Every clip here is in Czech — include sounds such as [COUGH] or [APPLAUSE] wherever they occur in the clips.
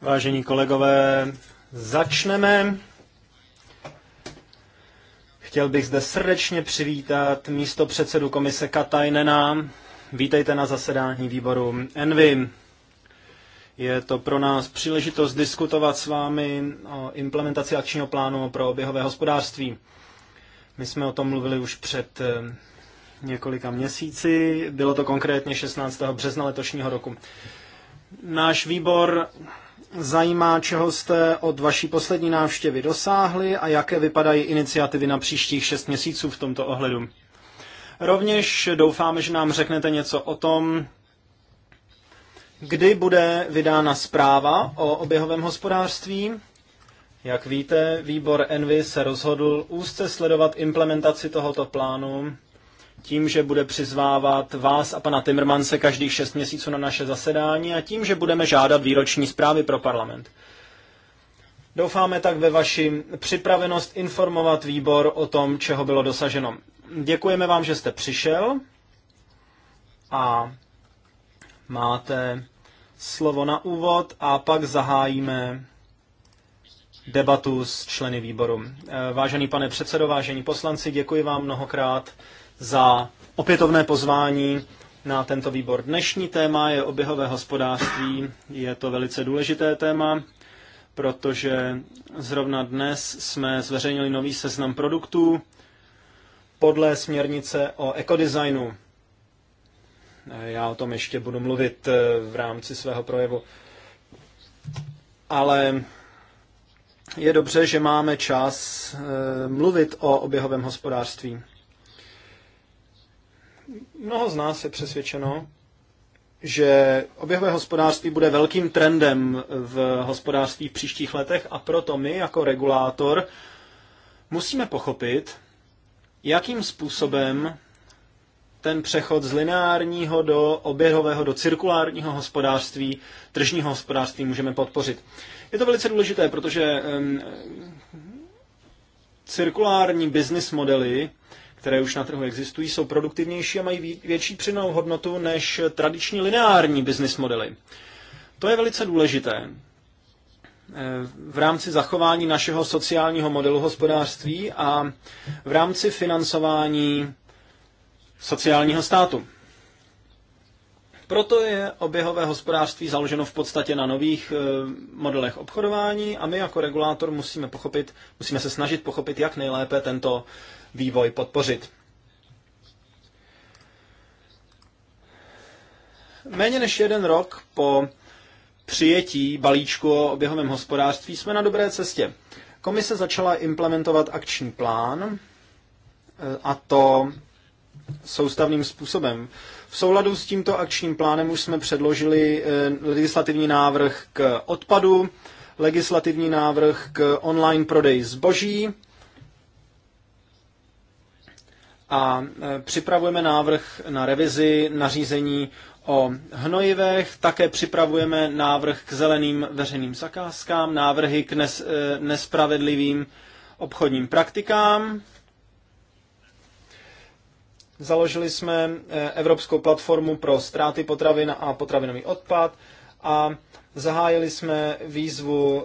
Vážení kolegové, začneme. Chtěl bych zde srdečně přivítat místo předsedu komise Katajnena. Vítejte na zasedání výboru Envy. Je to pro nás příležitost diskutovat s vámi o implementaci akčního plánu pro oběhové hospodářství. My jsme o tom mluvili už před eh, několika měsíci. Bylo to konkrétně 16. března letošního roku. Náš výbor zajímá, čeho jste od vaší poslední návštěvy dosáhli a jaké vypadají iniciativy na příštích šest měsíců v tomto ohledu. Rovněž doufáme, že nám řeknete něco o tom, kdy bude vydána zpráva o oběhovém hospodářství. Jak víte, výbor Envy se rozhodl úzce sledovat implementaci tohoto plánu tím, že bude přizvávat vás a pana Timmermanse každých šest měsíců na naše zasedání a tím, že budeme žádat výroční zprávy pro parlament. Doufáme tak ve vaši připravenost informovat výbor o tom, čeho bylo dosaženo. Děkujeme vám, že jste přišel a máte slovo na úvod a pak zahájíme debatu s členy výboru. Vážený pane předsedo, vážení poslanci, děkuji vám mnohokrát za opětovné pozvání na tento výbor. Dnešní téma je oběhové hospodářství. Je to velice důležité téma, protože zrovna dnes jsme zveřejnili nový seznam produktů podle směrnice o ekodesignu. Já o tom ještě budu mluvit eh, v rámci svého projevu. Ale je dobře, že máme čas eh, mluvit o oběhovém hospodářství. Mnoho z nás je přesvědčeno, že oběhové hospodářství bude velkým trendem v hospodářství v příštích letech a proto my jako regulátor musíme pochopit, jakým způsobem ten přechod z lineárního do oběhového, do cirkulárního hospodářství, tržního hospodářství můžeme podpořit. Je to velice důležité, protože um, cirkulární business modely které už na trhu existují, jsou produktivnější a mají větší přidanou hodnotu než tradiční lineární business modely. To je velice důležité e, v rámci zachování našeho sociálního modelu hospodářství a v rámci financování sociálního státu. Proto je oběhové hospodářství založeno v podstatě na nových e, modelech obchodování a my jako regulátor musíme pochopit, musíme se snažit pochopit, jak nejlépe tento vývoj podpořit. Méně než jeden rok po přijetí balíčku o oběhovém hospodářství jsme na dobré cestě. Komise začala implementovat akční plán, eh, a to soustavným způsobem. V souladu s tímto akčním plánem už jsme předložili eh, legislativní návrh k odpadu, legislativní návrh k online prodeji zboží, a e, připravujeme návrh na revizi nařízení o hnojivech, také připravujeme návrh k zeleným veřejným zakázkám, návrhy k nes, e, nespravedlivým obchodním praktikám. Založili jsme e, Evropskou platformu pro ztráty potravin a potravinový odpad a zahájili jsme výzvu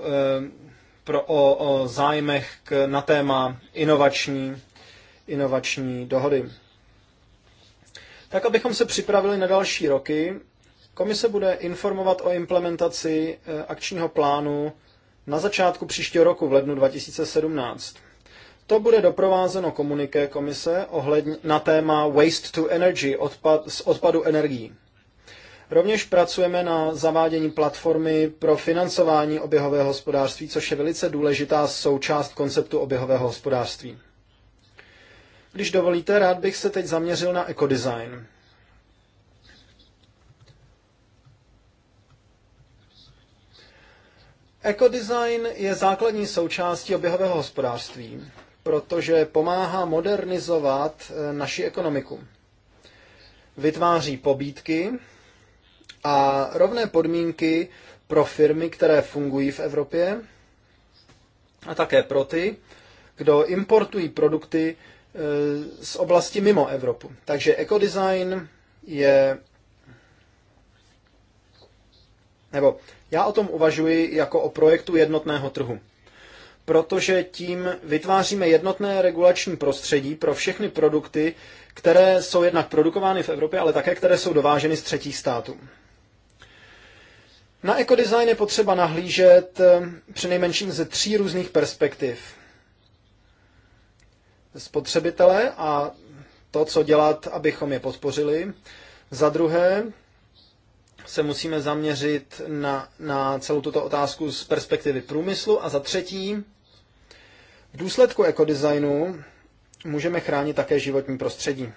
pro, o, o zájmech k, na téma inovační inovační dohody. Tak, abychom se připravili na další roky, komise bude informovat o implementaci eh, akčního plánu na začátku příštího roku v lednu 2017. To bude doprovázeno komuniké komise ohledně na téma Waste to Energy odpad, z odpadu energií. Rovněž pracujeme na zavádění platformy pro financování oběhového hospodářství, což je velice důležitá součást konceptu oběhového hospodářství. Když dovolíte, rád bych se teď zaměřil na ekodesign. Ekodesign je základní součástí oběhového hospodářství, protože pomáhá modernizovat eh, naši ekonomiku. Vytváří pobídky a rovné podmínky pro firmy, které fungují v Evropě a také pro ty, kdo importují produkty z oblasti mimo Evropu. Takže ekodesign je nebo já o tom uvažuji jako o projektu jednotného trhu. Protože tím vytváříme jednotné regulační prostředí pro všechny produkty, které jsou jednak produkovány v Evropě, ale také které jsou dováženy z třetích států. Na ekodesign je potřeba nahlížet eh, přinejmenším ze tří různých perspektiv spotřebitele a to, co dělat, abychom je podpořili. Za druhé se musíme zaměřit na, na celou tuto otázku z perspektivy průmyslu a za třetí v důsledku ekodesignu můžeme chránit také životní prostředí.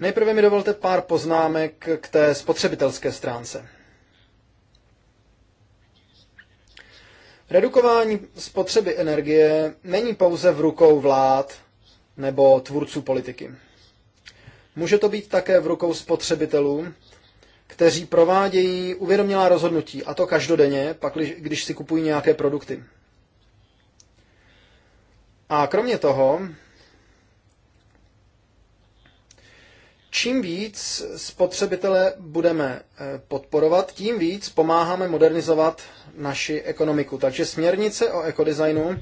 Nejprve mi dovolte pár poznámek k té spotřebitelské stránce. Redukování spotřeby energie není pouze v rukou vlád nebo tvůrců politiky. Může to být také v rukou spotřebitelů, kteří provádějí uvědomělá rozhodnutí, a to každodenně, pak když si kupují nějaké produkty. A kromě toho, Čím víc spotřebitele budeme eh, podporovat, tím víc pomáháme modernizovat naši ekonomiku. Takže směrnice o ekodesignu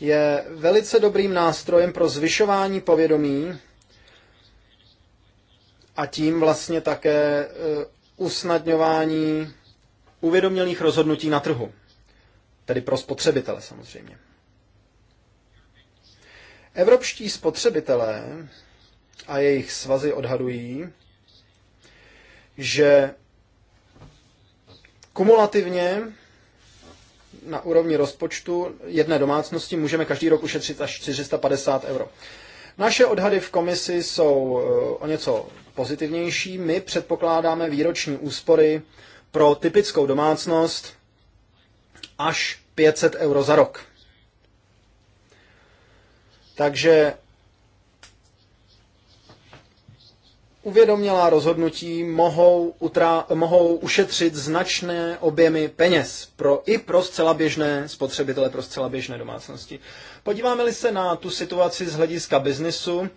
je velice dobrým nástrojem pro zvyšování povědomí a tím vlastně také eh, usnadňování uvědomělých rozhodnutí na trhu. Tedy pro spotřebitele samozřejmě. Evropští spotřebitelé a jejich svazy odhadují, že kumulativně na úrovni rozpočtu jedné domácnosti můžeme každý rok ušetřit až 450 euro. Naše odhady v komisi jsou eh, o něco pozitivnější. My předpokládáme výroční úspory pro typickou domácnost až 500 euro za rok. Takže uvědomělá rozhodnutí mohou, utra, mohou ušetřit značné objemy peněz pro, i pro zcela běžné spotřebitele, pro zcela běžné domácnosti. Podíváme-li se na tu situaci z hlediska biznisu,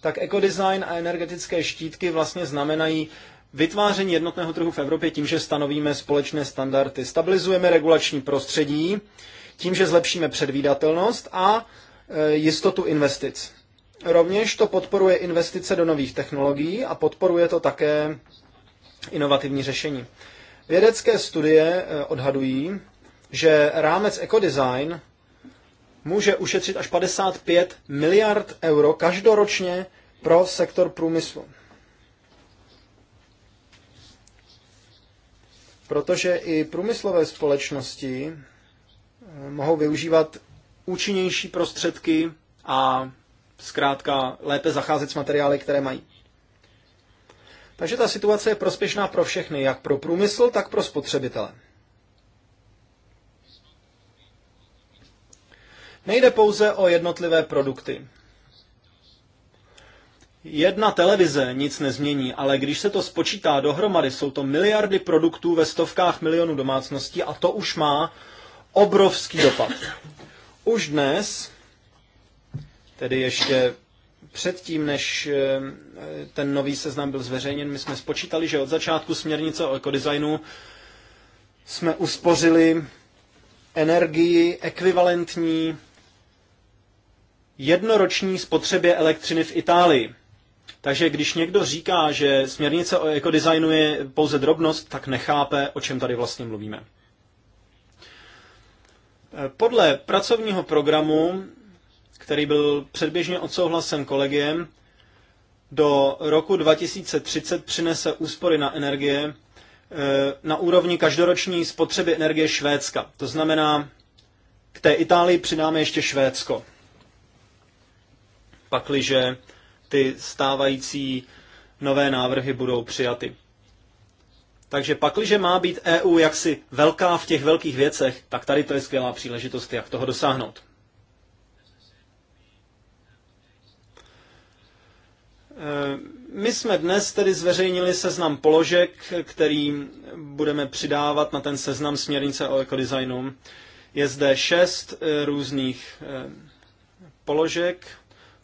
tak ekodesign a energetické štítky vlastně znamenají vytváření jednotného trhu v Evropě tím, že stanovíme společné standardy, stabilizujeme regulační prostředí, tím, že zlepšíme předvídatelnost a e, jistotu investic. Rovněž to podporuje investice do nových technologií a podporuje to také inovativní řešení. Vědecké studie eh, odhadují, že rámec ekodesign může ušetřit až 55 miliard euro každoročně pro sektor průmyslu. Protože i průmyslové společnosti eh, mohou využívat účinnější prostředky a zkrátka lépe zacházet s materiály, které mají. Takže ta situace je prospěšná pro všechny, jak pro průmysl, tak pro spotřebitele. Nejde pouze o jednotlivé produkty. Jedna televize nic nezmění, ale když se to spočítá dohromady, jsou to miliardy produktů ve stovkách milionů domácností a to už má obrovský dopad. Už dnes Tedy ještě předtím, než eh, ten nový seznam byl zveřejněn, my jsme spočítali, že od začátku směrnice o ekodesignu jsme uspořili energii ekvivalentní jednoroční spotřebě elektřiny v Itálii. Takže když někdo říká, že směrnice o ekodesignu je pouze drobnost, tak nechápe, o čem tady vlastně mluvíme. Eh, podle pracovního programu který byl předběžně odsouhlasen kolegiem, do roku 2030 přinese úspory na energie e, na úrovni každoroční spotřeby energie Švédska. To znamená, k té Itálii přidáme ještě Švédsko. Pakliže ty stávající nové návrhy budou přijaty. Takže pakliže má být EU jaksi velká v těch velkých věcech, tak tady to je skvělá příležitost, jak toho dosáhnout. Eh, my jsme dnes tedy zveřejnili seznam položek, který budeme přidávat na ten seznam směrnice o ekodesignu. Je zde šest eh, různých eh, položek.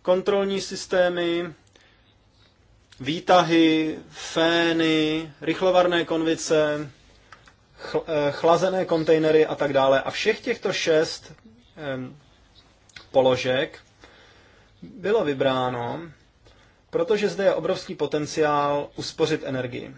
Kontrolní systémy, výtahy, fény, rychlovarné konvice, chlazené kontejnery a tak dále. A všech těchto šest položek bylo vybráno Protože zde je obrovský potenciál uspořit energii.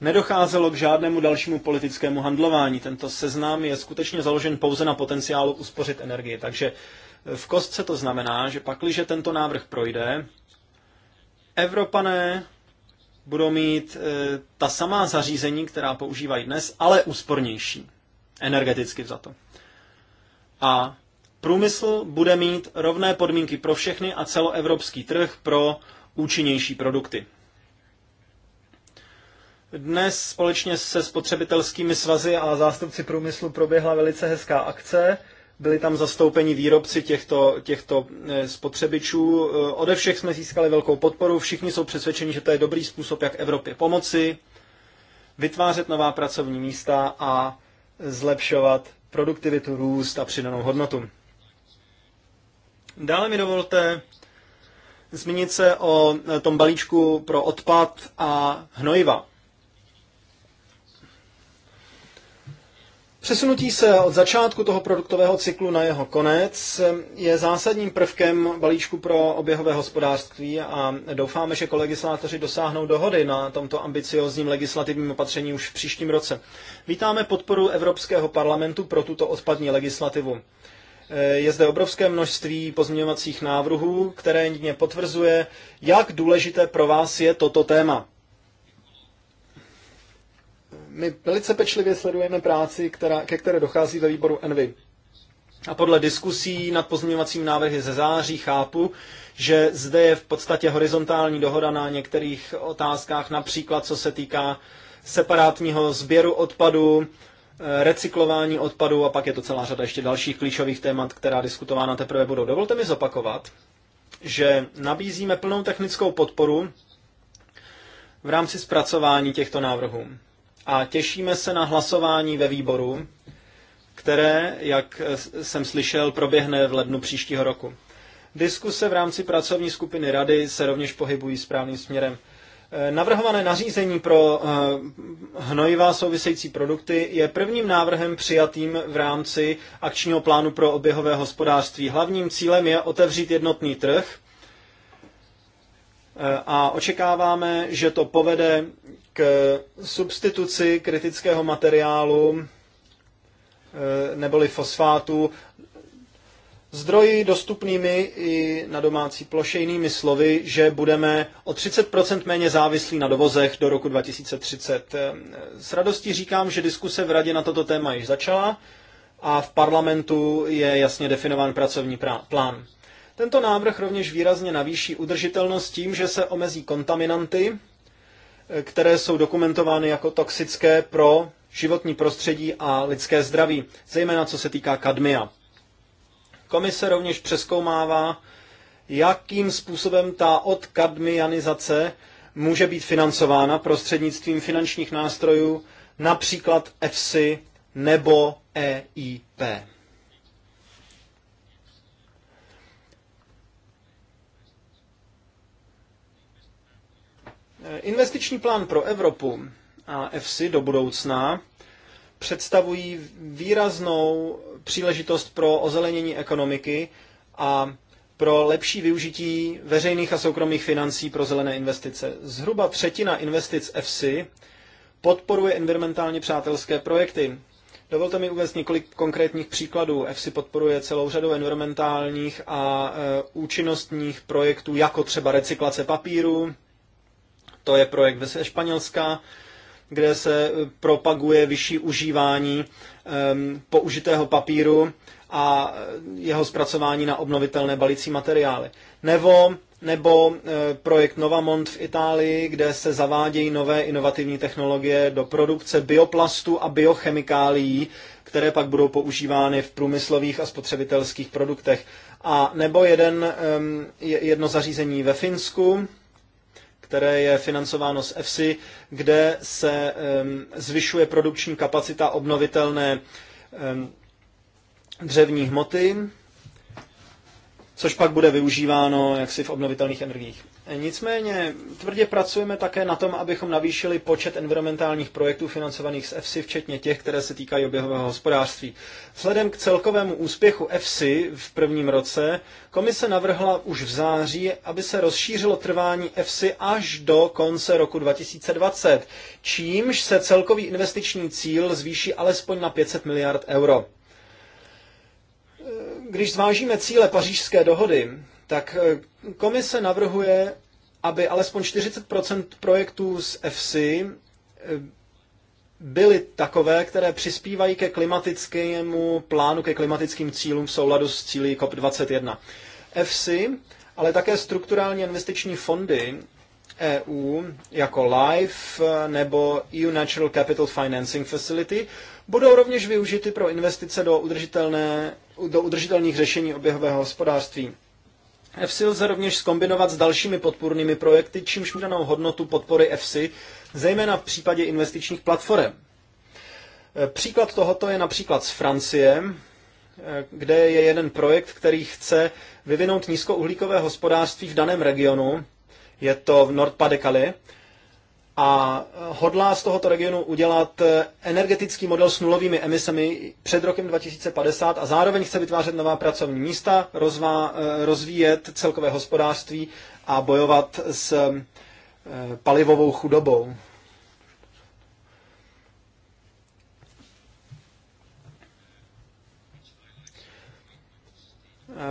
Nedocházelo k žádnému dalšímu politickému handlování. Tento seznam je skutečně založen pouze na potenciálu uspořit energii. Takže v kostce to znamená, že pakliže tento návrh projde, Evropané budou mít e, ta samá zařízení, která používají dnes, ale úspornější, energeticky za to. A Průmysl bude mít rovné podmínky pro všechny a celoevropský trh pro účinnější produkty. Dnes společně se spotřebitelskými svazy a zástupci průmyslu proběhla velice hezká akce. Byli tam zastoupeni výrobci těchto, těchto e, spotřebičů. E, ode všech jsme získali velkou podporu. Všichni jsou přesvědčeni, že to je dobrý způsob, jak Evropě pomoci, vytvářet nová pracovní místa a zlepšovat produktivitu, růst a přidanou hodnotu. Dále mi dovolte zmínit se o tom balíčku pro odpad a hnojiva. Přesunutí se od začátku toho produktového cyklu na jeho konec je zásadním prvkem balíčku pro oběhové hospodářství a doufáme, že kolegislátoři dosáhnou dohody na tomto ambiciozním legislativním opatření už v příštím roce. Vítáme podporu Evropského parlamentu pro tuto odpadní legislativu. Eh, je zde obrovské množství pozměňovacích návrhů, které mě potvrzuje, jak důležité pro vás je toto téma. My velice pečlivě sledujeme práci, která, ke které dochází ve výboru Envy. A podle diskusí nad pozměňovacím návrhy ze září chápu, že zde je v podstatě horizontální dohoda na některých otázkách, například co se týká separátního sběru odpadu, recyklování odpadů a pak je to celá řada ještě dalších klíčových témat, která diskutována teprve budou. Dovolte mi zopakovat, že nabízíme plnou technickou podporu v rámci zpracování těchto návrhů. A těšíme se na hlasování ve výboru, které, jak jsem slyšel, proběhne v lednu příštího roku. Diskuse v rámci pracovní skupiny rady se rovněž pohybují správným směrem. Eh, navrhované nařízení pro eh, hnojivá související produkty je prvním návrhem přijatým v rámci akčního plánu pro oběhové hospodářství. Hlavním cílem je otevřít jednotný trh eh, a očekáváme, že to povede k substituci kritického materiálu neboli fosfátu zdroji dostupnými i na domácí ploše, jinými slovy, že budeme o 30% méně závislí na dovozech do roku 2030. S radostí říkám, že diskuse v radě na toto téma již začala a v parlamentu je jasně definován pracovní plán. Tento návrh rovněž výrazně navýší udržitelnost tím, že se omezí kontaminanty, které jsou dokumentovány jako toxické pro životní prostředí a lidské zdraví, zejména co se týká kadmia. Komise rovněž přeskoumává, jakým způsobem ta odkadmianizace může být financována prostřednictvím finančních nástrojů, například EFSI nebo EIP. Investiční plán pro Evropu a EFSI do budoucna představují výraznou příležitost pro ozelenění ekonomiky a pro lepší využití veřejných a soukromých financí pro zelené investice. Zhruba třetina investic EFSI podporuje environmentálně přátelské projekty. Dovolte mi uvést několik konkrétních příkladů. EFSI podporuje celou řadu environmentálních a e, účinnostních projektů, jako třeba recyklace papíru. To je projekt ve Španělska, kde se e, propaguje vyšší užívání Um, použitého papíru a jeho zpracování na obnovitelné balící materiály. Nebo, nebo uh, projekt Novamont v Itálii, kde se zavádějí nové inovativní technologie do produkce bioplastu a biochemikálií, které pak budou používány v průmyslových a spotřebitelských produktech. A nebo jeden, um, jedno zařízení ve Finsku, které je financováno z EFSI, kde se zvyšuje produkční kapacita obnovitelné dřevní hmoty, což pak bude využíváno jaksi v obnovitelných energiích. Nicméně tvrdě pracujeme také na tom, abychom navýšili počet environmentálních projektů financovaných z EFSI, včetně těch, které se týkají oběhového hospodářství. Vzhledem k celkovému úspěchu EFSI v prvním roce, komise navrhla už v září, aby se rozšířilo trvání EFSI až do konce roku 2020, čímž se celkový investiční cíl zvýší alespoň na 500 miliard euro. Když zvážíme cíle pařížské dohody, tak e, komise navrhuje, aby alespoň 40 projektů z EFSI byly takové, které přispívají ke klimatickému plánu, ke klimatickým cílům v souladu s cíli COP21. EFSI, ale také strukturální investiční fondy EU jako LIFE nebo EU Natural Capital Financing Facility budou rovněž využity pro investice do, udržitelné, do udržitelných řešení oběhového hospodářství. EFSI lze rovněž skombinovat s dalšími podpůrnými projekty, čímž přidanou hodnotu podpory EFSI, zejména v případě investičních platform. E, příklad tohoto je například z Francie, e, kde je jeden projekt, který chce vyvinout nízkouhlíkové hospodářství v daném regionu, je to v pas de Calais, a hodlá z tohoto regionu udělat eh, energetický model s nulovými emisemi před rokem 2050 a zároveň chce vytvářet nová pracovní místa, rozvá, eh, rozvíjet celkové hospodářství a bojovat s eh, palivovou chudobou.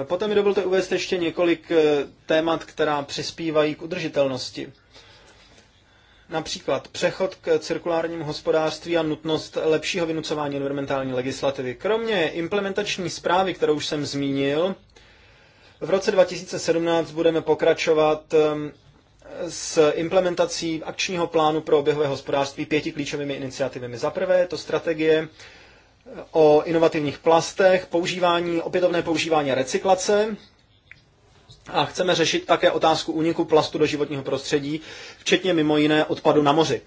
Potom mi dovolte uvést ještě několik témat, která přispívají k udržitelnosti. Například přechod k cirkulárnímu hospodářství a nutnost lepšího vynucování environmentální legislativy. Kromě implementační zprávy, kterou už jsem zmínil, v roce 2017 budeme pokračovat um, s implementací akčního plánu pro oběhové hospodářství pěti klíčovými iniciativami. Za prvé je to strategie uh, o inovativních plastech, používání, opětovné používání a recyklace, a chceme řešit také otázku úniku plastu do životního prostředí, včetně mimo jiné odpadu na moři.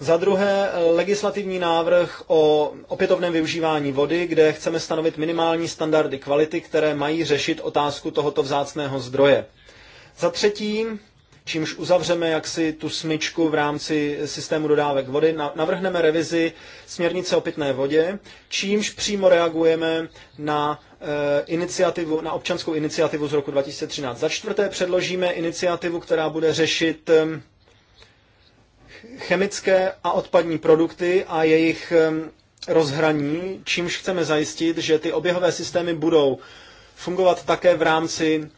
Za druhé, legislativní návrh o opětovném využívání vody, kde chceme stanovit minimální standardy kvality, které mají řešit otázku tohoto vzácného zdroje. Za třetí, čímž uzavřeme jaksi tu smyčku v rámci systému dodávek vody, navrhneme revizi směrnice o pitné vodě, čímž přímo reagujeme na Eh, iniciativu, na občanskou iniciativu z roku 2013. Za čtvrté předložíme iniciativu, která bude řešit eh, chemické a odpadní produkty a jejich eh, rozhraní, čímž chceme zajistit, že ty oběhové systémy budou fungovat také v rámci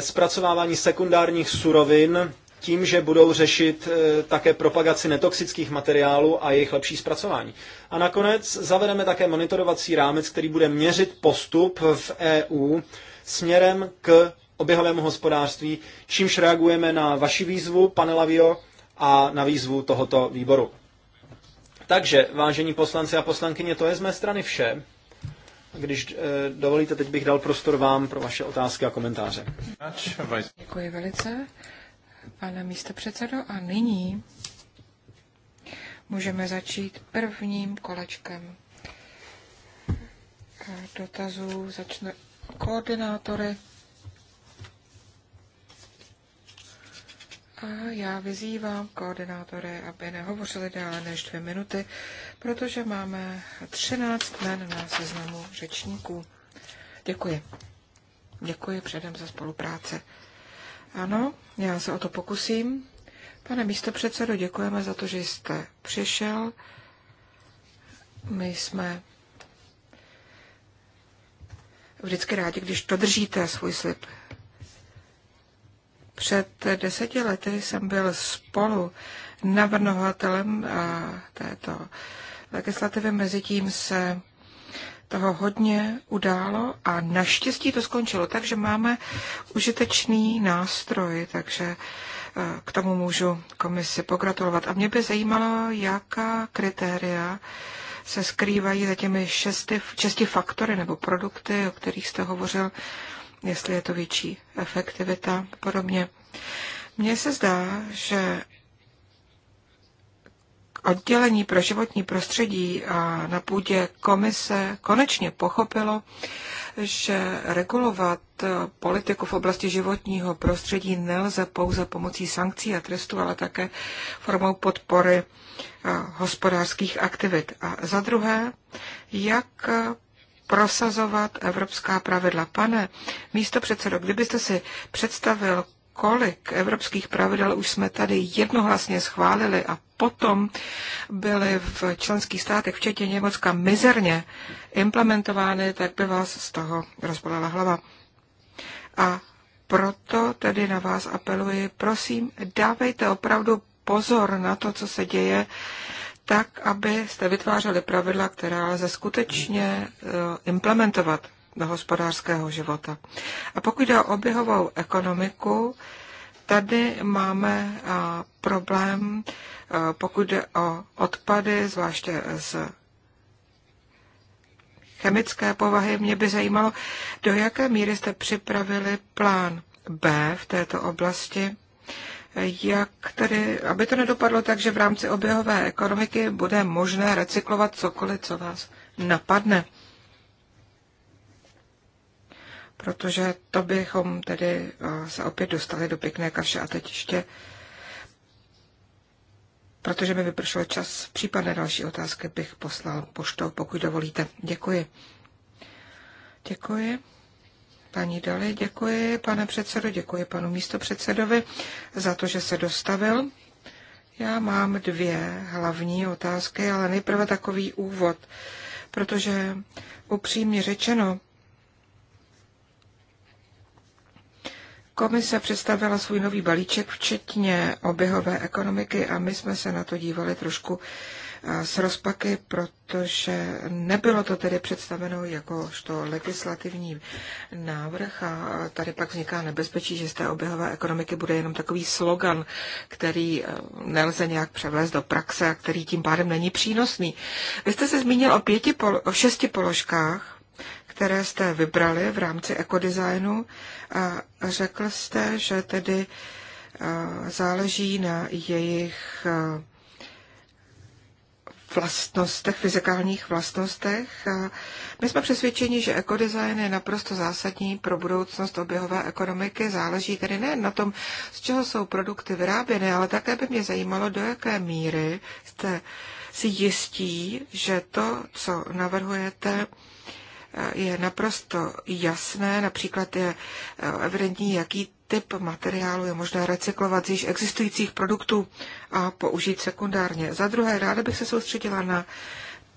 zpracovávání sekundárních surovin tím, že budou řešit eh, také propagaci netoxických materiálů a jejich lepší zpracování. A nakonec zavedeme také monitorovací rámec, který bude měřit postup v EU směrem k oběhovému hospodářství, čímž reagujeme na vaši výzvu, pane Lavio, a na výzvu tohoto výboru. Takže, vážení poslanci a poslankyně, to je z mé strany vše. Když e, dovolíte, teď bych dal prostor vám pro vaše otázky a komentáře. Děkuji velice pane předsedo, A nyní můžeme začít prvním kolečkem dotazů. Začne koordinátory. A já vyzývám koordinátory, aby nehovořili déle než dvě minuty, protože máme 13 men na seznamu řečníků. Děkuji. Děkuji předem za spolupráce. Ano, já se o to pokusím. Pane místo předsedo, děkujeme za to, že jste přišel. My jsme vždycky rádi, když dodržíte svůj slib. Před deseti lety jsem byl spolu navrhovatelem této legislativy, mezitím se toho hodně událo a naštěstí to skončilo tak, že máme užitečný nástroj, takže eh, k tomu můžu komisi pogratulovat. A mě by zajímalo, jaká kritéria se skrývají za těmi šesti, šesti faktory nebo produkty, o kterých jste hovořil, jestli je to větší efektivita a podobně. Mně se zdá, že oddělení pro životní prostředí na půdě komise konečně pochopilo, že regulovat politiku v oblasti životního prostředí nelze pouze pomocí sankcí a trestů, ale také formou podpory hospodářských aktivit. A za druhé, jak prosazovat evropská pravidla. Pane místo předsedo, kdybyste si představil kolik evropských pravidel už jsme tady jednohlasně schválili a potom byly v členských státech, včetně Německa, mizerně implementovány, tak by vás z toho rozbolela hlava. A proto tedy na vás apeluji, prosím, dávejte opravdu pozor na to, co se děje, tak, abyste vytvářeli pravidla, která lze skutečně eh, implementovat do hospodářského života. A pokud jde o oběhovou ekonomiku, tady máme problém, pokud jde o odpady, zvláště z chemické povahy. Mě by zajímalo, do jaké míry jste připravili plán B v této oblasti, jak tedy, aby to nedopadlo tak, že v rámci oběhové ekonomiky bude možné recyklovat cokoliv, co vás napadne protože to bychom tedy eh, se opět dostali do pěkné kaše a teď ještě protože mi vypršel čas, případné další otázky bych poslal poštou, pokud dovolíte. Děkuji. Děkuji. Paní Dali, děkuji, pane předsedo, děkuji panu místopředsedovi za to, že se dostavil. Já mám dvě hlavní otázky, ale nejprve takový úvod, protože upřímně řečeno, Komise představila svůj nový balíček, včetně oběhové ekonomiky a my jsme se na to dívali trošku s eh, rozpaky, protože nebylo to tedy představeno jakožto legislativní návrh a tady pak vzniká nebezpečí, že z té oběhové ekonomiky bude jenom takový slogan, který eh, nelze nějak převést do praxe a který tím pádem není přínosný. Vy jste se zmínil o, pěti, o šesti položkách, které jste vybrali v rámci ekodesignu a řekl jste, že tedy eh, záleží na jejich eh, vlastnostech, fyzikálních vlastnostech. my jsme přesvědčeni, že ekodesign je naprosto zásadní pro budoucnost oběhové ekonomiky. Záleží tedy ne na tom, z čeho jsou produkty vyráběny, ale také by mě zajímalo, do jaké míry jste si jistí, že to, co navrhujete, je naprosto jasné, například je eh, evidentní, jaký typ materiálu je možné recyklovat z již existujících produktů a použít sekundárně. Za druhé, ráda bych se soustředila na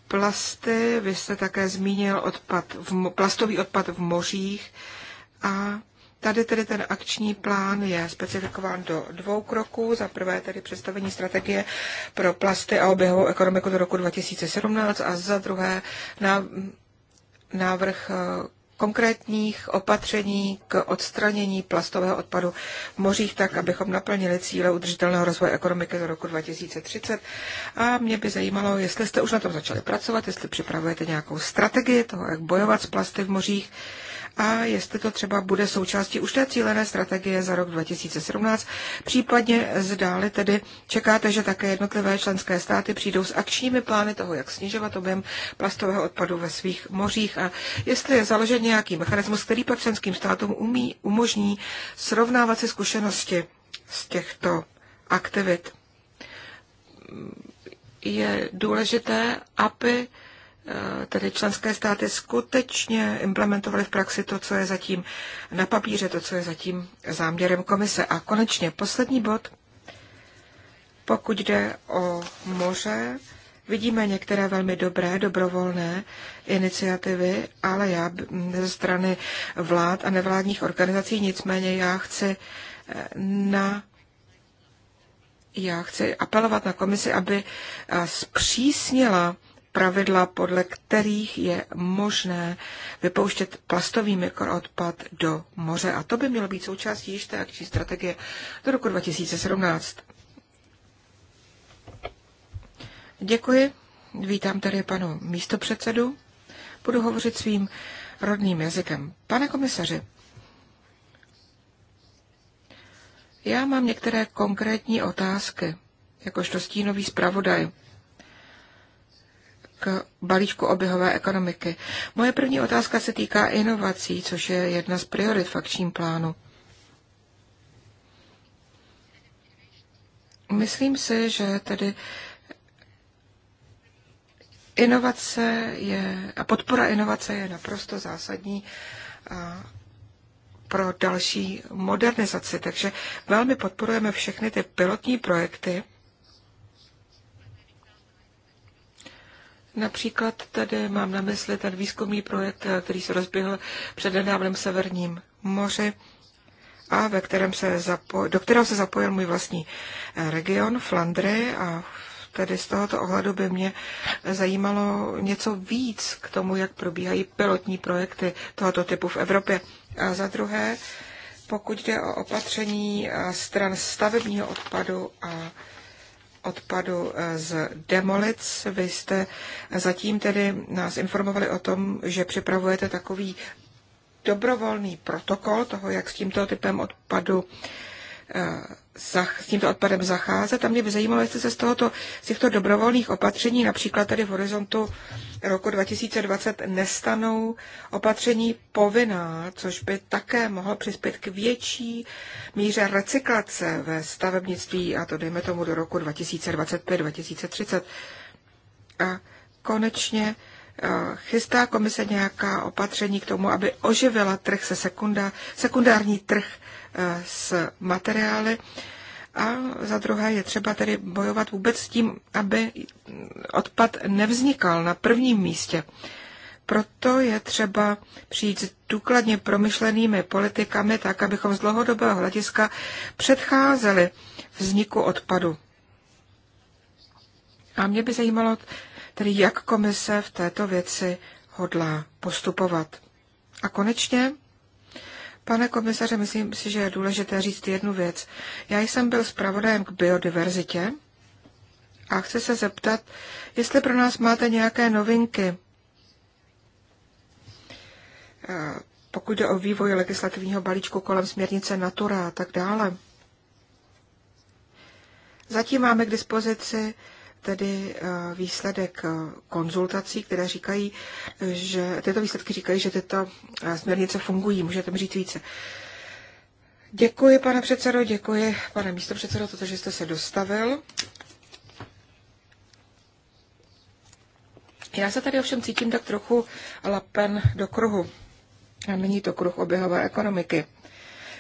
plasty. Vy jste také zmínil odpad v, plastový odpad v mořích a Tady tedy ten akční plán je specifikován do dvou kroků. Za prvé tedy představení strategie pro plasty a oběhovou ekonomiku do roku 2017 a za druhé na návrh eh, konkrétních opatření k odstranění plastového odpadu v mořích tak, abychom naplnili cíle udržitelného rozvoje ekonomiky do roku 2030. A mě by zajímalo, jestli jste už na tom začali pracovat, jestli připravujete nějakou strategii toho, jak bojovat s plasty v mořích, a jestli to třeba bude součástí už té cílené strategie za rok 2017, případně zdáli tedy čekáte, že také jednotlivé členské státy přijdou s akčními plány toho, jak snižovat objem plastového odpadu ve svých mořích a jestli je založen nějaký mechanismus, který pak členským státům umí, umožní srovnávat si zkušenosti z těchto aktivit. Je důležité, aby Eh, tedy členské státy skutečně implementovaly v praxi to, co je zatím na papíře, to, co je zatím záměrem komise. A konečně poslední bod, pokud jde o moře, vidíme některé velmi dobré, dobrovolné iniciativy, ale já ze strany vlád a nevládních organizací, nicméně já chci eh, na já chci apelovat na komisi, aby eh, zpřísnila pravidla, podle kterých je možné vypouštět plastový mikroodpad do moře. A to by mělo být součástí již té akční strategie do roku 2017. Děkuji. Vítám tady panu místopředsedu. Budu hovořit svým rodným jazykem. Pane komisaři, já mám některé konkrétní otázky, jakožto stínový zpravodaj k balíčku oběhové ekonomiky. Moje první otázka se týká inovací, což je jedna z priorit v akčním plánu. Myslím si, že tedy inovace je, a podpora inovace je naprosto zásadní pro další modernizaci. Takže velmi podporujeme všechny ty pilotní projekty, Například tady mám na mysli ten výzkumný projekt, který se rozběhl před nedávnem Severním moři a ve kterém se zapo- do kterého se zapojil můj vlastní eh, region, Flandry a tedy z tohoto ohledu by mě zajímalo něco víc k tomu, jak probíhají pilotní projekty tohoto typu v Evropě. A za druhé, pokud jde o opatření eh, stran stavebního odpadu a odpadu eh, z demolic. Vy jste zatím tedy nás informovali o tom, že připravujete takový dobrovolný protokol toho, jak s tímto typem odpadu eh, s tímto odpadem zacházet. A mě by zajímalo, jestli se z, tohoto, z těchto dobrovolných opatření, například tady v horizontu roku 2020, nestanou opatření povinná, což by také mohlo přispět k větší míře recyklace ve stavebnictví, a to dejme tomu do roku 2025-2030. A konečně eh, chystá komise nějaká opatření k tomu, aby oživila trh se sekunda, sekundární trh Eh, s materiály. A za druhé je třeba tedy bojovat vůbec s tím, aby odpad nevznikal na prvním místě. Proto je třeba přijít s důkladně promyšlenými politikami tak, abychom z dlouhodobého hlediska předcházeli vzniku odpadu. A mě by zajímalo, tedy jak komise v této věci hodlá postupovat. A konečně Pane komisaře, myslím si, že je důležité říct jednu věc. Já jsem byl zpravodajem k biodiverzitě a chci se zeptat, jestli pro nás máte nějaké novinky, eh, pokud jde o vývoj legislativního balíčku kolem směrnice Natura a tak dále. Zatím máme k dispozici tedy eh, výsledek eh, konzultací, které říkají, že tyto výsledky říkají, že tyto eh, směrnice fungují. Můžete mi říct více. Děkuji, pane předsedo, děkuji, pane místopředsedo, toto, že jste se dostavil. Já se tady ovšem cítím tak trochu lapen do kruhu. A není to kruh oběhové ekonomiky.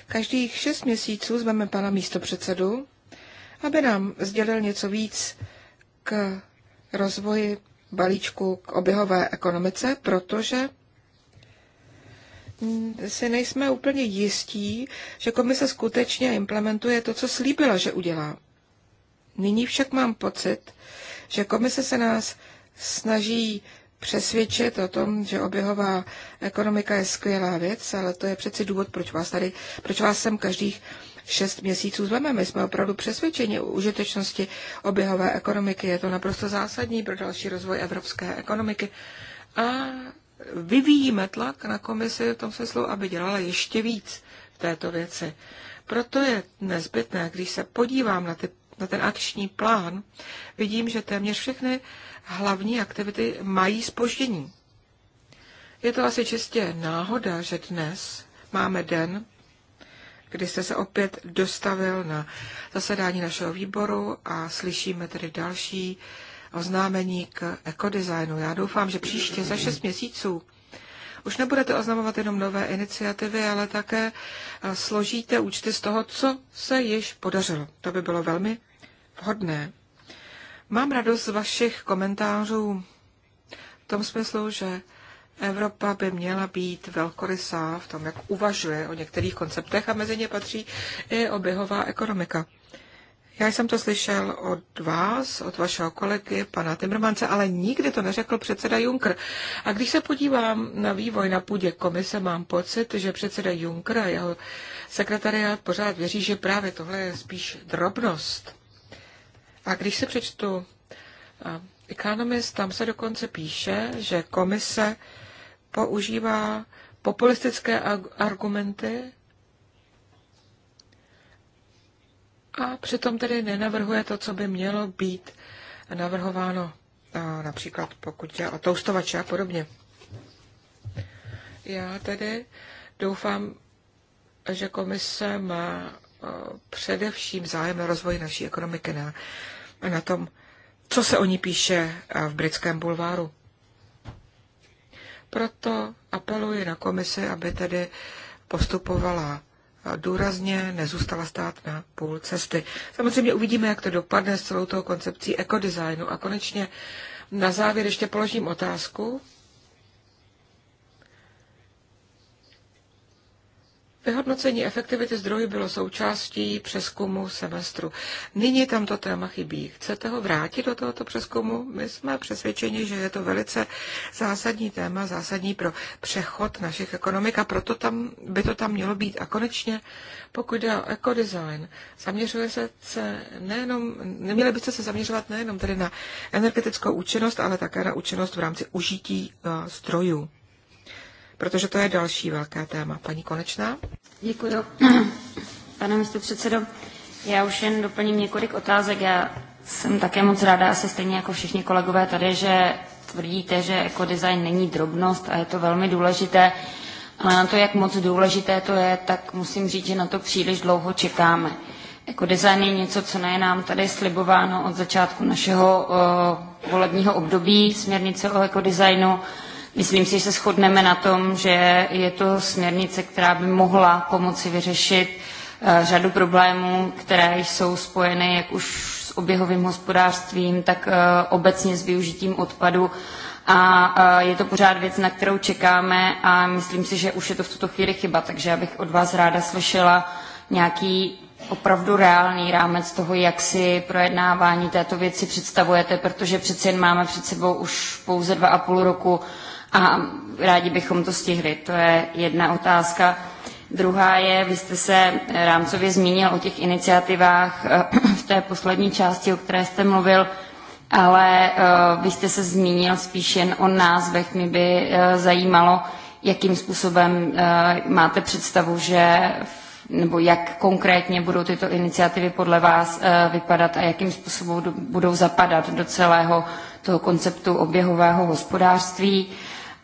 Každých šest měsíců zveme pana místopředsedu, aby nám sdělil něco víc k rozvoji balíčku k oběhové ekonomice, protože si nejsme úplně jistí, že komise skutečně implementuje to, co slíbila, že udělá. Nyní však mám pocit, že komise se nás snaží přesvědčit o tom, že oběhová ekonomika je skvělá věc, ale to je přeci důvod, proč vás tady, proč vás sem každých šest měsíců zveme. My jsme opravdu přesvědčeni o užitečnosti oběhové ekonomiky. Je to naprosto zásadní pro další rozvoj evropské ekonomiky. A vyvíjíme tlak na komisi v tom smyslu, aby dělala ještě víc v této věci. Proto je nezbytné, když se podívám na, ty, na ten akční plán, vidím, že téměř všechny hlavní aktivity mají spoždění. Je to asi čistě náhoda, že dnes máme den, kdy jste se opět dostavil na zasedání našeho výboru a slyšíme tedy další oznámení k ekodesignu. Já doufám, že příště za šest měsíců už nebudete oznamovat jenom nové iniciativy, ale také eh, složíte účty z toho, co se již podařilo. To by bylo velmi vhodné. Mám radost z vašich komentářů v tom smyslu, že Evropa by měla být velkorysá v tom, jak uvažuje o některých konceptech a mezi ně patří i oběhová ekonomika. Já jsem to slyšel od vás, od vašeho kolegy, pana Timmermance, ale nikdy to neřekl předseda Juncker. A když se podívám na vývoj na půdě komise, mám pocit, že předseda Juncker a jeho sekretariát pořád věří, že právě tohle je spíš drobnost. A když se přečtu Economist, tam se dokonce píše, že komise používá populistické argumenty a přitom tedy nenavrhuje to, co by mělo být navrhováno, například pokud je o toustovače a podobně. Já tedy doufám, že komise má především zájem na rozvoji naší ekonomiky, na, na tom, co se o ní píše v britském bulváru. Proto apeluji na komisi, aby tedy postupovala důrazně, nezůstala stát na půl cesty. Samozřejmě uvidíme, jak to dopadne s celou tou koncepcí ekodesignu. A konečně na závěr ještě položím otázku, Vyhodnocení efektivity zdrojů bylo součástí přeskumu semestru. Nyní tamto téma chybí. Chcete ho vrátit do tohoto přeskumu? My jsme přesvědčeni, že je to velice zásadní téma, zásadní pro přechod našich ekonomik a proto tam, by to tam mělo být. A konečně, pokud jde o ekodesign, zaměřuje se, se nejenom, neměli byste se zaměřovat nejenom tedy na energetickou účinnost, ale také na účinnost v rámci užití eh, zdrojů protože to je další velké téma. Paní Konečná? Děkuji, [CLEARS THROAT] pane místo předsedo. Já už jen doplním několik otázek. Já jsem také moc ráda, asi stejně jako všichni kolegové tady, že tvrdíte, že ekodesign není drobnost a je to velmi důležité. A na to, jak moc důležité to je, tak musím říct, že na to příliš dlouho čekáme. Ekodesign je něco, co je nám tady slibováno od začátku našeho uh, volebního období, směrnice o ekodesignu. Myslím si, že se shodneme na tom, že je to směrnice, která by mohla pomoci vyřešit eh, řadu problémů, které jsou spojeny jak už s oběhovým hospodářstvím, tak eh, obecně s využitím odpadu. A eh, je to pořád věc, na kterou čekáme a myslím si, že už je to v tuto chvíli chyba, takže já bych od vás ráda slyšela nějaký opravdu reálný rámec toho, jak si projednávání této věci představujete, protože přeci jen máme před sebou už pouze dva a půl roku a rádi bychom to stihli. To je jedna otázka. Druhá je, vy jste se rámcově zmínil o těch iniciativách eh, [CLEARS THROAT] v té poslední části, o které jste mluvil, ale eh, vy jste se zmínil spíš jen o názvech. Mě by eh, zajímalo, jakým způsobem máte představu, že nebo jak konkrétně budou tyto iniciativy podle vás vypadat a jakým způsobem budou zapadat do celého toho konceptu oběhového hospodářství.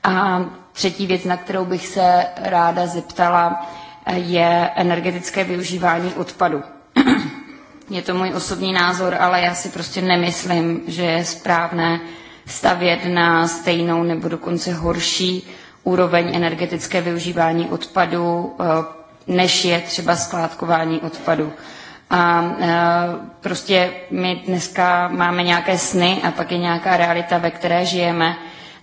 A třetí věc, na kterou bych se ráda zeptala, je energetické využívání odpadu. [CLEARS THROAT] je to můj osobní názor, ale já si prostě nemyslím, že je správné stavět na stejnou nebo dokonce horší úroveň energetické využívání odpadu, eh, než je třeba skládkování odpadu. A eh, prostě my dneska máme nějaké sny a pak je nějaká realita, ve které žijeme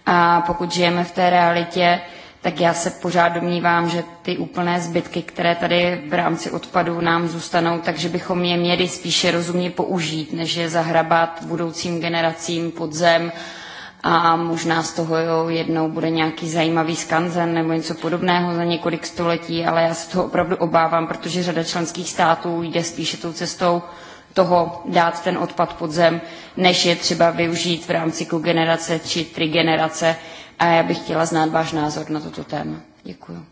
a pokud žijeme v té realitě, tak já se pořád domnívám, že ty úplné zbytky, které tady v rámci odpadů nám zůstanou, takže bychom je měli spíše rozumně použít, než je zahrabat budoucím generacím pod zem a možná z toho jo, jednou bude nějaký zajímavý skanzen nebo něco podobného za několik století, ale já se toho opravdu obávám, protože řada členských států jde spíše tou cestou toho dát ten odpad pod zem, než je třeba využít v rámci kogenerace či trigenerace. A já bych chtěla znát váš názor na toto téma. Děkuji.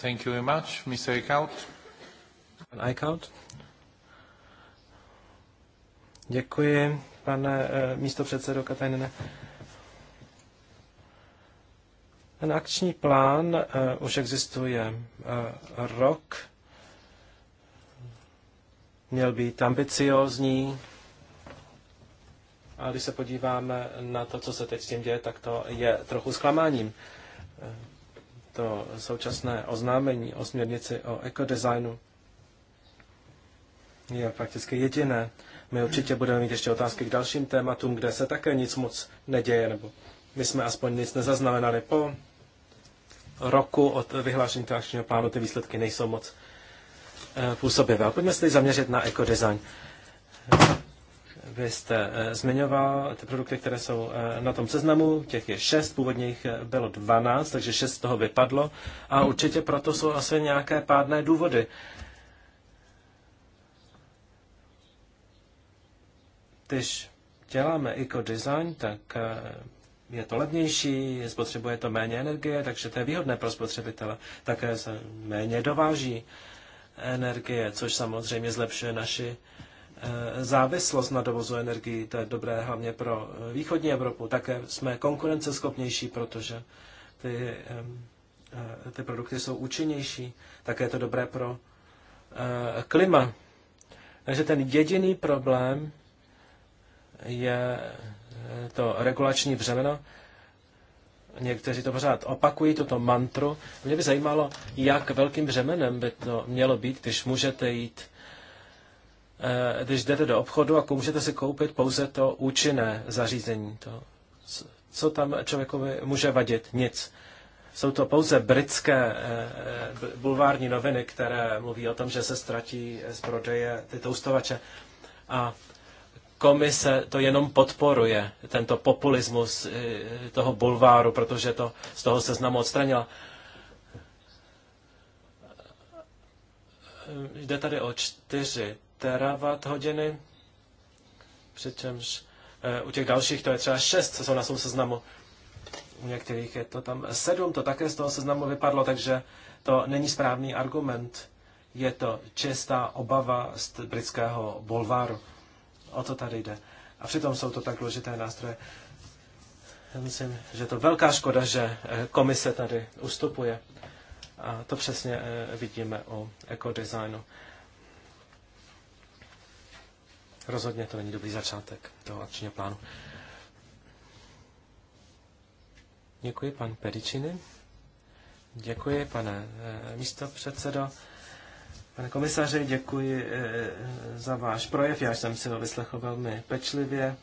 Thank you very much. Mr. Eichaut. Eichaut. Děkuji, pane eh, místo předsedo Katajnene. Ten akční plán eh, už existuje eh, rok měl být ambiciózní. A když se podíváme na to, co se teď s tím děje, tak to je trochu zklamáním. To současné oznámení o směrnici o ekodesignu je prakticky jediné. My určitě budeme mít ještě otázky k dalším tématům, kde se také nic moc neděje, nebo my jsme aspoň nic nezaznamenali. Po roku od vyhlášení akčního plánu ty výsledky nejsou moc Eh, působivé. Pojďme se teď zaměřit na ekodesign. Vy jste eh, zmiňoval ty produkty, které jsou eh, na tom seznamu, těch je šest, jich bylo dvanáct, takže šest z toho vypadlo a určitě proto jsou asi nějaké pádné důvody. Když děláme ekodesign, tak je to levnější, spotřebuje to méně energie, takže to je výhodné pro spotřebitele. Také se méně dováží energie, což samozřejmě zlepšuje naši eh, závislost na dovozu energii, To je dobré hlavně pro eh, východní Evropu. Také jsme konkurenceschopnější, protože ty, eh, ty produkty jsou účinnější. Také je to dobré pro klima. Takže ten jediný problém je to regulační břemeno. Někteří to pořád opakují, tuto mantru. Mě by zajímalo, jak velkým břemenem by to mělo být, když můžete jít, eh, když jdete do obchodu a můžete si koupit pouze to účinné zařízení. To, co tam člověkovi může vadit? Nic. Jsou to pouze britské eh, eh, bulvární noviny, které mluví o tom, že se ztratí z prodeje ty toustovače. A komise to jenom podporuje, tento populismus eh, toho bulváru, protože to z toho seznamu odstranila. Eh, jde tady o 4 terawatt hodiny, přičemž eh, u těch dalších to je třeba 6, co jsou na svém seznamu. U některých je to tam 7, to také z toho seznamu vypadlo, takže to není správný argument. Je to čistá obava z britského bulváru. O to tady jde. A přitom jsou to tak důležité nástroje. Já myslím, že to velká škoda, že eh, komise tady ustupuje. A to přesně eh, vidíme o ekodesignu. Rozhodně to není dobrý začátek toho akčního plánu. Děkuji, pan Pericini. Děkuji, pane eh, místo předsedo. Pane komisaři, děkuji eh, za váš projev. Já jsem si ho vyslechl velmi pečlivě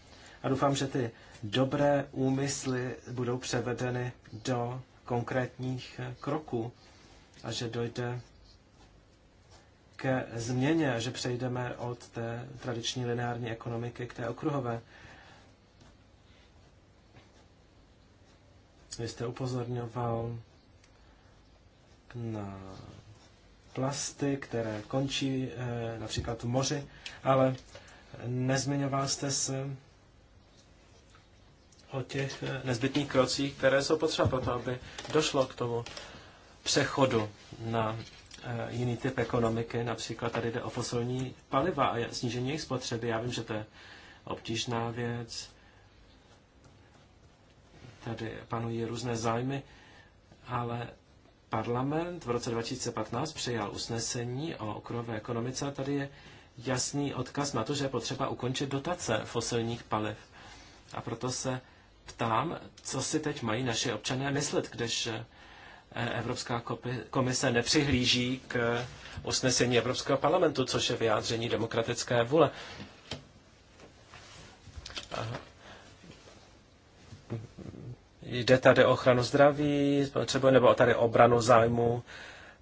a doufám, že ty dobré úmysly budou převedeny do konkrétních eh, kroků a že dojde ke změně, že přejdeme od té tradiční lineární ekonomiky k té okruhové. Vy jste upozorňoval na plasty, které končí eh, například v moři, ale nezmiňoval jste se o těch eh, nezbytných krocích, které jsou potřeba pro to, aby došlo k tomu přechodu na eh, jiný typ ekonomiky, například tady jde o fosilní paliva a snížení jejich spotřeby. Já vím, že to je obtížná věc. Tady panují různé zájmy, ale Parlament v roce 2015 přijal usnesení o okruhové ekonomice a tady je jasný odkaz na to, že je potřeba ukončit dotace fosilních paliv. A proto se ptám, co si teď mají naši občané myslet, když eh, Evropská komise nepřihlíží k usnesení Evropského parlamentu, což je vyjádření demokratické vůle. Aha. Jde tady o ochranu zdraví, třeba nebo tady obranu zájmu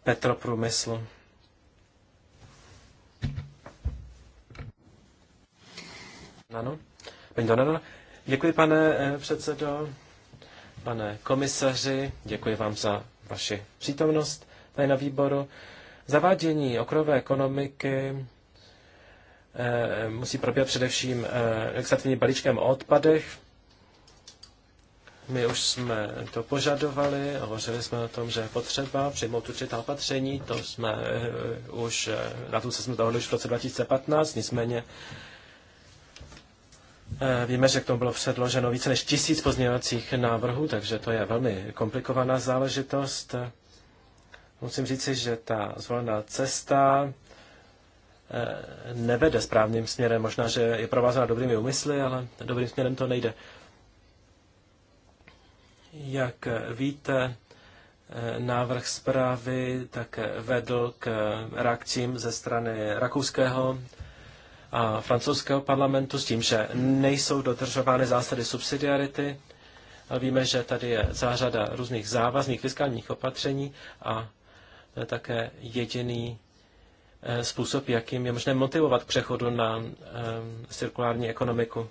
petroprůmyslu. Ano, paní Děkuji, pane eh, předsedo, pane komisaři, děkuji vám za vaši přítomnost tady na výboru. Zavádění okrové ekonomiky eh, musí probíhat především eh, legislativním balíčkem o odpadech. My už jsme to požadovali, hovořili jsme o tom, že je potřeba přijmout určitá opatření, to jsme eh, už, eh, na tom se jsme dohodli už v roce 2015, nicméně eh, Víme, že k tomu bylo předloženo více než tisíc pozměňovacích návrhů, takže to je velmi komplikovaná záležitost. Musím říci, že ta zvolená cesta nevede správným směrem. Možná, že je provázána dobrými úmysly, ale dobrým směrem to nejde. Jak víte, návrh zprávy také vedl k reakcím ze strany rakouského a francouzského parlamentu s tím, že nejsou dodržovány zásady subsidiarity. Ale víme, že tady je zářada různých závazných fiskálních opatření a také jediný eh, způsob, jakým je možné motivovat přechodu na eh, cirkulární ekonomiku.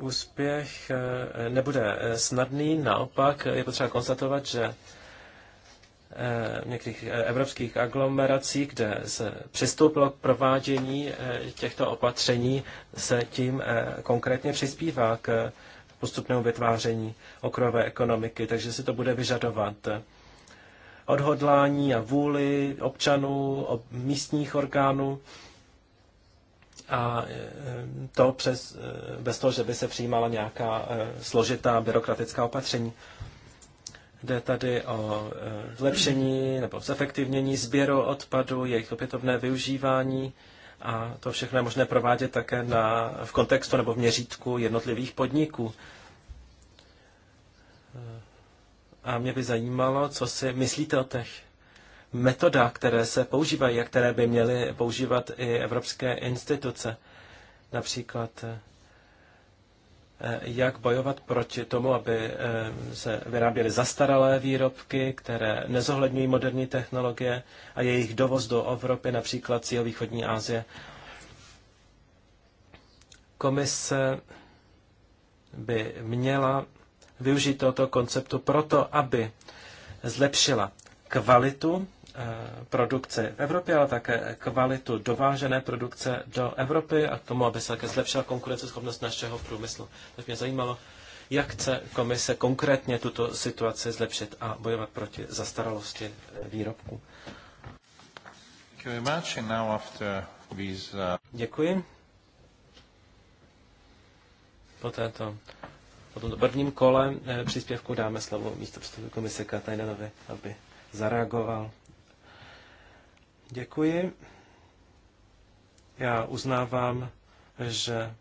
Úspěch eh, nebude eh, snadný, naopak je potřeba konstatovat, že eh, v některých evropských aglomeracích, kde se přistoupilo k provádění těchto opatření, se tím konkrétně přispívá k postupnému vytváření okrové ekonomiky, takže si to bude vyžadovat odhodlání a vůli občanů, místních orgánů. A e, to přes, e, bez toho, že by se přijímala nějaká e, složitá byrokratická opatření. Jde tady o zlepšení nebo zefektivnění sběru odpadu, jejich opětovné využívání a to všechno je možné provádět také na, v kontextu nebo v měřítku jednotlivých podniků. A mě by zajímalo, co si myslíte o těch metoda, které se používají a které by měly používat i evropské instituce. Například eh, jak bojovat proti tomu, aby eh, se vyráběly zastaralé výrobky, které nezohledňují moderní technologie a jejich dovoz do Evropy, například z východní Asie. Komise by měla využít tohoto konceptu proto, aby zlepšila kvalitu Eh, produkci v Evropě, ale také kvalitu dovážené produkce do Evropy a k tomu, aby se také zlepšila konkurenceschopnost našeho průmyslu. Tak mě zajímalo, jak chce komise konkrétně tuto situaci zlepšit a bojovat proti zastaralosti eh, výrobků. Uh, Děkuji. Po této po tomto prvním kole eh, příspěvku dáme slovo místo komise Katajnanovi, aby zareagoval Děkuji. Já uznávám, že eh,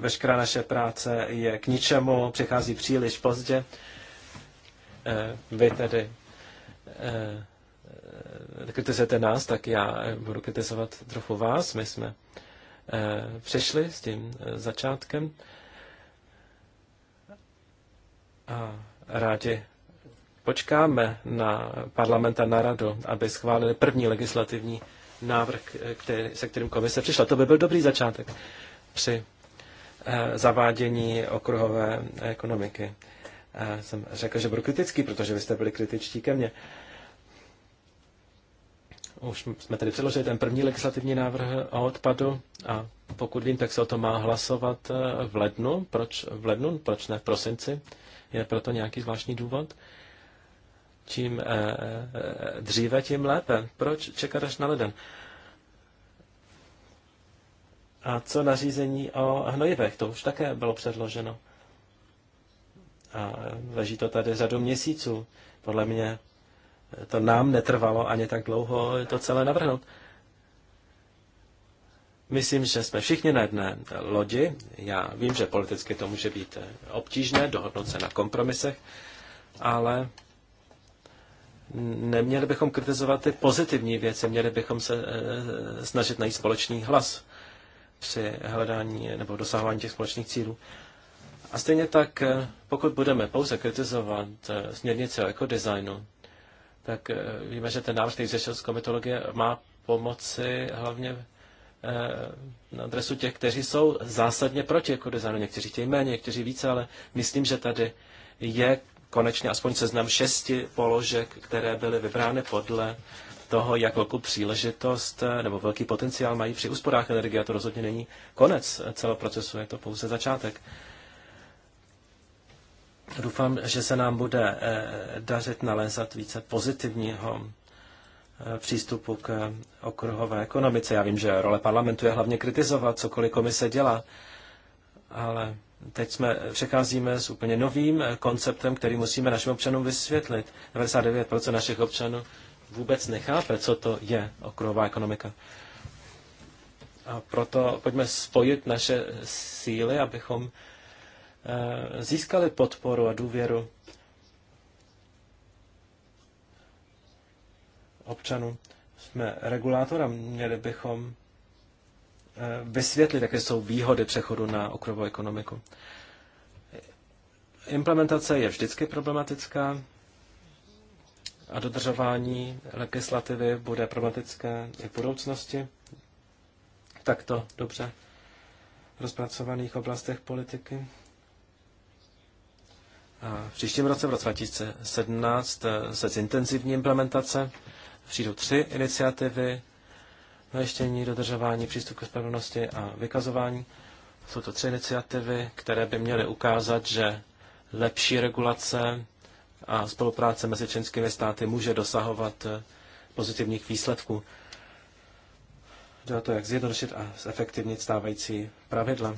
veškerá naše práce je k ničemu, přichází příliš pozdě. Eh, vy tedy eh, kritizujete nás, tak já budu kritizovat trochu vás. My jsme přešli s tím začátkem a rádi počkáme na parlament a na radu, aby schválili první legislativní návrh, který, se kterým komise přišla. To by byl dobrý začátek při eh, zavádění okruhové ekonomiky. Eh, jsem řekl, že budu kritický, protože vy jste byli kritičtí ke mně. Už jsme tedy předložili ten první legislativní návrh o odpadu a pokud vím, tak se o to má hlasovat eh, v lednu. Proč v lednu? Proč ne v prosinci? Je proto nějaký zvláštní důvod? čím eh, eh, dříve, tím lépe. Proč čekat až na leden? A co nařízení o hnojivech? To už také bylo předloženo. A leží to tady řadu měsíců. Podle mě to nám netrvalo ani tak dlouho to celé navrhnout. Myslím, že jsme všichni na jedné lodi. Já vím, že politicky to může být obtížné dohodnout se na kompromisech, ale neměli bychom kritizovat ty pozitivní věci, měli bychom se eh, eh, snažit najít společný hlas při hledání nebo dosahování těch společných cílů. A stejně tak, eh, pokud budeme pouze kritizovat směrnice o ekodesignu, tak víme, že ten návrh, který zřešil z komitologie, má pomoci hlavně na adresu těch, kteří jsou zásadně proti ekodesignu. Někteří chtějí méně, někteří více, ale myslím, že tady je konečně aspoň seznam šesti položek, které byly vybrány podle toho, jak velkou příležitost eh, nebo velký potenciál mají při úsporách energie. A to rozhodně není konec eh, celého procesu, je to pouze začátek. Doufám, že se nám bude eh, dařit nalézat více pozitivního přístupu k okruhové ekonomice. Já vím, že role parlamentu je hlavně kritizovat, cokoliv komise dělá, ale Teď jsme přecházíme s úplně novým eh, konceptem, který musíme našim občanům vysvětlit. 99% našich občanů vůbec nechápe, co to je okruhová ekonomika. A proto pojďme spojit naše síly, abychom eh, získali podporu a důvěru občanů. Jsme regulátorem, měli bychom Eh, vysvětlit, jaké jsou výhody přechodu na okrovou ekonomiku. Implementace je vždycky problematická a dodržování legislativy bude problematické i v budoucnosti. Takto dobře rozpracovaných oblastech politiky. A v příštím roce, v roce 2017, eh, se zintenzivní implementace. Přijdou tři iniciativy zajištění dodržování přístupu k spravedlnosti a vykazování. Jsou to tři iniciativy, které by měly ukázat, že lepší regulace a spolupráce mezi členskými státy může dosahovat eh, pozitivních výsledků. Dělá to, jak zjednodušit a zefektivnit stávající pravidla.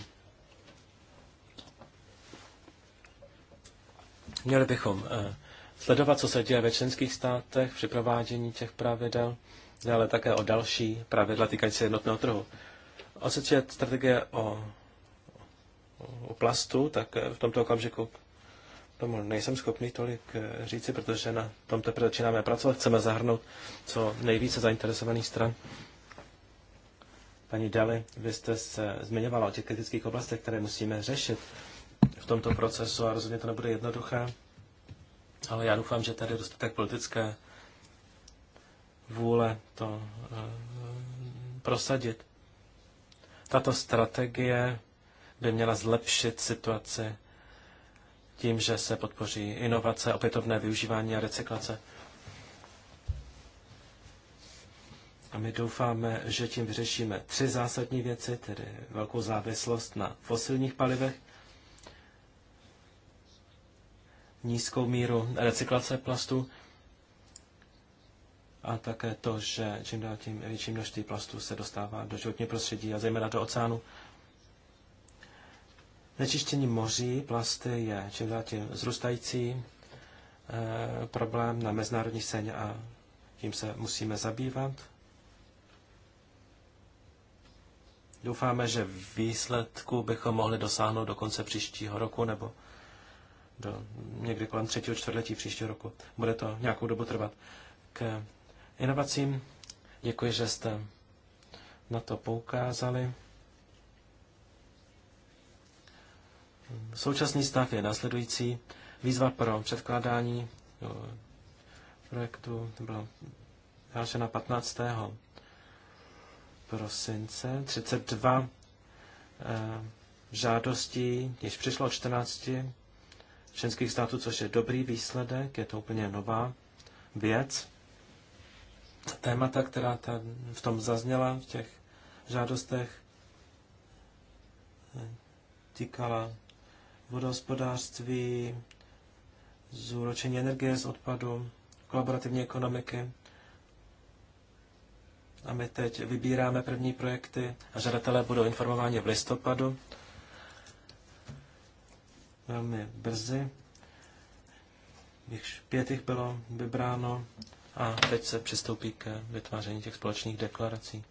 Měli bychom eh, sledovat, co se děje ve členských státech při provádění těch pravidel No, ale také o další pravidla týkající jednotného trhu. Asociat strategie o, o plastu, tak v tomto okamžiku tomu nejsem schopný tolik eh, říci, protože na tom teprve začínáme pracovat. Chceme zahrnout co nejvíce zainteresovaných stran. Paní Dali, vy jste se zmiňovala o těch kritických oblastech, které musíme řešit v tomto procesu a rozhodně to nebude jednoduché, ale já doufám, že tady dostatek politické vůle to eh, prosadit. Tato strategie by měla zlepšit situaci tím, že se podpoří inovace, opětovné využívání a recyklace. A my doufáme, že tím vyřešíme tři zásadní věci, tedy velkou závislost na fosilních palivech, nízkou míru recyklace plastu a také to, že čím dál tím větší množství plastů se dostává do životního prostředí a zejména do oceánu. Nečištění moří plasty je čím dál tím zrůstající e, eh, problém na mezinárodní scéně a tím se musíme zabývat. Doufáme, že výsledku bychom mohli dosáhnout do konce příštího roku nebo do někdy kolem třetího čtvrtletí příštího roku. Bude to nějakou dobu trvat. K inovacím. Děkuji, že jste na to poukázali. Současný stav je následující. Výzva pro předkládání projektu byla hlášena 15. prosince. 32 eh, žádostí když přišlo od 14 členských států, což je dobrý výsledek, je to úplně nová věc témata, která tam v tom zazněla, v těch žádostech, týkala vodohospodářství, zúročení energie z odpadu, kolaborativní ekonomiky. A my teď vybíráme první projekty a žadatelé budou informováni v listopadu. Velmi brzy. pět jich bylo vybráno a teď se přistoupí k vytváření těch společných deklarací.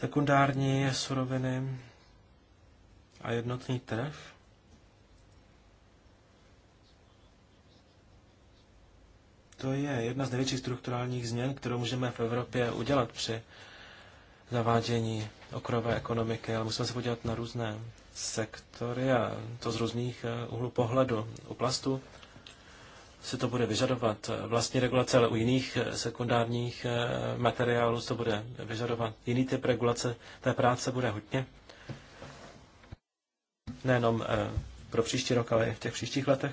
Sekundární je suroviny a jednotný trh. To je jedna z největších strukturálních změn, kterou můžeme v Evropě udělat při zavádění okrové ekonomiky, ale musíme se podívat na různé sektory a to z různých eh, úhlů pohledu. U plastu se to bude vyžadovat eh, vlastní regulace, ale u jiných eh, sekundárních materiálů se to bude vyžadovat jiný typ regulace. Té práce bude hodně. Nejenom pro příští rok, ale i v těch příštích letech.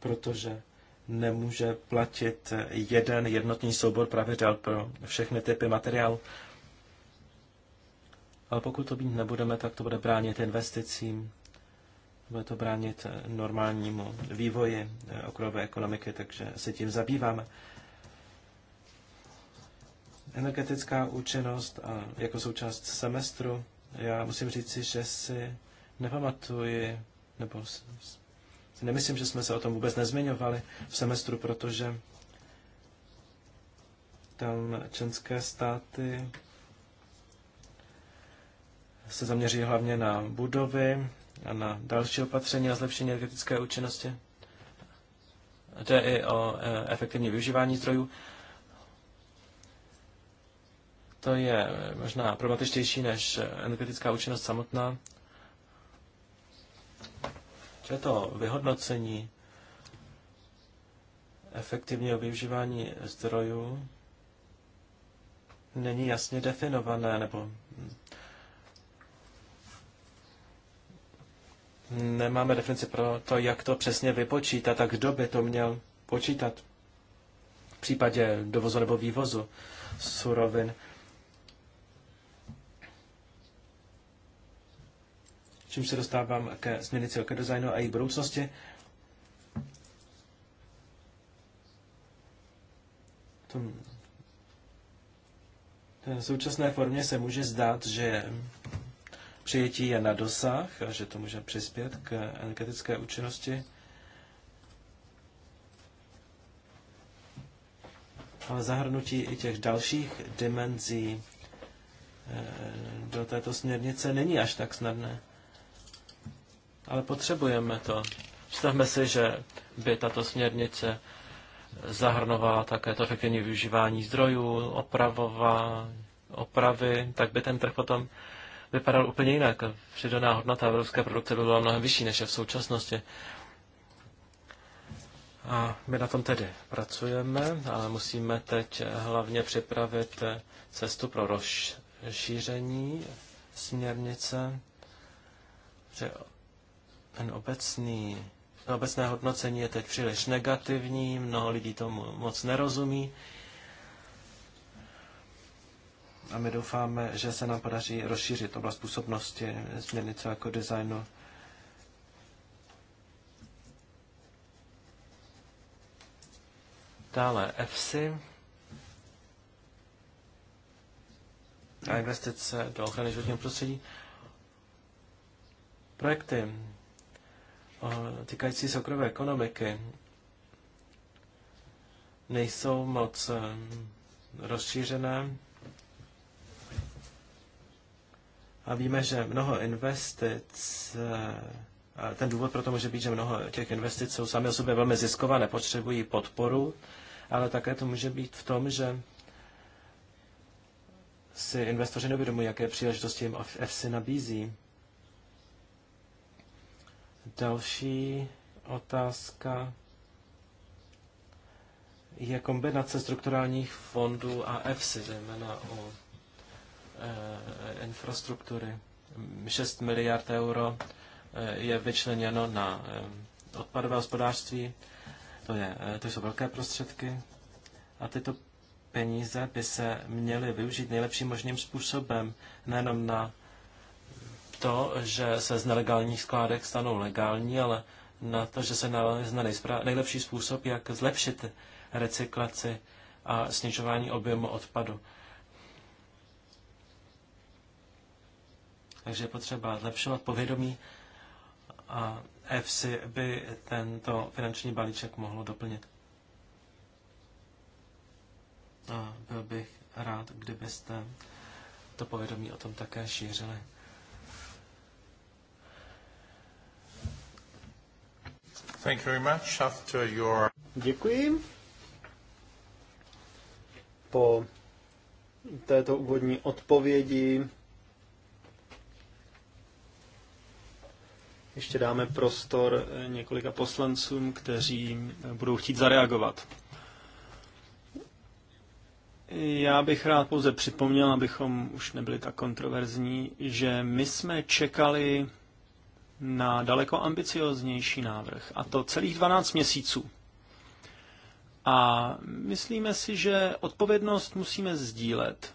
Protože nemůže platit jeden jednotný soubor pravidel pro všechny typy materiálu. Ale pokud to být nebudeme, tak to bude bránit investicím, bude to bránit normálnímu vývoji okrové ekonomiky, takže se tím zabýváme. Energetická účinnost a jako součást semestru, já musím říci, že si nepamatuji, nebo nemyslím, že jsme se o tom vůbec nezmiňovali v semestru, protože tam členské státy se zaměří hlavně na budovy a na další opatření a zlepšení energetické účinnosti. Jde i o e, efektivní využívání zdrojů. To je možná problematičtější než energetická účinnost samotná. Čili to vyhodnocení efektivního využívání zdrojů není jasně definované, nebo nemáme definici pro to, jak to přesně vypočítat a kdo by to měl počítat v případě dovozu nebo vývozu surovin. čím se dostávám ke směrnici celka designu a její budoucnosti. tom současné formě se může zdát, že přijetí je na dosah a že to může přispět k energetické účinnosti. Ale zahrnutí i těch dalších dimenzí eh, do této směrnice není až tak snadné ale potřebujeme to. Představme si, že by tato směrnice zahrnovala také to efektivní využívání zdrojů, opravova, opravy, tak by ten trh potom vypadal úplně jinak. Přidaná hodnota evropské produkce by byla mnohem vyšší, než je v současnosti. A my na tom tedy pracujeme, ale musíme teď hlavně připravit cestu pro rozšíření směrnice, ten obecný, to obecné hodnocení je teď příliš negativní, mnoho lidí tomu moc nerozumí. A my doufáme, že se nám podaří rozšířit oblast působnosti směrnice jako designu dále EFSI a investice do ochrany životního prostředí. Projekty týkající soukromé ekonomiky nejsou moc rozšířené. A víme, že mnoho investic, e, a ten důvod pro to může být, že mnoho těch investic jsou sami o sobě velmi ziskové, nepotřebují podporu, ale také to může být v tom, že si investoři neuvědomují, jaké příležitosti jim EFSI nabízí. Další otázka je kombinace strukturálních fondů a EFSI, zejména o e, eh, infrastruktury. 6 miliard euro eh, je vyčleněno na eh, odpadové hospodářství. To, je, to jsou velké prostředky. A tyto peníze by se měly využít nejlepším možným způsobem, nejenom na to, že se z nelegálních skládek stanou legální, ale na to, že se nalezne nejlepší způsob, jak zlepšit recyklaci a snižování objemu odpadu. Takže je potřeba zlepšovat povědomí a EFSI by tento finanční balíček mohlo doplnit. A byl bych rád, kdybyste to povědomí o tom také šířili. Thank you very much. After your... Děkuji. Po této úvodní odpovědi ještě dáme prostor několika poslancům, kteří budou chtít zareagovat. Já bych rád pouze připomněl, abychom už nebyli tak kontroverzní, že my jsme čekali na daleko ambicioznější návrh, a to celých 12 měsíců. A myslíme si, že odpovědnost musíme sdílet.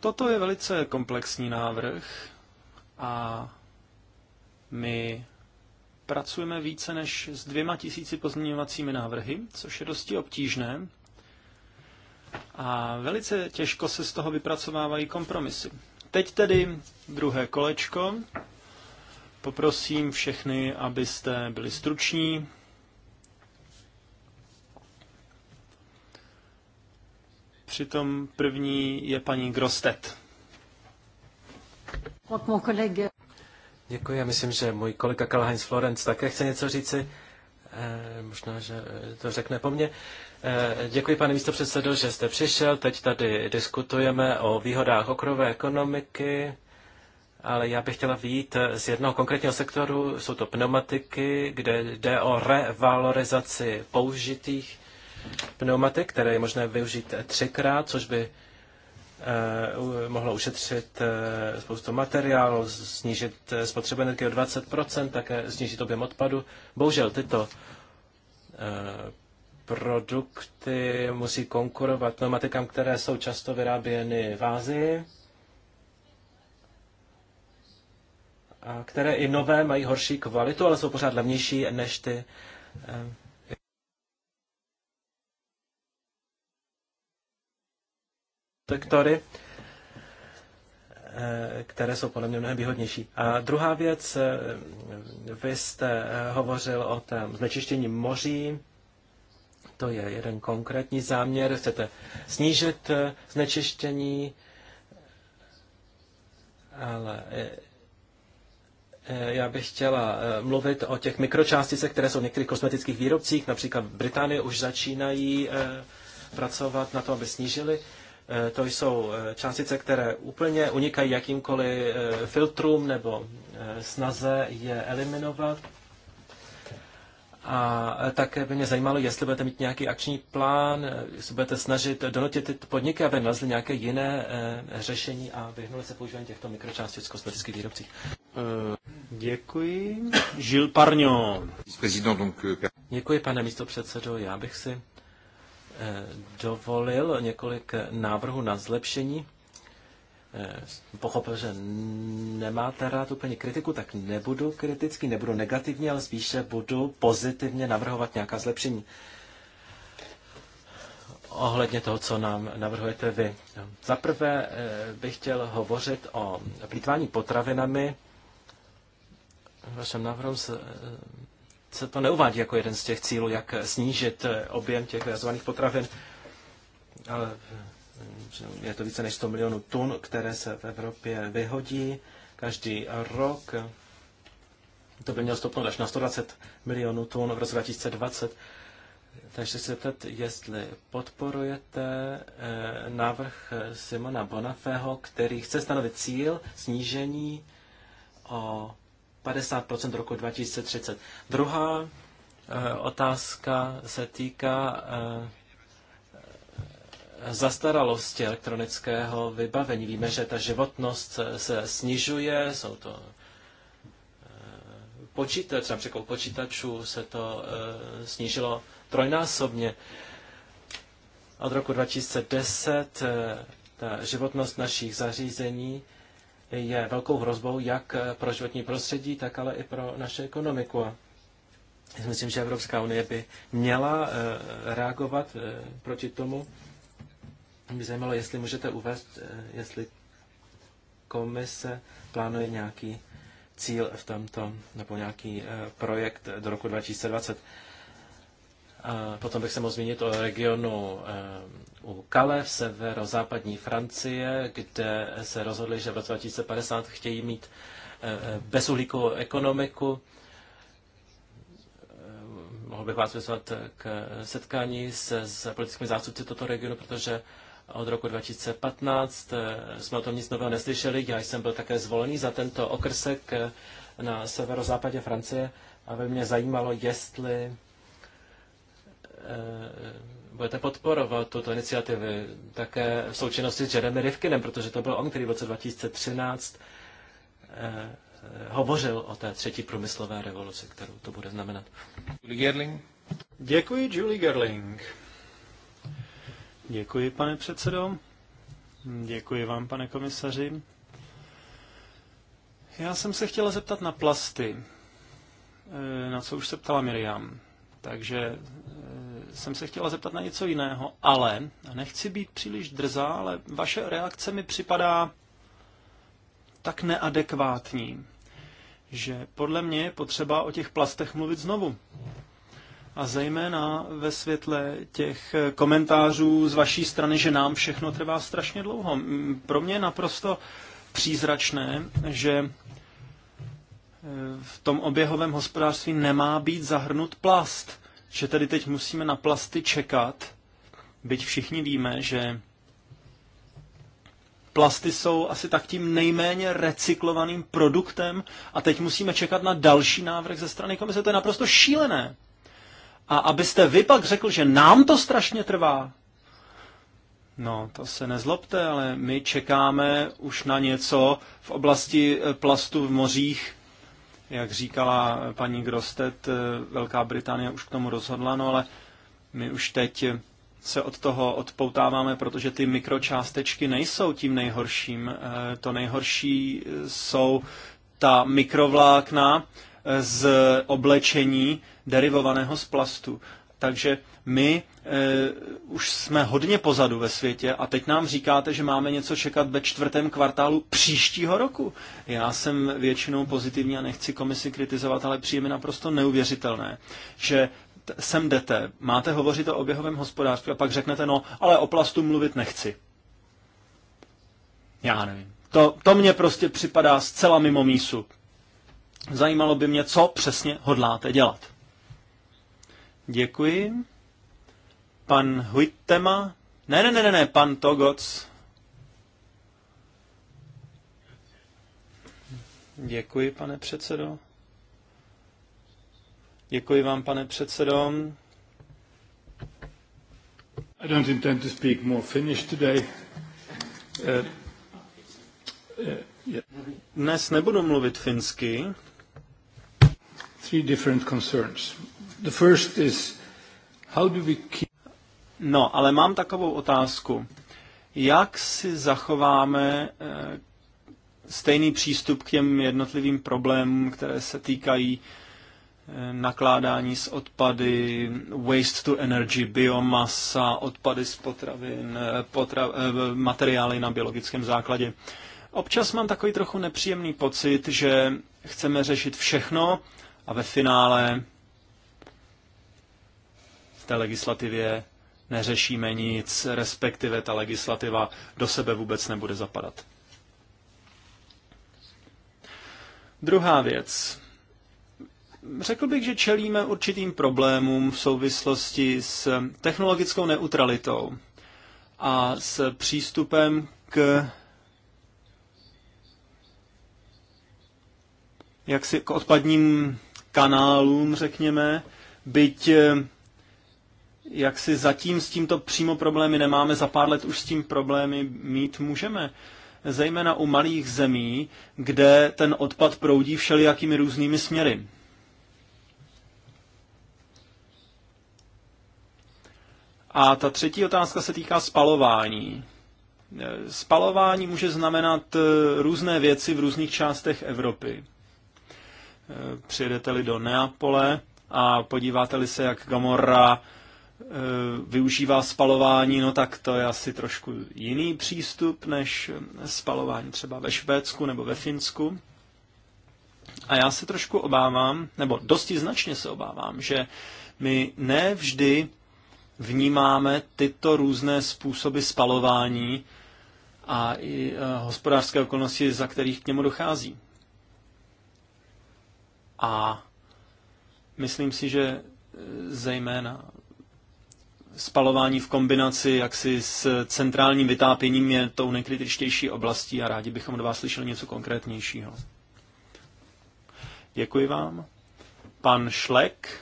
Toto je velice komplexní návrh a my pracujeme více než s dvěma tisíci pozměňovacími návrhy, což je dosti obtížné. A velice těžko se z toho vypracovávají kompromisy. Teď tedy druhé kolečko. Poprosím všechny, abyste byli struční. Přitom první je paní Grostet. Děkuji, já myslím, že můj kolega Karl Heinz Florenc také chce něco říci. E, možná, že eh, to řekne po mně. E, Eh, děkuji, pane předsedo, že jste přišel. Teď tady diskutujeme o výhodách okrové ekonomiky, ale já bych chtěla vít eh, z jednoho konkrétního sektoru. Jsou to pneumatiky, kde jde o revalorizaci použitých pneumatik, které je možné využít třikrát, což by eh, mohlo ušetřit spoustu materiálu, snížit spotřebu energie o 20%, také snížit objem odpadu. Bohužel tyto produkty musí konkurovat pneumatikám, které jsou často vyráběny v Ázii a které i nové mají horší kvalitu, ale jsou pořád levnější než ty sektory, eh, eh, které jsou podle mě mnohem výhodnější. A druhá věc, eh, vy jste hovořil o tom znečištění moří, to je jeden konkrétní záměr. Chcete snížit eh, znečištění, ale eh, eh, já bych chtěla mluvit o těch mikročásticech, které jsou v některých kosmetických výrobcích. Například Británie už začínají pracovat na to, aby snížili. To jsou částice, které úplně unikají jakýmkoliv filtrům nebo snaze je eliminovat. A také by mě zajímalo, jestli budete mít nějaký akční plán, jestli budete snažit donutit ty podniky, aby nalezly nějaké jiné e, řešení a vyhnuli se používání těchto mikročástic v kosmetických výrobcích. Eh, děkuji. Žil Parňo. Euh, děkuji, pane předsedo. Já bych si eh, dovolil několik návrhů na zlepšení Eh, pochopil, že nemáte rád úplně kritiku, tak nebudu kritický, nebudu negativní, ale spíše budu pozitivně navrhovat nějaká zlepšení. Ohledně toho, co nám navrhujete vy. No. Za prvé eh, bych chtěl hovořit o plítvání potravinami. V vašem návrhu se, eh, se to neuvádí jako jeden z těch cílů, jak snížit objem těch vyjazovaných potravin. Ale je to více než 100 milionů tun, které se v Evropě vyhodí každý rok. To by mělo stopnout až na 120 milionů tun v roce 2020. Takže se ptat, jestli podporujete eh, návrh Simona Bonafého, který chce stanovit cíl snížení o 50 roku 2030. Druhá eh, otázka se týká eh, zastaralosti elektronického vybavení. Víme, že ta životnost se snižuje, jsou to eh, počítač, například počítačů se to eh, snížilo trojnásobně. Od roku 2010 eh, ta životnost našich zařízení je velkou hrozbou jak pro životní prostředí, tak ale i pro naše ekonomiku. myslím, že Evropská unie by měla reagovat proti tomu. Mě zajímalo, jestli můžete uvést, eh, jestli komise plánuje nějaký cíl v tomto, nebo nějaký eh, projekt do roku 2020. A potom bych se mohl zmínit o regionu eh, u Kale v severozápadní Francie, kde se rozhodli, že v roce 2050 chtějí mít bezuhlíkovou ekonomiku. Mohl bych vás vyzvat k setkání se, s politickými zástupci toto regionu, protože od roku 2015 eh, jsme o tom nic nového neslyšeli. Já jsem byl také zvolený za tento okrsek eh, na severozápadě Francie, aby mě zajímalo, jestli eh, budete podporovat tuto iniciativu také v součinnosti s Jeremy Rivkinem, protože to byl on, který v roce 2013 hovořil o té třetí průmyslové revoluci, kterou to bude znamenat. Julie Gerling. Děkuji, Julie Gerling. Děkuji, pane předsedo. Děkuji vám, pane komisaři. Já jsem se chtěla zeptat na plasty, eh, na co už se ptala Miriam. Takže eh, jsem se chtěla zeptat na něco jiného, ale nechci být příliš drzá, ale vaše reakce mi připadá tak neadekvátní, že podle mě je potřeba o těch plastech mluvit znovu. A zejména ve světle těch komentářů z vaší strany, že nám všechno trvá strašně dlouho. Pro mě je naprosto přízračné, že e, v tom oběhovém hospodářství nemá být zahrnut plast. Že tedy teď musíme na plasty čekat, byť všichni víme, že plasty jsou asi tak tím nejméně recyklovaným produktem a teď musíme čekat na další návrh ze strany komise. To je naprosto šílené. A abyste vy pak řekl, že nám to strašně trvá. No, to se nezlobte, ale my čekáme už na něco v oblasti eh, plastu v mořích. Jak říkala paní Grostet, eh, Velká Británie už k tomu rozhodla, no ale my už teď eh, se od toho odpoutáváme, protože ty mikročástečky nejsou tím nejhorším. To nejhorší jsou ta mikrovlákna, z oblečení derivovaného z plastu. Takže my e, už jsme hodně pozadu ve světě a teď nám říkáte, že máme něco čekat ve čtvrtém kvartálu příštího roku. Já jsem většinou pozitivní a nechci komisi kritizovat, ale přijde mi naprosto neuvěřitelné, že sem jdete, máte hovořit o oběhovém hospodářství a pak řeknete, no, ale o plastu mluvit nechci. Já nevím. To, to mně prostě připadá zcela mimo mísu. Zajímalo by mě, co přesně hodláte dělat. Děkuji. Pan Huitema? Ne, ne, ne, ne, ne, pan Togoc. Děkuji, pane předsedo. Děkuji vám, pane předsedo. I don't intend to speak more Finnish today. Uh, uh, yeah. Dnes nebudu mluvit finsky, three different concerns. The first is how do we keep... No, ale mám takovou otázku. Jak si zachováme eh, stejný přístup k těm jednotlivým problémům, které se týkají eh, nakládání s odpady, waste to energy, biomasa, odpady z potravin, eh, potra, materiály na biologickém základě. Občas mám takový trochu nepříjemný pocit, že chceme řešit všechno a ve finále v té legislativě neřešíme nic, respektive ta legislativa do sebe vůbec nebude zapadat. Druhá věc. Řekl bych, že čelíme určitým problémům v souvislosti s technologickou neutralitou a s přístupem k jaksi k odpadním kanálům, řekněme, byť eh, jak si zatím s tímto přímo problémy nemáme, za pár let už s tím problémy mít můžeme. Zejména u malých zemí, kde ten odpad proudí všelijakými různými směry. A ta třetí otázka se týká spalování. Eh, spalování může znamenat eh, různé věci v různých částech Evropy přijedete-li do Neapole a podíváte-li se, jak Gamora e, využívá spalování, no tak to je asi trošku jiný přístup než spalování třeba ve Švédsku nebo ve Finsku. A já se trošku obávám, nebo dosti značně se obávám, že my nevždy vnímáme tyto různé způsoby spalování a i e, hospodářské okolnosti, za kterých k němu dochází. A myslím si, že eh, zejména spalování v kombinaci jaksi s centrálním vytápěním je tou nejkritičtější oblastí a rádi bychom od vás slyšeli něco konkrétnějšího. Děkuji vám. Pan Šlek.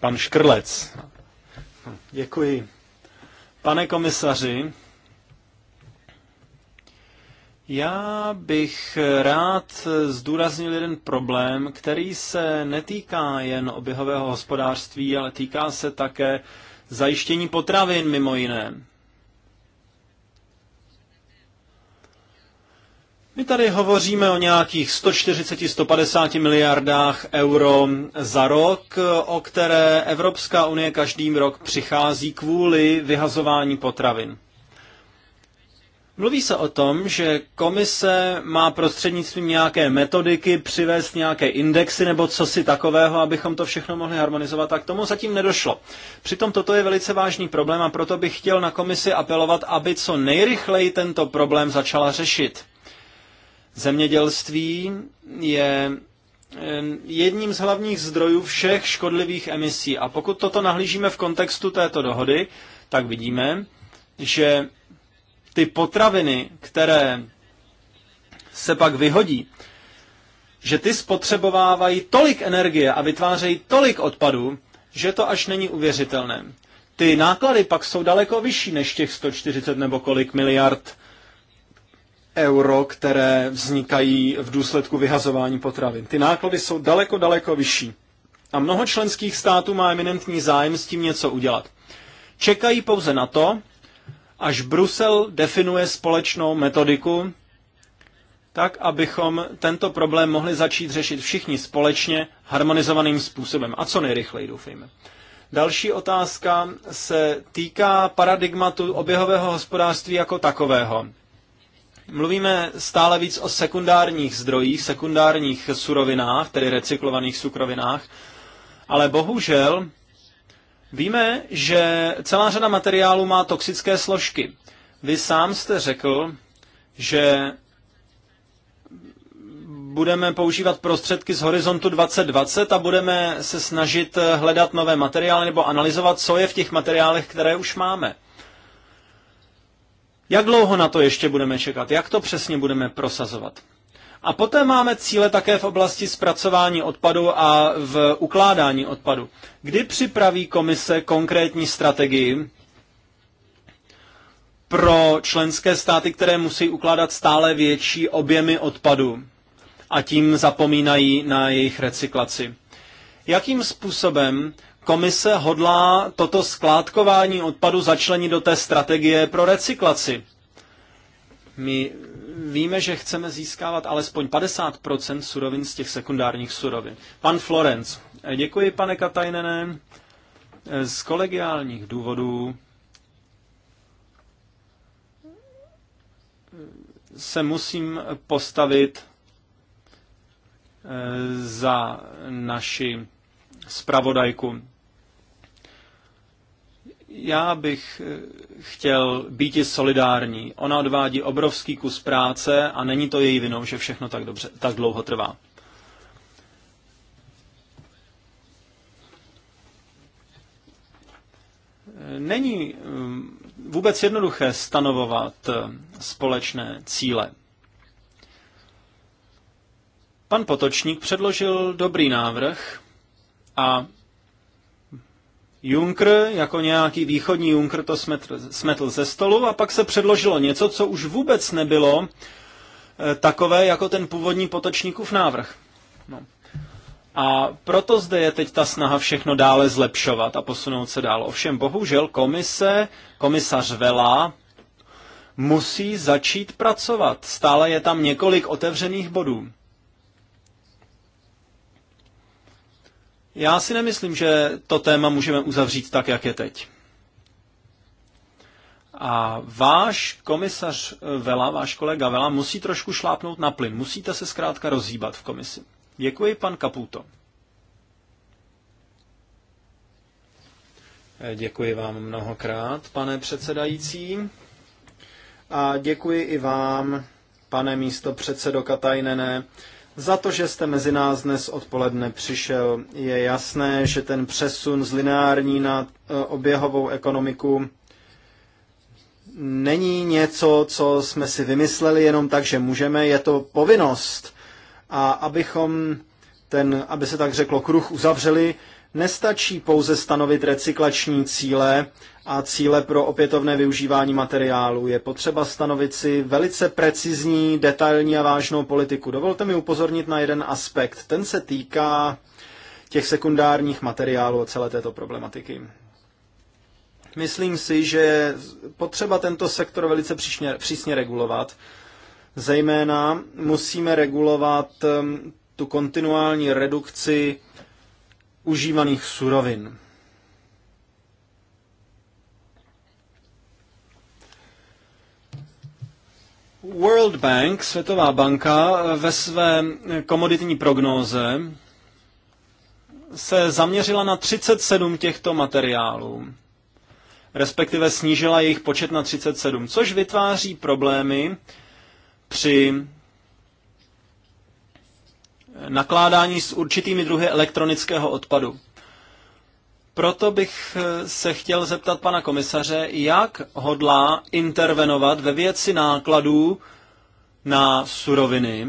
Pan Škrlec. Děkuji. Pane komisaři, já bych rád zdůraznil jeden problém, který se netýká jen oběhového hospodářství, ale týká se také zajištění potravin mimo jiné. My tady hovoříme o nějakých 140-150 miliardách euro za rok, o které Evropská unie každým rok přichází kvůli vyhazování potravin. Mluví se o tom, že komise má prostřednictvím nějaké metodiky přivést nějaké indexy nebo co si takového, abychom to všechno mohli harmonizovat, Tak tomu zatím nedošlo. Přitom toto je velice vážný problém a proto bych chtěl na komisi apelovat, aby co nejrychleji tento problém začala řešit. Zemědělství je eh, jedním z hlavních zdrojů všech škodlivých emisí a pokud toto nahlížíme v kontextu této dohody, tak vidíme, že ty potraviny, které se pak vyhodí, že ty spotřebovávají tolik energie a vytvářejí tolik odpadu, že to až není uvěřitelné. Ty náklady pak jsou daleko vyšší než těch 140 nebo kolik miliard euro, které vznikají v důsledku vyhazování potravin. Ty náklady jsou daleko, daleko vyšší. A mnoho členských států má eminentní zájem s tím něco udělat. Čekají pouze na to, až Brusel definuje společnou metodiku, tak, abychom tento problém mohli začít řešit všichni společně, harmonizovaným způsobem. A co nejrychleji, doufejme. Další otázka se týká paradigmatu oběhového hospodářství jako takového. Mluvíme stále víc o sekundárních zdrojích, sekundárních surovinách, tedy recyklovaných sukrovinách, ale bohužel Víme, že celá řada materiálů má toxické složky. Vy sám jste řekl, že budeme používat prostředky z horizontu 2020 a budeme se snažit hledat nové materiály nebo analyzovat, co je v těch materiálech, které už máme. Jak dlouho na to ještě budeme čekat? Jak to přesně budeme prosazovat? A poté máme cíle také v oblasti zpracování odpadu a v ukládání odpadu. Kdy připraví komise konkrétní strategii pro členské státy, které musí ukládat stále větší objemy odpadu a tím zapomínají na jejich recyklaci? Jakým způsobem komise hodlá toto skládkování odpadu začlenit do té strategie pro recyklaci? My víme, že chceme získávat alespoň 50% surovin z těch sekundárních surovin. Pan Florenc, děkuji pane Katajnene. Z kolegiálních důvodů se musím postavit eh, za naši spravodajku. Já bych eh, chtěl být solidární. Ona odvádí obrovský kus práce a není to její vinou, že všechno tak, dobře, tak dlouho trvá. Eh, není mm, vůbec jednoduché stanovovat eh, společné cíle. Pan Potočník předložil dobrý návrh a Juncker, jako nějaký východní Juncker to smetl, smetl ze stolu a pak se předložilo něco, co už vůbec nebylo eh, takové jako ten původní potočníkův návrh. No. A proto zde je teď ta snaha všechno dále zlepšovat a posunout se dál. Ovšem bohužel komise, komisař Vela, musí začít pracovat. Stále je tam několik otevřených bodů. Já si nemyslím, že to téma můžeme uzavřít tak, jak je teď. A váš komisař Vela, váš kolega Vela, musí trošku šlápnout na plyn. Musíte se zkrátka rozhýbat v komisi. Děkuji, pan Kaputo. Děkuji vám mnohokrát, pane předsedající. A děkuji i vám, pane místo předsedo Katajnené, za to, že jste mezi nás dnes odpoledne přišel. Je jasné, že ten přesun z lineární na e, oběhovou ekonomiku není něco, co jsme si vymysleli jenom tak, že můžeme, je to povinnost. A abychom ten, aby se tak řeklo, kruh uzavřeli, Nestačí pouze stanovit recyklační cíle a cíle pro opětovné využívání materiálu. Je potřeba stanovit si velice precizní, detailní a vážnou politiku. Dovolte mi upozornit na jeden aspekt. Ten se týká těch sekundárních materiálů a celé této problematiky. Myslím si, že potřeba tento sektor velice přísně, přísně regulovat. Zejména musíme regulovat um, tu kontinuální redukci užívaných surovin. World Bank, Světová banka, ve své komoditní prognóze se zaměřila na 37 těchto materiálů, respektive snížila jejich počet na 37, což vytváří problémy při nakládání s určitými druhy elektronického odpadu. Proto bych eh, se chtěl zeptat pana komisaře, jak hodlá intervenovat ve věci nákladů na suroviny,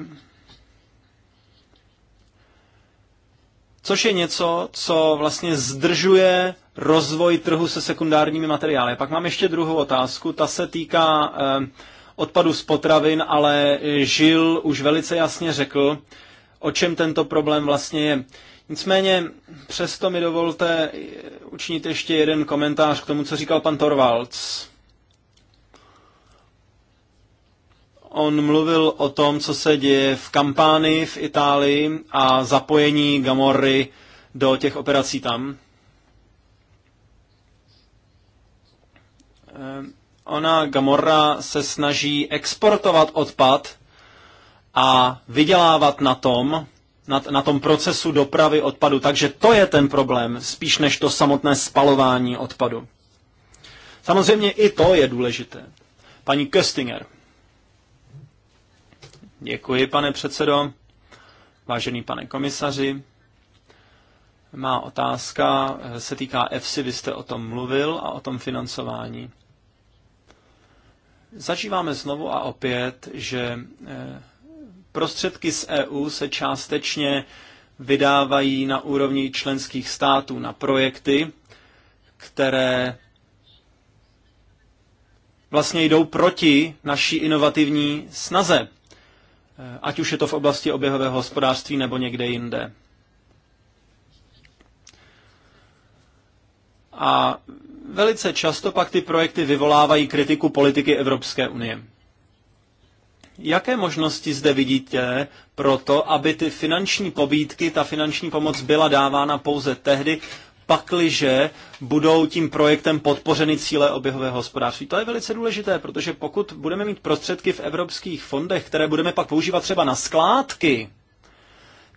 což je něco, co vlastně zdržuje rozvoj trhu se sekundárními materiály. Pak mám ještě druhou otázku, ta se týká eh, odpadu z potravin, ale Žil už velice jasně řekl, eh, o čem tento problém vlastně je. Nicméně přesto mi dovolte učinit ještě jeden komentář k tomu, co říkal pan Torvalds. On mluvil o tom, co se děje v kampáni v Itálii a zapojení Gamory do těch operací tam. Ehm, ona, Gamora, se snaží exportovat odpad a vydělávat na tom, na, na tom procesu dopravy odpadu. Takže to je ten problém, spíš než to samotné spalování odpadu. Samozřejmě i to je důležité. Paní Köstinger. Děkuji, pane předsedo. Vážený pane komisaři, má otázka eh, se týká EFSI, vy jste o tom mluvil a o tom financování. Zažíváme znovu a opět, že eh, Prostředky z EU se částečně vydávají na úrovni členských států na projekty, které vlastně jdou proti naší inovativní snaze, eh, ať už je to v oblasti oběhového hospodářství nebo někde jinde. A velice často pak ty projekty vyvolávají kritiku politiky Evropské unie. Jaké možnosti zde vidíte pro to, aby ty finanční pobídky, ta finanční pomoc byla dávána pouze tehdy, pakliže budou tím projektem podpořeny cíle oběhového hospodářství. To je velice důležité, protože pokud budeme mít prostředky v evropských fondech, které budeme pak používat třeba na skládky,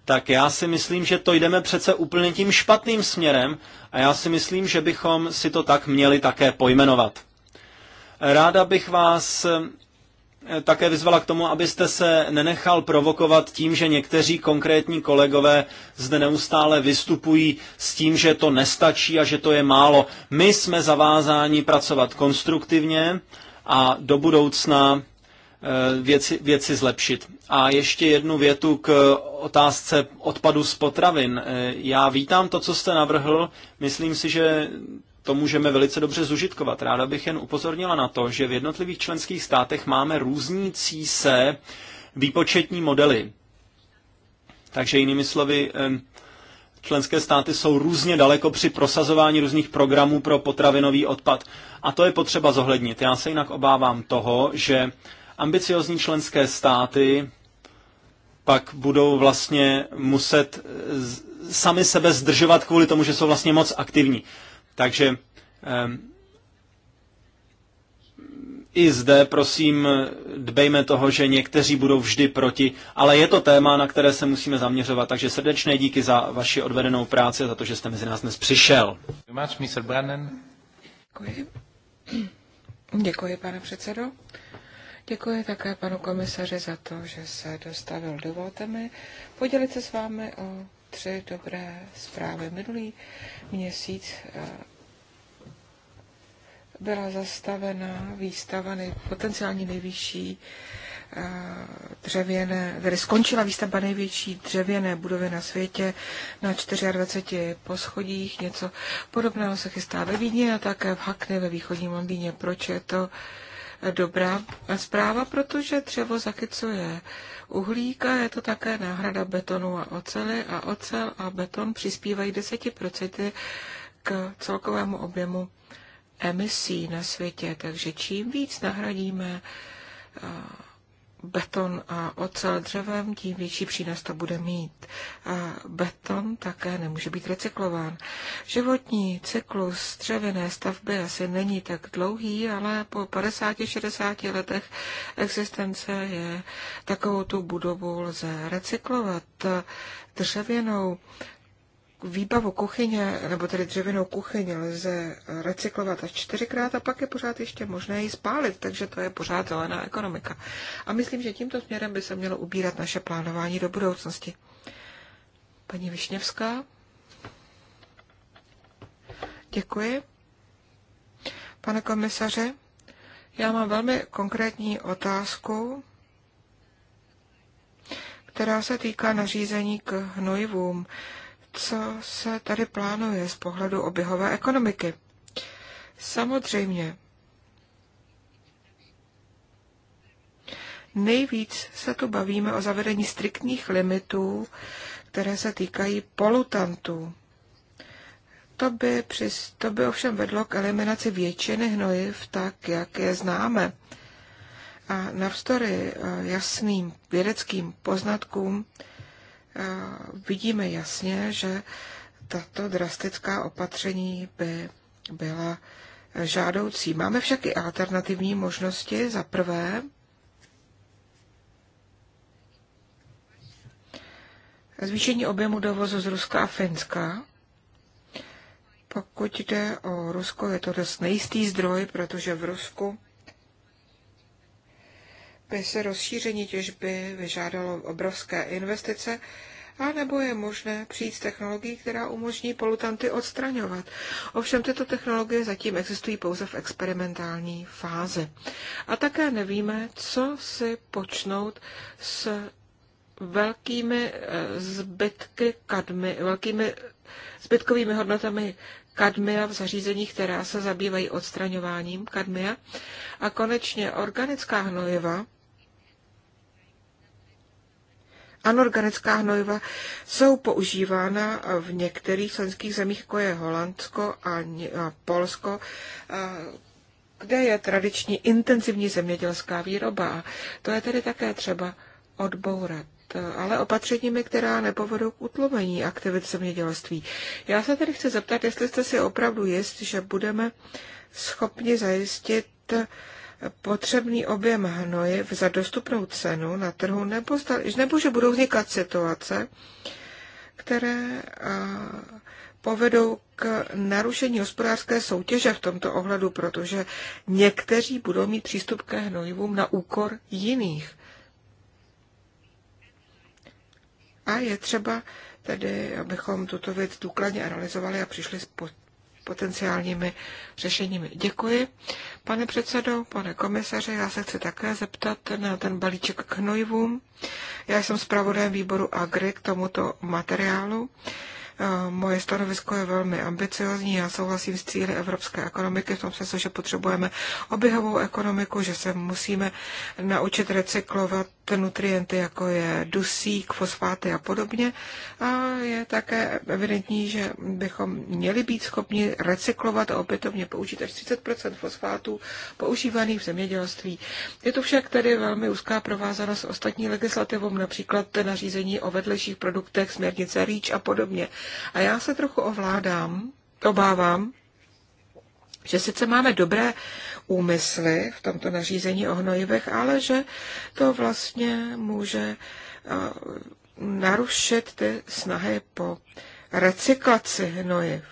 tak já si myslím, že to jdeme přece úplně tím špatným směrem a já si myslím, že bychom si to tak měli také pojmenovat. Ráda bych vás Eh, také vyzvala k tomu, abyste se nenechal provokovat tím, že někteří konkrétní kolegové zde neustále vystupují s tím, že to nestačí a že to je málo. My jsme zavázáni pracovat konstruktivně a do budoucna eh, věci, věci zlepšit. A ještě jednu větu k otázce odpadu z potravin. Eh, já vítám to, co jste navrhl. Myslím si, že to můžeme velice dobře zužitkovat. Ráda bych jen upozornila na to, že v jednotlivých členských státech máme různící se výpočetní modely. Takže jinými slovy, členské státy jsou různě daleko při prosazování různých programů pro potravinový odpad. A to je potřeba zohlednit. Já se jinak obávám toho, že ambiciozní členské státy pak budou vlastně muset sami sebe zdržovat kvůli tomu, že jsou vlastně moc aktivní. Takže ehm, i zde, prosím, dbejme toho, že někteří budou vždy proti, ale je to téma, na které se musíme zaměřovat, takže srdečné díky za vaši odvedenou práci a za to, že jste mezi nás dnes přišel. Děkuji. Děkuji, pane předsedo. Děkuji také panu komisaři za to, že se dostavil. Dovolte mi podělit se s vámi o tři dobré zprávy. Minulý měsíc eh, byla zastavena výstava nej, potenciálně nejvyšší eh, dřevěné, tedy skončila výstavba největší dřevěné budovy na světě na 24 poschodích. Něco podobného se chystá ve Vídně a také v Hakne ve východním Londýně. Proč je to dobrá zpráva, protože dřevo zachycuje uhlík a je to také náhrada betonu a ocely a ocel a beton přispívají 10% k celkovému objemu emisí na světě. Takže čím víc nahradíme beton a ocel dřevem, tím větší přínos to bude mít. A beton také nemůže být recyklován. Životní cyklus dřevěné stavby asi není tak dlouhý, ale po 50-60 letech existence je takovou tu budovu lze recyklovat. Dřevěnou výbavu kuchyně, nebo tedy dřevěnou kuchyň lze recyklovat až čtyřikrát a pak je pořád ještě možné ji spálit, takže to je pořád zelená ekonomika. A myslím, že tímto směrem by se mělo ubírat naše plánování do budoucnosti. Paní Višněvská? Děkuji. Pane komisaře, já mám velmi konkrétní otázku, která se týká nařízení k hnojivům co se tady plánuje z pohledu oběhové ekonomiky. Samozřejmě, nejvíc se tu bavíme o zavedení striktních limitů, které se týkají polutantů. To by, při, to by ovšem vedlo k eliminaci většiny hnojiv, tak jak je známe. A navzdory eh, jasným vědeckým poznatkům Eh, vidíme jasně, že tato drastická opatření by byla žádoucí. Máme však i alternativní možnosti. Za prvé, zvýšení objemu dovozu z Ruska a Finska. Pokud jde o Rusko, je to dost nejistý zdroj, protože v Rusku by se rozšíření těžby vyžádalo obrovské investice, a nebo je možné přijít s technologií, která umožní polutanty odstraňovat. Ovšem tyto technologie zatím existují pouze v experimentální fázi. A také nevíme, co si počnout s velkými eh, zbytky kadmy, velkými zbytkovými hodnotami kadmia v zařízeních, která se zabývají odstraňováním kadmia. A konečně organická hnojiva, anorganická hnojiva jsou používána v některých členských zemích, jako je Holandsko a Polsko, kde je tradiční intenzivní zemědělská výroba. to je tedy také třeba odbourat ale opatřeními, která nepovedou k utlumení aktivit zemědělství. Já se tedy chci zeptat, jestli jste si opravdu jist, že budeme schopni zajistit potřebný objem hnojiv za dostupnou cenu na trhu, nebo, nebo že budou vznikat situace, které povedou k narušení hospodářské soutěže v tomto ohledu, protože někteří budou mít přístup ke hnojivům na úkor jiných. A je třeba tedy, abychom tuto věc důkladně analyzovali a přišli s potenciálními řešeními. Děkuji. Pane předsedo, pane komisaře, já se chci také zeptat na ten balíček k hnojivům. Já jsem zpravodajem výboru AGRI k tomuto materiálu. Eh, moje stanovisko je velmi ambiciozní. Já souhlasím s cíly evropské ekonomiky v tom smyslu, že potřebujeme oběhovou ekonomiku, že se musíme naučit recyklovat nutrienty, jako je dusík, fosfáty a podobně. A je také evidentní, že bychom měli být schopni recyklovat a opětovně použít až 30 fosfátů používaných v zemědělství. Je to však tedy velmi úzká provázanost s ostatní legislativou, například nařízení o vedlejších produktech, směrnice REACH a podobně. A já se trochu ovládám, obávám, že sice máme dobré úmysly v tomto nařízení o hnojivech, ale že to vlastně může eh, narušit ty snahy po recyklaci hnojiv.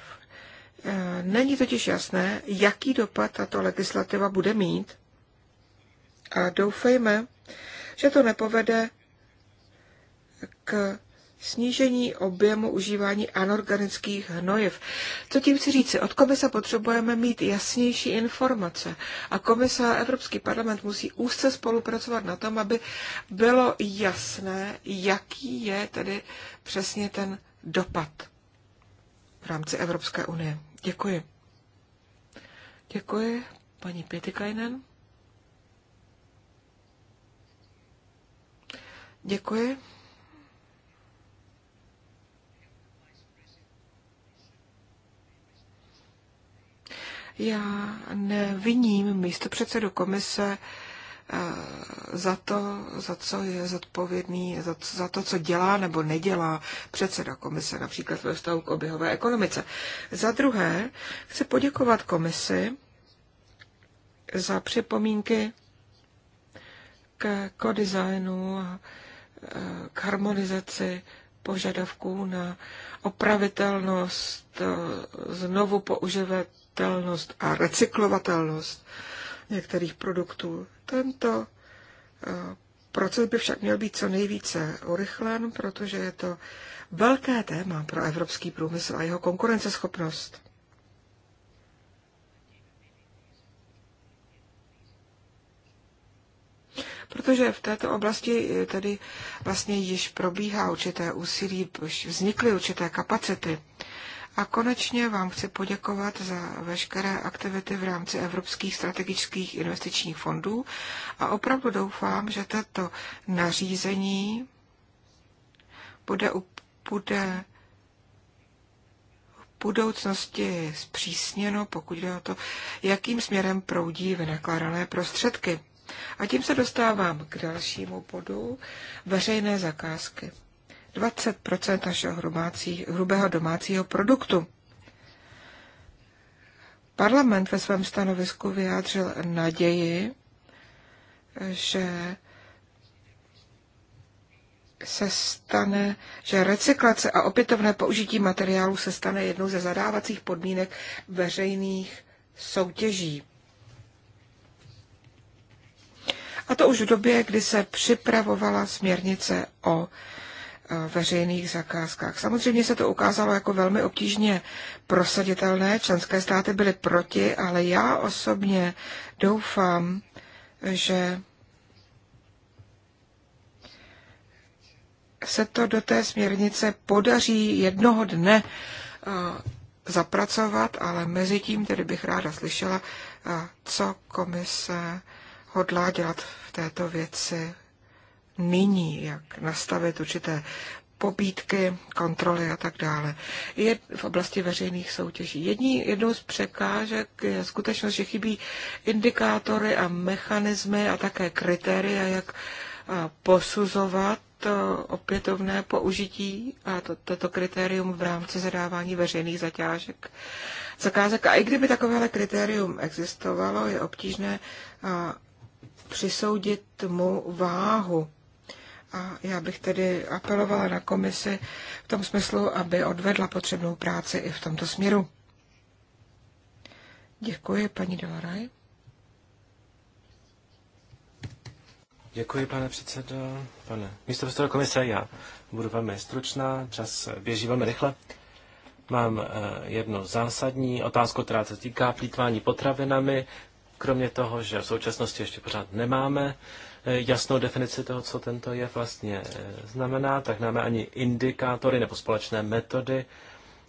Eh, není totiž jasné, jaký dopad tato legislativa bude mít a doufejme, že to nepovede k snížení objemu užívání anorganických hnojiv. Co tím chci říci? Od komise potřebujeme mít jasnější informace a komise a Evropský parlament musí úzce spolupracovat na tom, aby bylo jasné, jaký je tedy přesně ten dopad v rámci Evropské unie. Děkuji. Děkuji, paní Pětikajnen. Děkuji. Já neviním místo předsedu komise eh, za to, za co je zodpovědný, za, za to, co dělá nebo nedělá předseda komise, například ve vztahu k oběhové ekonomice. Za druhé, chci poděkovat komisi za připomínky k a eh, k harmonizaci požadavků na opravitelnost, eh, znovu použivatelnost a recyklovatelnost některých produktů. Tento eh, proces by však měl být co nejvíce urychlen, protože je to velké téma pro evropský průmysl a jeho konkurenceschopnost. protože v této oblasti eh, tedy vlastně již probíhá určité úsilí, už vznikly určité kapacity. A konečně vám chci poděkovat za veškeré aktivity v rámci evropských strategických investičních fondů a opravdu doufám, že tato nařízení bude, bude v budoucnosti zpřísněno, pokud jde o to, jakým směrem proudí vynakládané prostředky. A tím se dostávám k dalšímu bodu, veřejné zakázky. 20 našeho hrubácí, hrubého domácího produktu. Parlament ve svém stanovisku vyjádřil naději, že se stane, že recyklace a opětovné použití materiálu se stane jednou ze zadávacích podmínek veřejných soutěží. a to už v době, kdy se připravovala směrnice o e, veřejných zakázkách. Samozřejmě se to ukázalo jako velmi obtížně prosaditelné, členské státy byly proti, ale já osobně doufám, že se to do té směrnice podaří jednoho dne e, zapracovat, ale mezi tím tedy bych ráda slyšela, e, co komise hodlá dělat v této věci nyní, jak nastavit určité pobídky, kontroly a tak dále. Je v oblasti veřejných soutěží. Jední, jednou z překážek je skutečnost, že chybí indikátory a mechanismy a také kritéria, jak posuzovat e, opětovné použití a to, toto kritérium v rámci zadávání veřejných zaťážek, zakázek. A i kdyby takovéhle kritérium existovalo, je obtížné přisoudit mu váhu. A já bych tedy apelovala na komisi v tom smyslu, aby odvedla potřebnou práci i v tomto směru. Děkuji, paní Delaraj. Děkuji, pane předsedo. Pane místo předsedo komise, já budu velmi stručná, čas běží velmi rychle. Mám eh, jednu zásadní otázku, která se týká plítvání potravinami kromě toho, že v současnosti ještě pořád nemáme eh, jasnou definici toho, co tento je vlastně eh, znamená, tak nemáme ani indikátory nebo společné metody,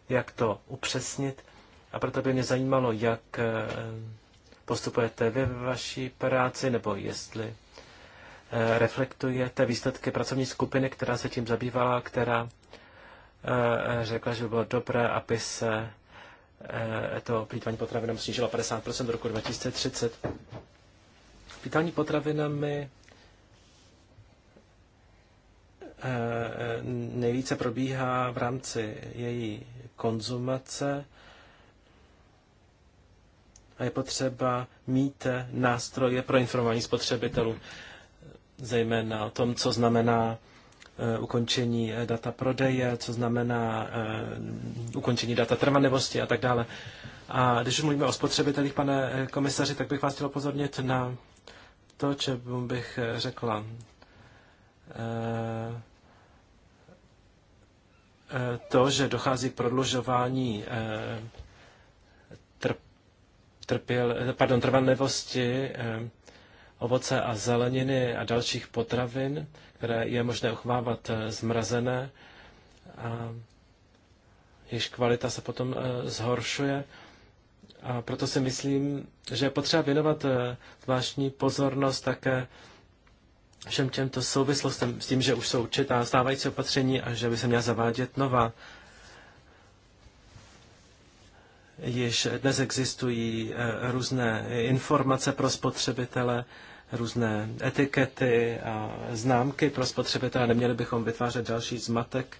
jak to upřesnit. A proto by mě zajímalo, jak eh, postupujete vy ve vaší práci, nebo jestli reflektujete výsledky pracovní skupiny, která se tím zabývala, která řekla, že by bylo dobré, aby se Eh, to plýtvání potravinami snížilo 50% do roku 2030. Plýtvání potravinami eh, nejvíce probíhá v rámci její konzumace a je potřeba mít nástroje pro informování spotřebitelů, zejména o tom, co znamená Eh, ukončení eh, data prodeje, co znamená eh, ukončení data trvanlivosti a tak dále. A když už mluvíme o spotřebitelích, pane komisaři, tak bych vás chtěl pozornit na to, co bych řekla. To, že dochází k prodlužování trp, trpěl, pardon, trvanlivosti ovoce a zeleniny a dalších potravin, které je možné uchovávat eh, zmrazené. A jež kvalita se potom eh, zhoršuje. A proto si myslím, že je potřeba věnovat eh, zvláštní pozornost také všem těmto souvislostem s tím, že už jsou určitá stávající opatření a že by se měla zavádět nová. Již dnes existují různé informace pro spotřebitele, různé etikety a známky pro spotřebitele. Neměli bychom vytvářet další zmatek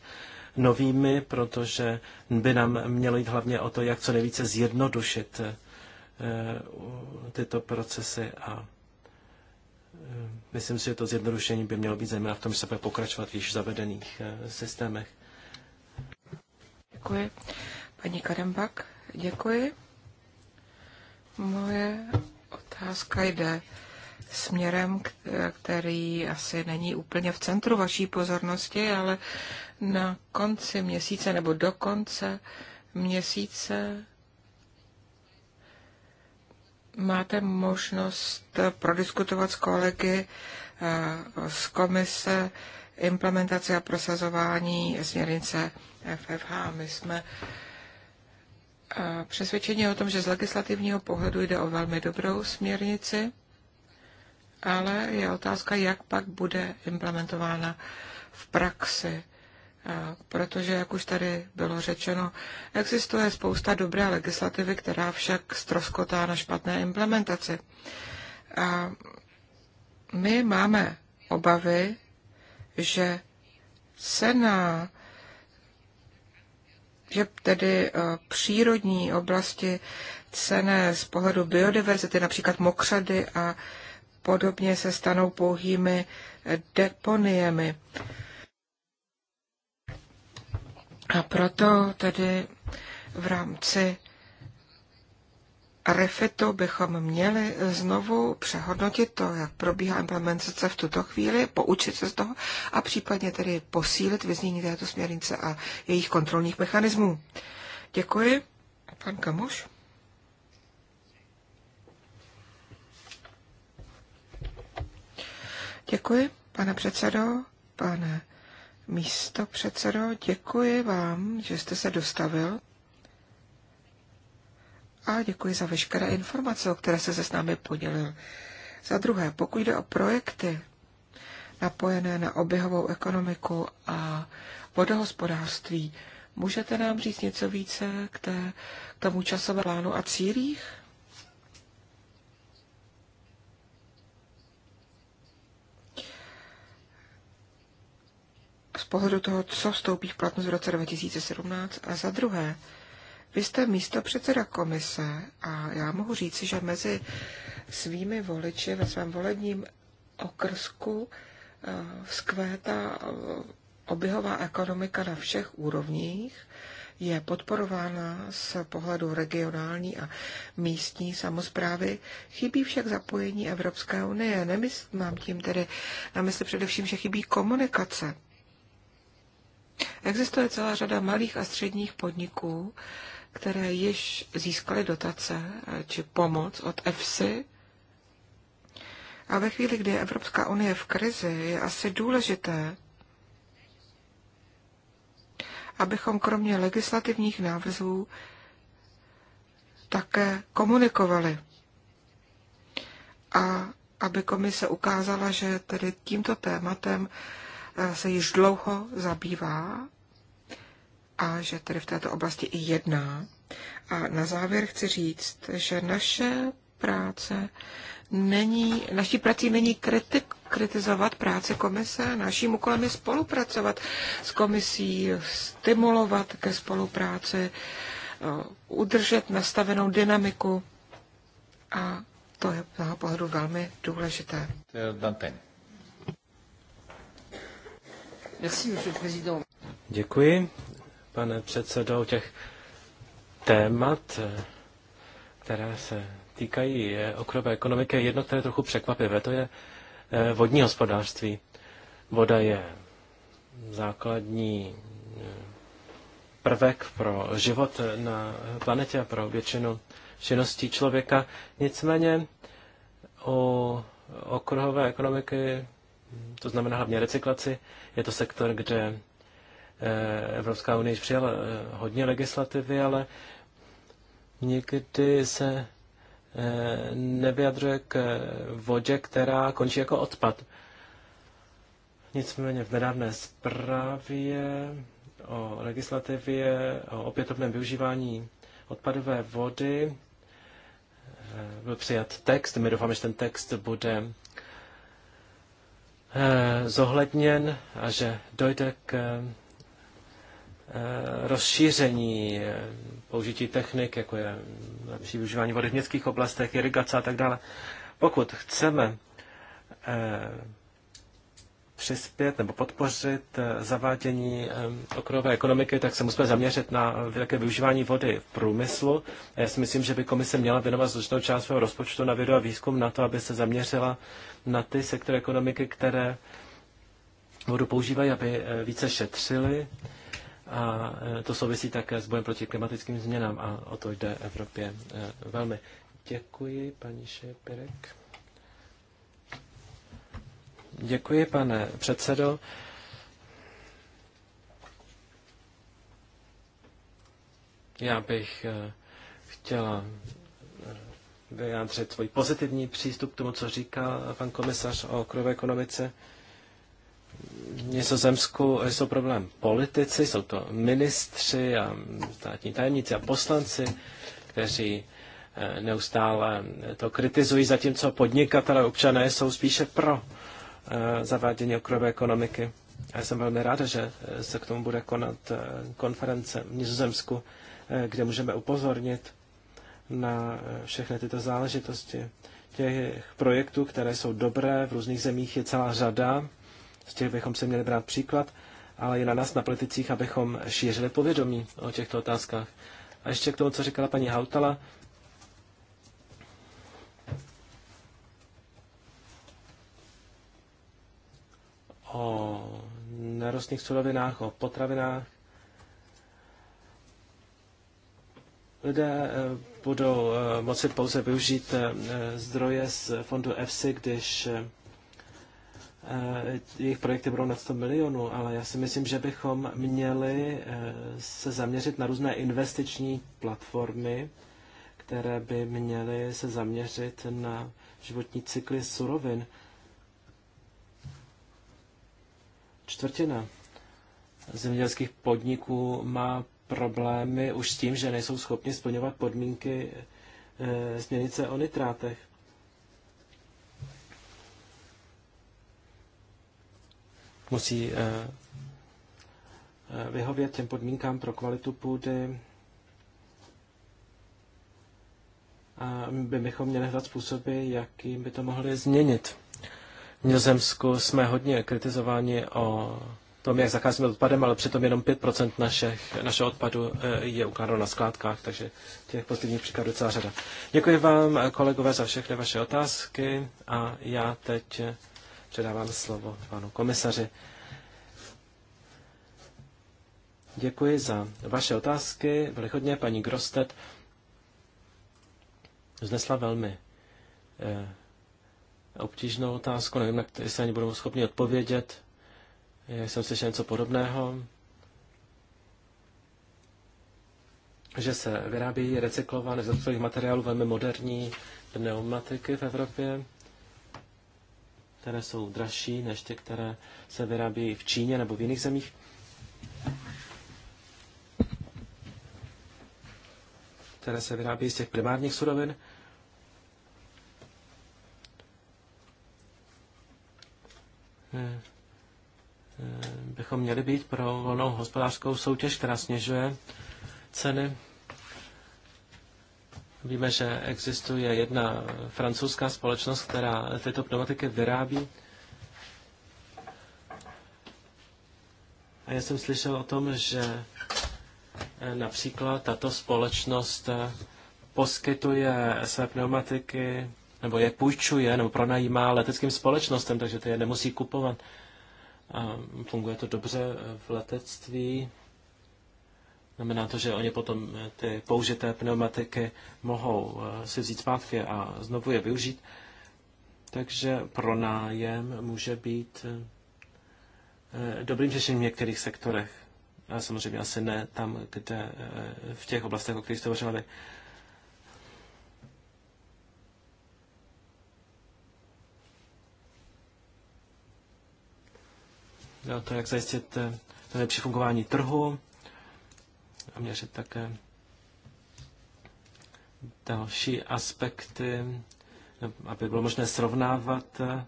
novými, protože by nám mělo jít hlavně o to, jak co nejvíce zjednodušit eh, tyto procesy a eh, myslím si, že to zjednodušení by mělo být zejména v tom, že se bude pokračovat v již zavedených eh, systémech. Děkuji. Paní Karembak, děkuji. Moje otázka jde směrem, který asi není úplně v centru vaší pozornosti, ale na konci měsíce nebo do konce měsíce máte možnost prodiskutovat s kolegy eh, z komise implementace a prosazování směrnice FFH. My jsme eh, přesvědčeni o tom, že z legislativního pohledu jde o velmi dobrou směrnici ale je otázka, jak pak bude implementována v praxi. Protože, jak už tady bylo řečeno, existuje spousta dobré legislativy, která však stroskotá na špatné implementaci. A my máme obavy, že se na že tedy přírodní oblasti cené z pohledu biodiverzity, například mokřady a podobně se stanou pouhými deponiemi. A proto tedy v rámci refitu bychom měli znovu přehodnotit to, jak probíhá implementace v tuto chvíli, poučit se z toho a případně tedy posílit vyznění této směrnice a jejich kontrolních mechanismů. Děkuji. Pan Kamoš? Děkuji, pane předsedo, pane místo předsedo, děkuji vám, že jste se dostavil a děkuji za veškeré informace, o které se se s námi podělil. Za druhé, pokud jde o projekty napojené na oběhovou ekonomiku a vodohospodářství, můžete nám říct něco více k, té, k tomu časovému plánu a cílích? pohledu toho, co vstoupí v platnost v roce 2017, a za druhé, vy jste místo předseda komise a já mohu říci, že mezi svými voliči ve svém volebním okrsku eh, vzkvétá eh, oběhová ekonomika na všech úrovních, je podporována z pohledu regionální a místní samozprávy, chybí však zapojení Evropské unie. Nemyslím, mám tím tedy na mysli především, že chybí komunikace Existuje celá řada malých a středních podniků, které již získaly dotace či pomoc od EFSI. A ve chvíli, kdy je Evropská unie v krizi, je asi důležité, abychom kromě legislativních návrhů také komunikovali. A aby komise ukázala, že tedy tímto tématem se již dlouho zabývá a že tedy v této oblasti i jedná. A na závěr chci říct, že naše práce není, naší prací není kritik, kritizovat práci komise, naším úkolem je spolupracovat s komisí, stimulovat ke spolupráci, eh, udržet nastavenou dynamiku a to je z pohledu velmi důležité. Děkuji, pane předsedo, těch témat, eh, která se týkají eh, okrové ekonomiky, jedno, které je trochu překvapivé, to je eh, vodní hospodářství. Voda je základní prvek pro život na planetě a pro většinu činností člověka. Nicméně o okruhové ekonomiky to znamená hlavně recyklaci. Je to sektor, kde eh, Evropská unie přijala eh, hodně legislativy, ale nikdy se eh, nevyjadřuje k vodě, která končí jako odpad. Nicméně v nedávné zprávě o legislativě o opětovném využívání odpadové vody byl přijat text. My doufáme, že ten text bude Eh, zohledněn a že dojde k eh, rozšíření eh, použití technik, jako je lepší využívání vody v městských oblastech, irigace a tak dále. Pokud chceme přispět nebo podpořit eh, zavádění eh, okrové ekonomiky, tak se musíme zaměřit na velké využívání vody v průmyslu. Já si myslím, že by komise měla věnovat značnou část svého rozpočtu na vědu a výzkum na to, aby se zaměřila na ty sektory ekonomiky, které vodu používají, aby eh, více šetřili. A to souvisí také s bojem proti klimatickým změnám a o to jde Evropě velmi. Děkuji, paní Šepirek. Děkuji, pane předsedo. Já bych eh, chtěla eh, vyjádřit svůj pozitivní přístup k tomu, co říká pan komisař o krové ekonomice. V Nizozemsku jsou problém politici, jsou to ministři a státní tajemníci a poslanci, kteří eh, neustále to kritizují, zatímco podnikatelé občané jsou spíše pro. Eh, zavádění okrové ekonomiky. A jsem velmi ráda, že eh, se k tomu bude konat eh, konference v Nizozemsku, kde můžeme upozornit na všechny tyto záležitosti. Těch projektů, které jsou dobré v různých zemích, je celá řada. Z těch bychom se měli brát příklad, ale je na nás, na politicích, abychom šířili povědomí o těchto otázkách. A ještě k tomu, co říkala paní Hautala, o nerostných surovinách, o potravinách. Lidé eh, budou eh, moci pouze využít eh, zdroje z fondu EFSI, když jejich projekty budou na 100 milionů, ale já si myslím, že bychom měli se zaměřit na různé investiční platformy, které by měly se zaměřit na životní cykly surovin. čtvrtina zemědělských podniků má problémy už s tím, že nejsou schopni splňovat podmínky e, směrnice o nitrátech. Musí e, e vyhovět těm podmínkám pro kvalitu půdy. A my bychom měli hledat způsoby, jakým by to mohli změnit. V Nizozemsku jsme hodně kritizováni o tom, jak zacházíme odpadem, ale přitom jenom 5% našich, našeho odpadu eh, je ukládáno na skládkách, takže těch pozitivních příkladů je celá řada. Děkuji vám, kolegové, za všechny vaše otázky a já teď předávám slovo panu komisaři. Děkuji za vaše otázky. hodně, paní Grostet vznesla velmi eh, obtížnou otázku, nevím, na které se ani budou schopni odpovědět. Já jsem slyšel něco podobného, že se vyrábí recyklované z odpadových materiálů velmi moderní pneumatiky v Evropě, které jsou dražší než ty, které se vyrábí v Číně nebo v jiných zemích. které se vyrábí z těch primárních surovin. Eh, bychom měli být pro volnou hospodářskou soutěž, která snižuje ceny. Víme, že existuje jedna francouzská společnost, která tyto pneumatiky vyrábí. A já jsem slyšel o tom, že eh, například tato společnost eh, poskytuje své pneumatiky nebo je půjčuje nebo pronajímá leteckým společnostem, takže ty je nemusí kupovat. A funguje to dobře v letectví. Znamená to, že oni potom eh, ty použité pneumatiky mohou eh, si vzít zpátky a znovu je využít. Takže pronájem může být eh, dobrým řešením v některých sektorech. A samozřejmě asi ne tam, kde v těch oblastech, o kterých jste hovořili, Jo, to, jak zajistit eh, nejlepší fungování trhu a měřit také další aspekty, aby bylo možné srovnávat eh,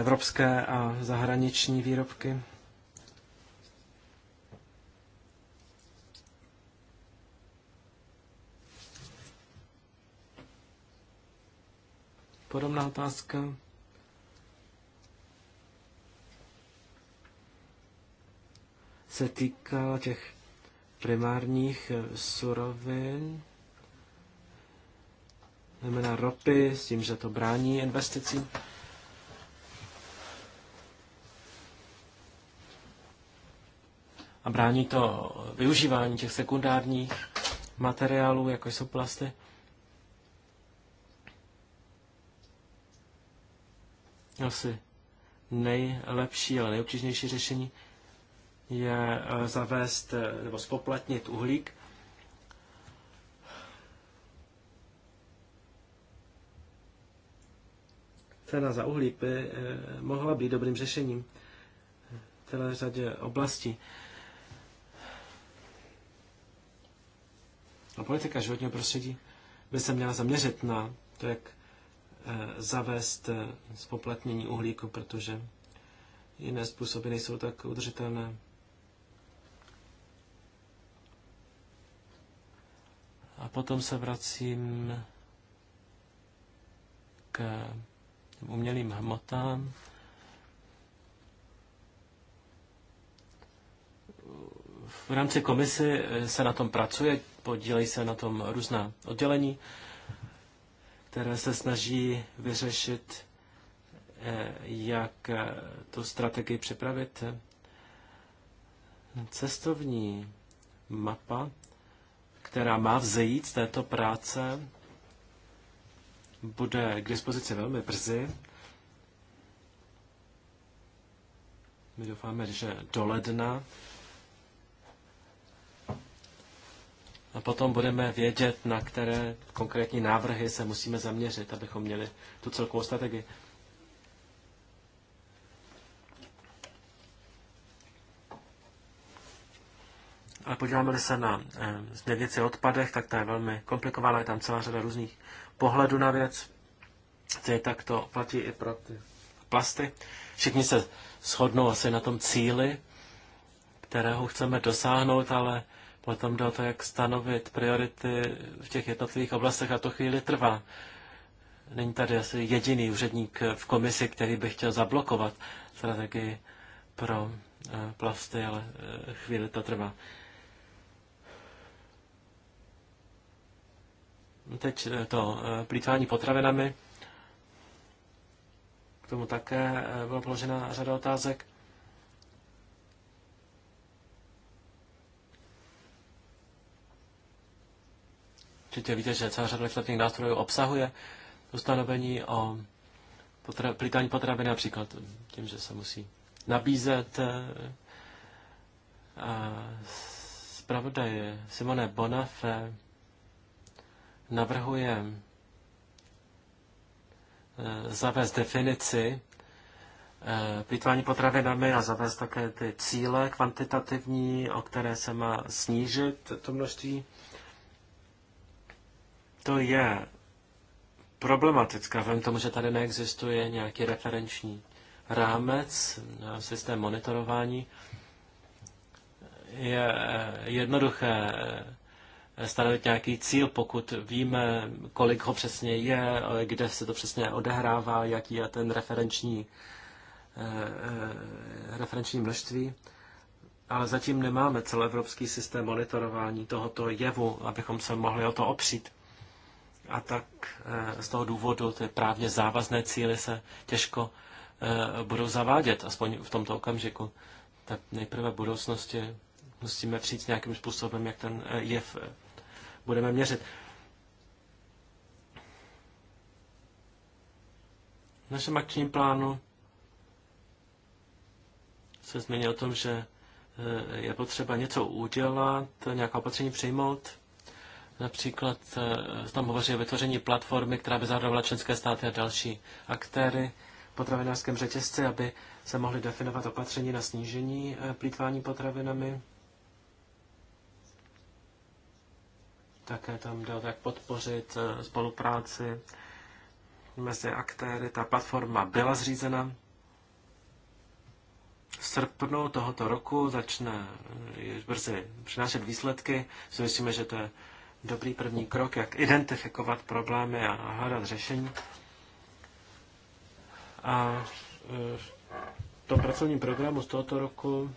evropské a zahraniční výrobky. Podobná otázka se týkal těch primárních eh, surovin, znamená ropy, s tím, že to brání investicím. A brání to využívání těch sekundárních materiálů, jako jsou plasty. Asi nejlepší, ale nejobtížnější řešení je eh, zavést eh, nebo spoplatnit uhlík. Cena za uhlík by eh, mohla být dobrým řešením v celé řadě oblastí. A politika životního prostředí by se měla zaměřit na to, jak zavést spoplatnění uhlíku, protože jiné způsoby nejsou tak udržitelné. A potom se vracím k umělým hmotám. V rámci komisy se na tom pracuje, podílejí se na tom různá oddělení, které se snaží vyřešit, eh, jak eh, tu strategii připravit. Cestovní mapa která má vzejít z této práce, bude k dispozici velmi brzy. My doufáme, že do ledna. A potom budeme vědět, na které konkrétní návrhy se musíme zaměřit, abychom měli tu celkovou strategii. Ale podíváme se na eh, směrnici o odpadech, tak ta je velmi komplikovaná, je tam celá řada různých pohledů na věc. Stejně tak to platí i pro ty plasty. Všichni se shodnou asi na tom cíli, kterého chceme dosáhnout, ale potom jde o to, jak stanovit priority v těch jednotlivých oblastech a to chvíli trvá. Není tady asi jediný úředník v komisi, který by chtěl zablokovat strategii pro eh, plasty, ale eh, chvíli to trvá. Teď eh, to eh, plítvání potravinami. K tomu také eh, byla položena řada otázek. Určitě víte, že celá řada legislativních nástrojů obsahuje ustanovení o potra- plítání potravin například tím, že se musí nabízet a zpravodaj Simone Bonafé navrhuje eh, zavést definici eh, plýtvání potravinami a zavést také ty cíle kvantitativní, o které se má snížit to množství. To je problematické, vzhledem tomu, že tady neexistuje nějaký referenční rámec, systém monitorování. Je eh, jednoduché stanovit nějaký cíl, pokud víme, kolik ho přesně je, kde se to přesně odehrává, jaký je ten referenční, eh, eh, referenční množství. Ale zatím nemáme celoevropský systém monitorování tohoto jevu, abychom se mohli o to opřít. A tak eh, z toho důvodu ty právně závazné cíly se těžko budou zavádět, aspoň v tomto okamžiku. Tak nejprve v budoucnosti musíme přijít nějakým způsobem, jak ten jev budeme měřit. V našem akčním plánu se změní o tom, že eh, je potřeba něco udělat, nějaká opatření přijmout. Například eh, tam hovoří o vytvoření platformy, která by zahrnovala členské státy a další aktéry v potravinářském řetězci, aby se mohly definovat opatření na snížení eh, plítvání potravinami. Také tam jde o to, jak podpořit eh, spolupráci mezi aktéry. Ta platforma byla zřízena. V srpnu tohoto roku začne eh, brzy přinášet výsledky. myslíme, že to je dobrý první krok, jak identifikovat problémy a hledat řešení. A eh, v tom pracovním programu z tohoto roku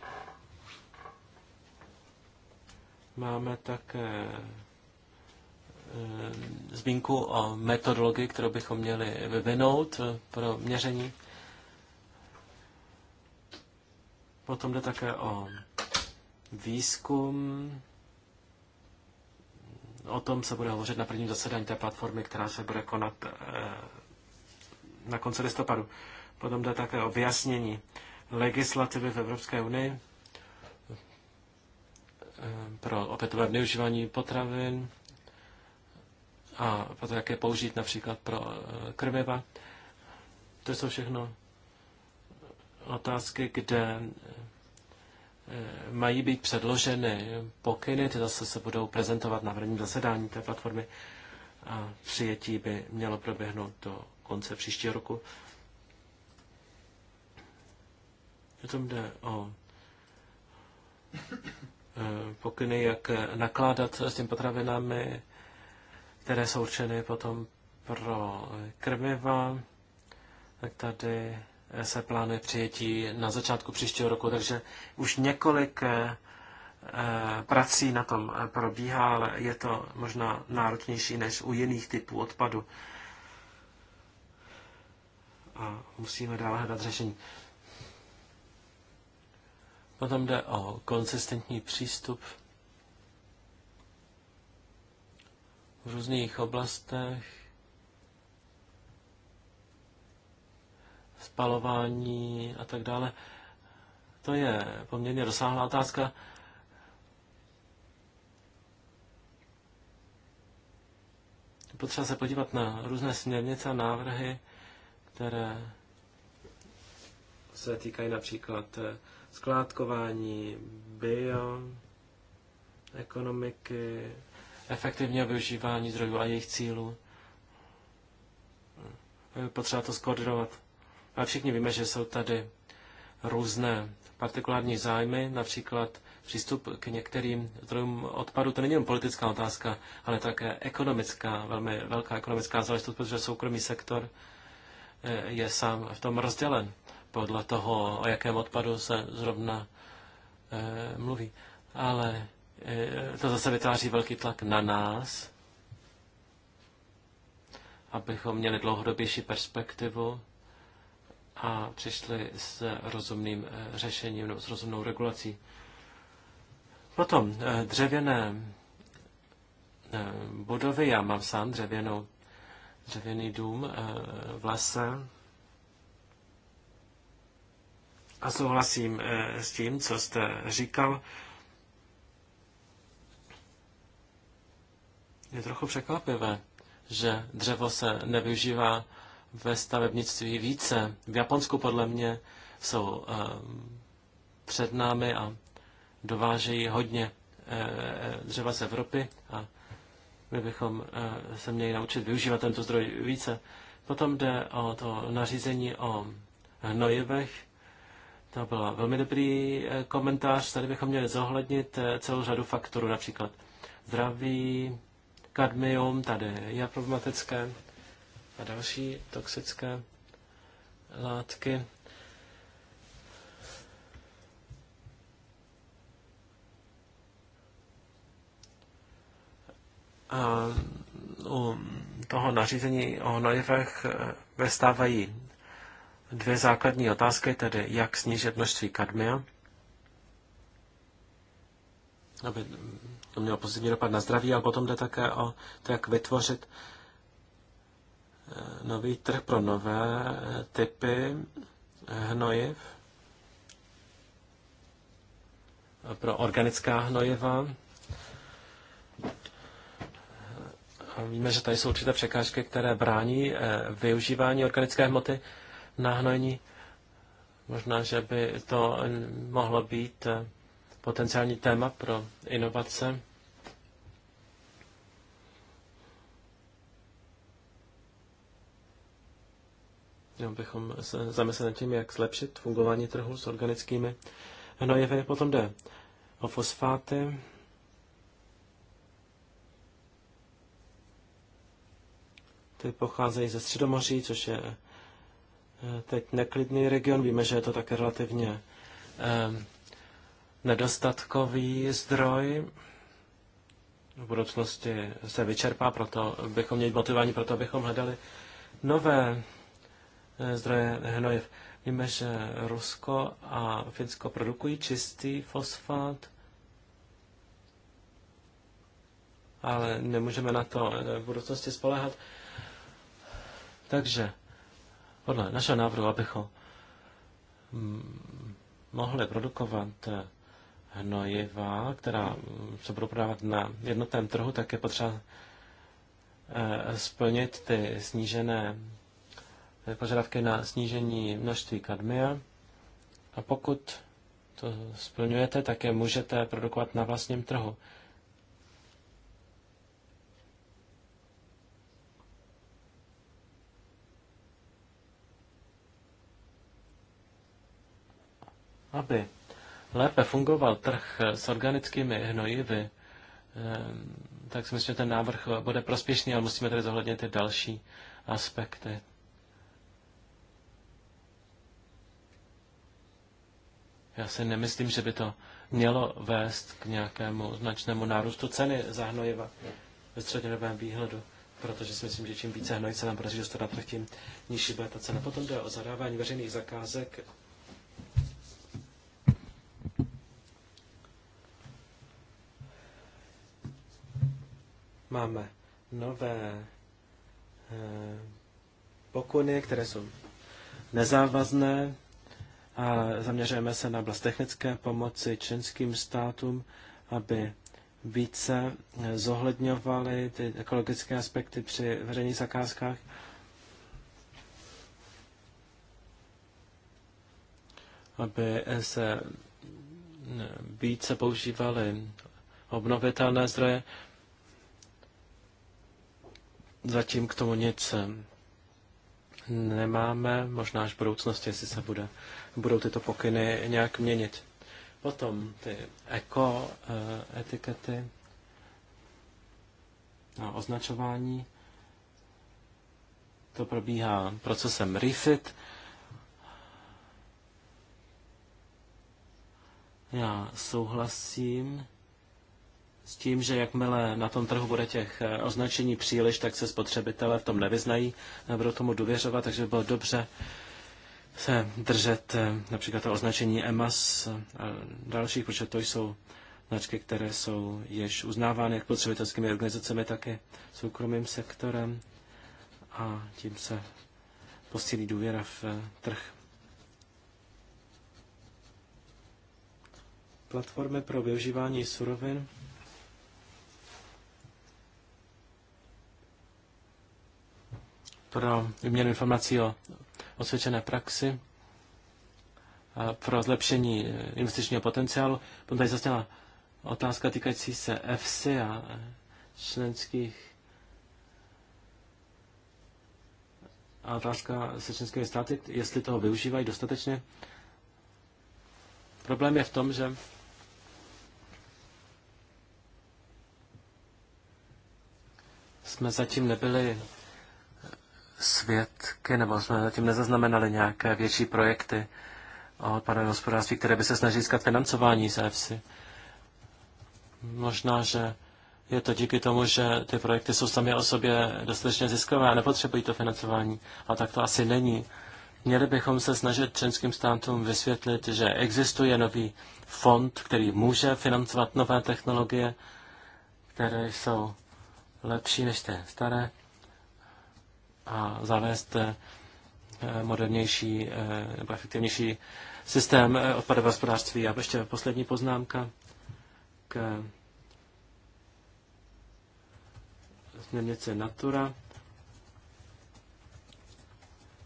máme také Eh, zmínku o metodologii, kterou bychom měli vyvinout eh, pro měření. Potom jde také o výzkum. O tom se bude hovořit na prvním zasedání té platformy, která se bude konat eh, na konci listopadu. Potom jde také o vyjasnění legislativy v Evropské unii pro opětové využívání potravin a potom jak je použít například pro eh, krveva. To jsou všechno otázky, kde eh, mají být předloženy pokyny, ty zase se budou prezentovat na vrním zasedání té platformy a přijetí by mělo proběhnout do konce příštího roku. to jde o eh, pokyny, jak nakládat s těmi potravinami, které jsou určeny potom pro krmiva, tak tady se plánuje přijetí na začátku příštího roku, takže už několik eh, prací na tom eh, probíhá, ale je to možná náročnější než u jiných typů odpadu. A musíme dále hledat řešení. Potom jde o konsistentní přístup v různých oblastech spalování a tak dále. To je poměrně rozsáhlá otázka. Potřeba se podívat na různé směrnice a návrhy, které se týkají například eh, skládkování, bio, ekonomiky, efektivního využívání zdrojů a jejich cílů. Je potřeba to skoordinovat. Ale všichni víme, že jsou tady různé partikulární zájmy, například přístup k některým zdrojům odpadu. To není jen politická otázka, ale také ekonomická, velmi velká ekonomická záležitost, protože soukromý sektor eh, je sám v tom rozdělen podle toho, o jakém odpadu se zrovna eh, mluví. Ale Eh, to zase vytváří velký tlak na nás, abychom měli dlouhodobější perspektivu a přišli s rozumným eh, řešením nebo s rozumnou regulací. Potom eh, dřevěné budovy, já mám sám dřevěnou, dřevěný dům v lese a souhlasím s tím, co jste říkal Je trochu překvapivé, že dřevo se nevyužívá ve stavebnictví více. V Japonsku podle mě jsou um, před námi a dovážejí hodně eh, eh, dřeva z Evropy a my bychom se měli naučit využívat tento zdroj více. Potom jde o to nařízení o hnojivech. To byl velmi dobrý komentář. Tady bychom měli zohlednit celou řadu faktorů, například zdraví, kadmium tady je problematické a další toxické látky. A u toho nařízení o hnojivech eh, vystávají dvě základní otázky, tedy jak snížit množství kadmia, aby to mělo pozitivní dopad na zdraví, ale potom jde také o to, jak vytvořit eh, nový trh pro nové eh, typy eh, hnojiv pro organická hnojiva. A víme, že tady jsou určité překážky, které brání využívání organické hmoty na hnojení. Možná, že by to mohlo být potenciální téma pro inovace. Měl bychom se zamyslet nad tím, jak zlepšit fungování trhu s organickými hnojivy. Potom jde o fosfáty. Ty pocházejí ze Středomoří, což je eh, teď neklidný region. Víme, že je to také relativně eh, nedostatkový zdroj. V budoucnosti se vyčerpá, proto bychom měli motivování, proto bychom hledali nové eh, zdroje hnojiv. Víme, že Rusko a Finsko produkují čistý fosfát, ale nemůžeme na to eh, v budoucnosti spolehat. Takže podle našeho návrhu, abychom mm, mohli produkovat eh, hnojiva, která se mm, budou prodávat na jednotném trhu, tak je potřeba eh, splnit ty snížené eh, požadavky na snížení množství kadmia. A pokud to splňujete, tak je můžete produkovat na vlastním trhu. Aby lépe fungoval trh s organickými hnojivy, eh, tak si myslím, že ten návrh bude prospěšný, ale musíme tady zohlednit ty další aspekty. Já si nemyslím, že by to mělo vést k nějakému značnému nárůstu ceny za hnojiva ve střednědobém výhledu, protože si myslím, že čím více hnojiv se nám podaří dostat na trh, tím nižší bude ta cena. Potom jde o zadávání veřejných zakázek Máme nové eh, pokuny, které jsou nezávazné a zaměřujeme se na oblast technické pomoci členským státům, aby více eh, zohledňovali ty ekologické aspekty při veřejných zakázkách. aby se eh, více používaly obnovitelné zdroje. Zatím k tomu nic eh, nemáme, možná až v budoucnosti, jestli se bude, budou tyto pokyny nějak měnit. Potom ty eko eh, etikety a označování. To probíhá procesem refit. Já souhlasím s tím, že jakmile na tom trhu bude těch eh, označení příliš, tak se spotřebitelé v tom nevyznají, nebudou eh, tomu důvěřovat, takže by bylo dobře se držet eh, například to označení EMAS a dalších, protože to jsou značky, které jsou jež uznávány jak potřebitelskými organizacemi, tak i soukromým sektorem a tím se posílí důvěra v trh. Platformy pro využívání surovin. pro výměnu informací o osvědčené praxi, a pro zlepšení investičního potenciálu. Potom tady zazněla otázka týkající se EFSI a členských a otázka se členskými státy, jestli toho využívají dostatečně. Problém je v tom, že jsme zatím nebyli svědky, nebo jsme zatím nezaznamenali nějaké větší projekty od pana hospodářství, které by se snažily získat financování z EFSI. Možná, že je to díky tomu, že ty projekty jsou sami o sobě dostatečně ziskové a nepotřebují to financování. A tak to asi není. Měli bychom se snažit členským státům vysvětlit, že existuje nový fond, který může financovat nové technologie, které jsou lepší než ty staré a zavést eh, modernější eh, nebo efektivnější systém eh, odpadového hospodářství. A ještě poslední poznámka k směrnici Natura.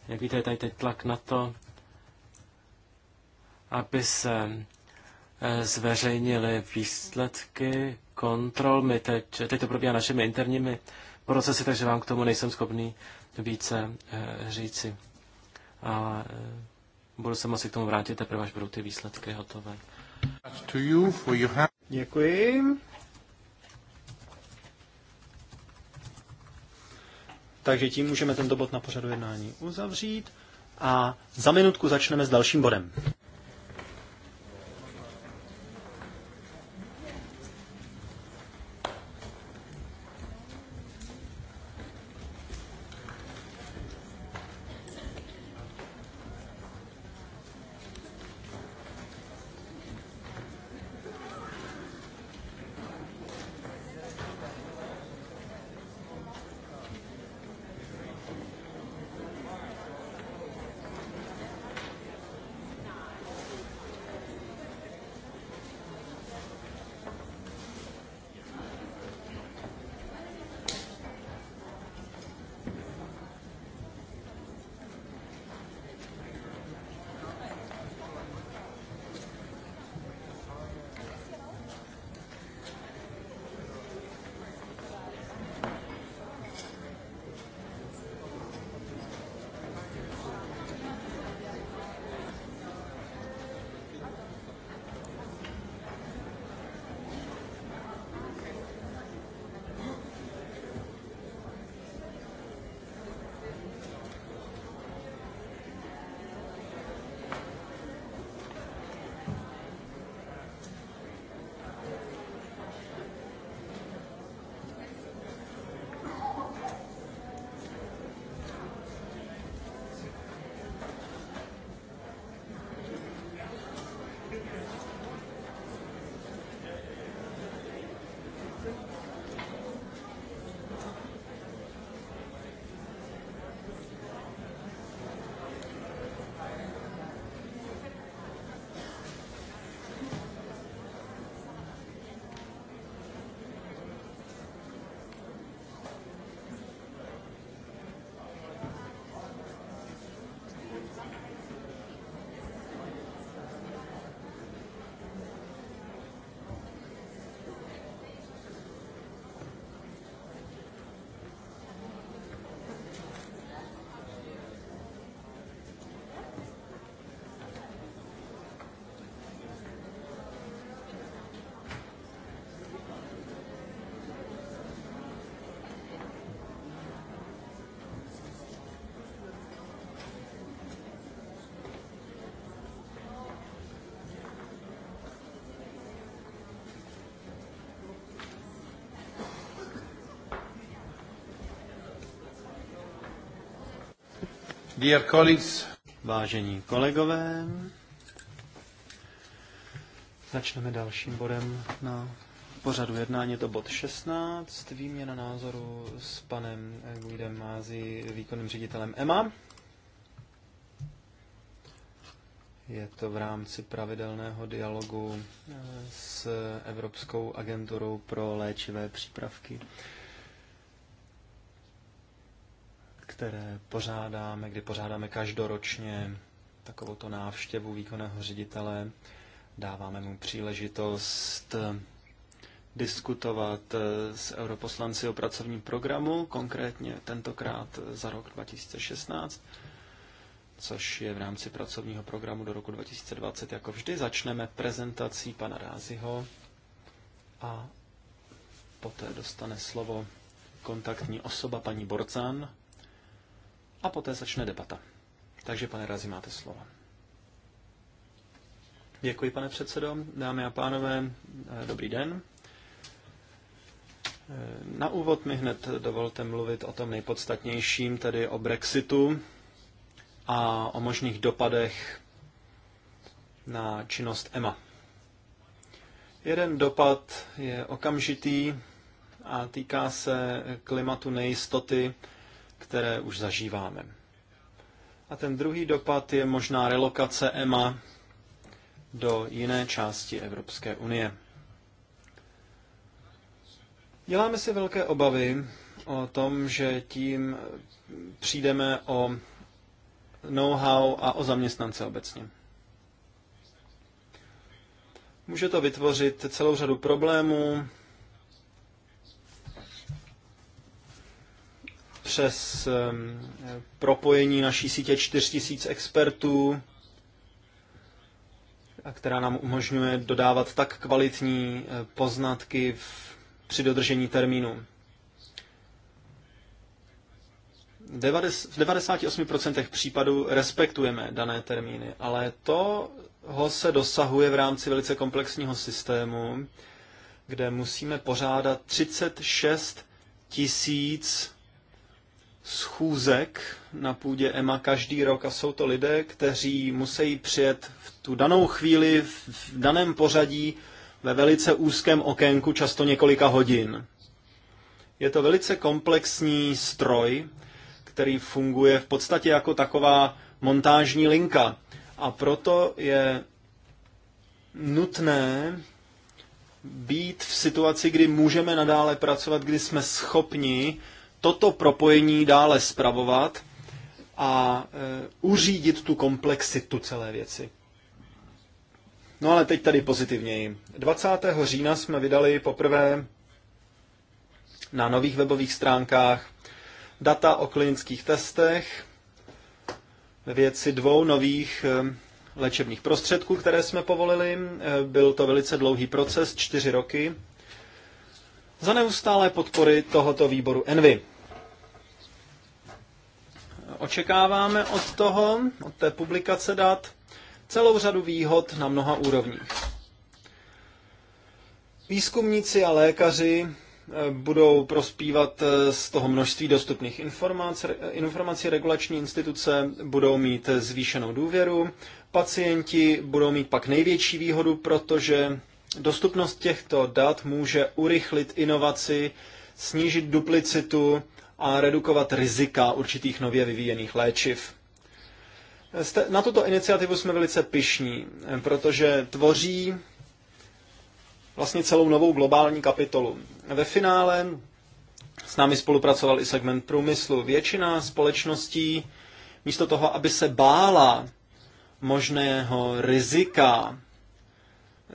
Jak víte, je tady teď tlak na to, aby se zveřejnili výsledky kontrol. My teď, teď to probíhá našimi interními procesy, takže vám k tomu nejsem schopný více eh, říci. A eh, budu se moci k tomu vrátit teprve, až budou ty výsledky hotové. Děkuji. Takže tím můžeme tento bod na pořadu jednání uzavřít a za minutku začneme s dalším bodem. Dear colleagues. Vážení kolegové, začneme dalším bodem na pořadu jednání, je to bod 16, výměna názoru s panem Guidem Mázi, výkonným ředitelem EMA. Je to v rámci pravidelného dialogu s Evropskou agenturou pro léčivé přípravky. které pořádáme, kdy pořádáme každoročně takovouto návštěvu výkonného ředitele. Dáváme mu příležitost diskutovat eh, s europoslanci o pracovním programu, konkrétně tentokrát za rok 2016, což je v rámci pracovního programu do roku 2020. Jako vždy začneme prezentací pana Ráziho a poté dostane slovo kontaktní osoba paní Borcan, a poté začne debata. Takže, pane Razi, máte slovo. Děkuji, pane předsedo. Dámy a pánové, eh, dobrý den. Eh, na úvod mi hned dovolte mluvit o tom nejpodstatnějším, tedy o Brexitu a o možných dopadech na činnost EMA. Jeden dopad je okamžitý a týká se klimatu nejistoty které už zažíváme. A ten druhý dopad je možná relokace EMA do jiné části Evropské unie. Děláme si velké obavy o tom, že tím přijdeme o know-how a o zaměstnance obecně. Může to vytvořit celou řadu problémů, přes propojení naší sítě 4000 expertů, a která nám umožňuje dodávat tak kvalitní e, poznatky v, při dodržení termínu. V 98% případů respektujeme dané termíny, ale toho se dosahuje v rámci velice komplexního systému, kde musíme pořádat 36 tisíc schůzek na půdě EMA každý rok a jsou to lidé, kteří musí přijet v tu danou chvíli, v daném pořadí, ve velice úzkém okénku, často několika hodin. Je to velice komplexní stroj, který funguje v podstatě jako taková montážní linka. A proto je nutné být v situaci, kdy můžeme nadále pracovat, kdy jsme schopni toto propojení dále spravovat a e, uřídit tu komplexitu celé věci. No ale teď tady pozitivněji. 20. října jsme vydali poprvé na nových webových stránkách data o klinických testech věci dvou nových e, léčebných prostředků, které jsme povolili. E, byl to velice dlouhý proces, čtyři roky, za neustálé podpory tohoto výboru Envy očekáváme od toho, od té publikace dat, celou řadu výhod na mnoha úrovních. Výzkumníci a lékaři eh, budou prospívat eh, z toho množství dostupných informací, informací regulační instituce budou mít eh, zvýšenou důvěru, pacienti budou mít pak největší výhodu, protože dostupnost těchto dat může urychlit inovaci, snížit duplicitu a redukovat rizika určitých nově vyvíjených léčiv. Na tuto iniciativu jsme velice pišní, protože tvoří vlastně celou novou globální kapitolu. Ve finále s námi spolupracoval i segment průmyslu. Většina společností místo toho, aby se bála možného rizika,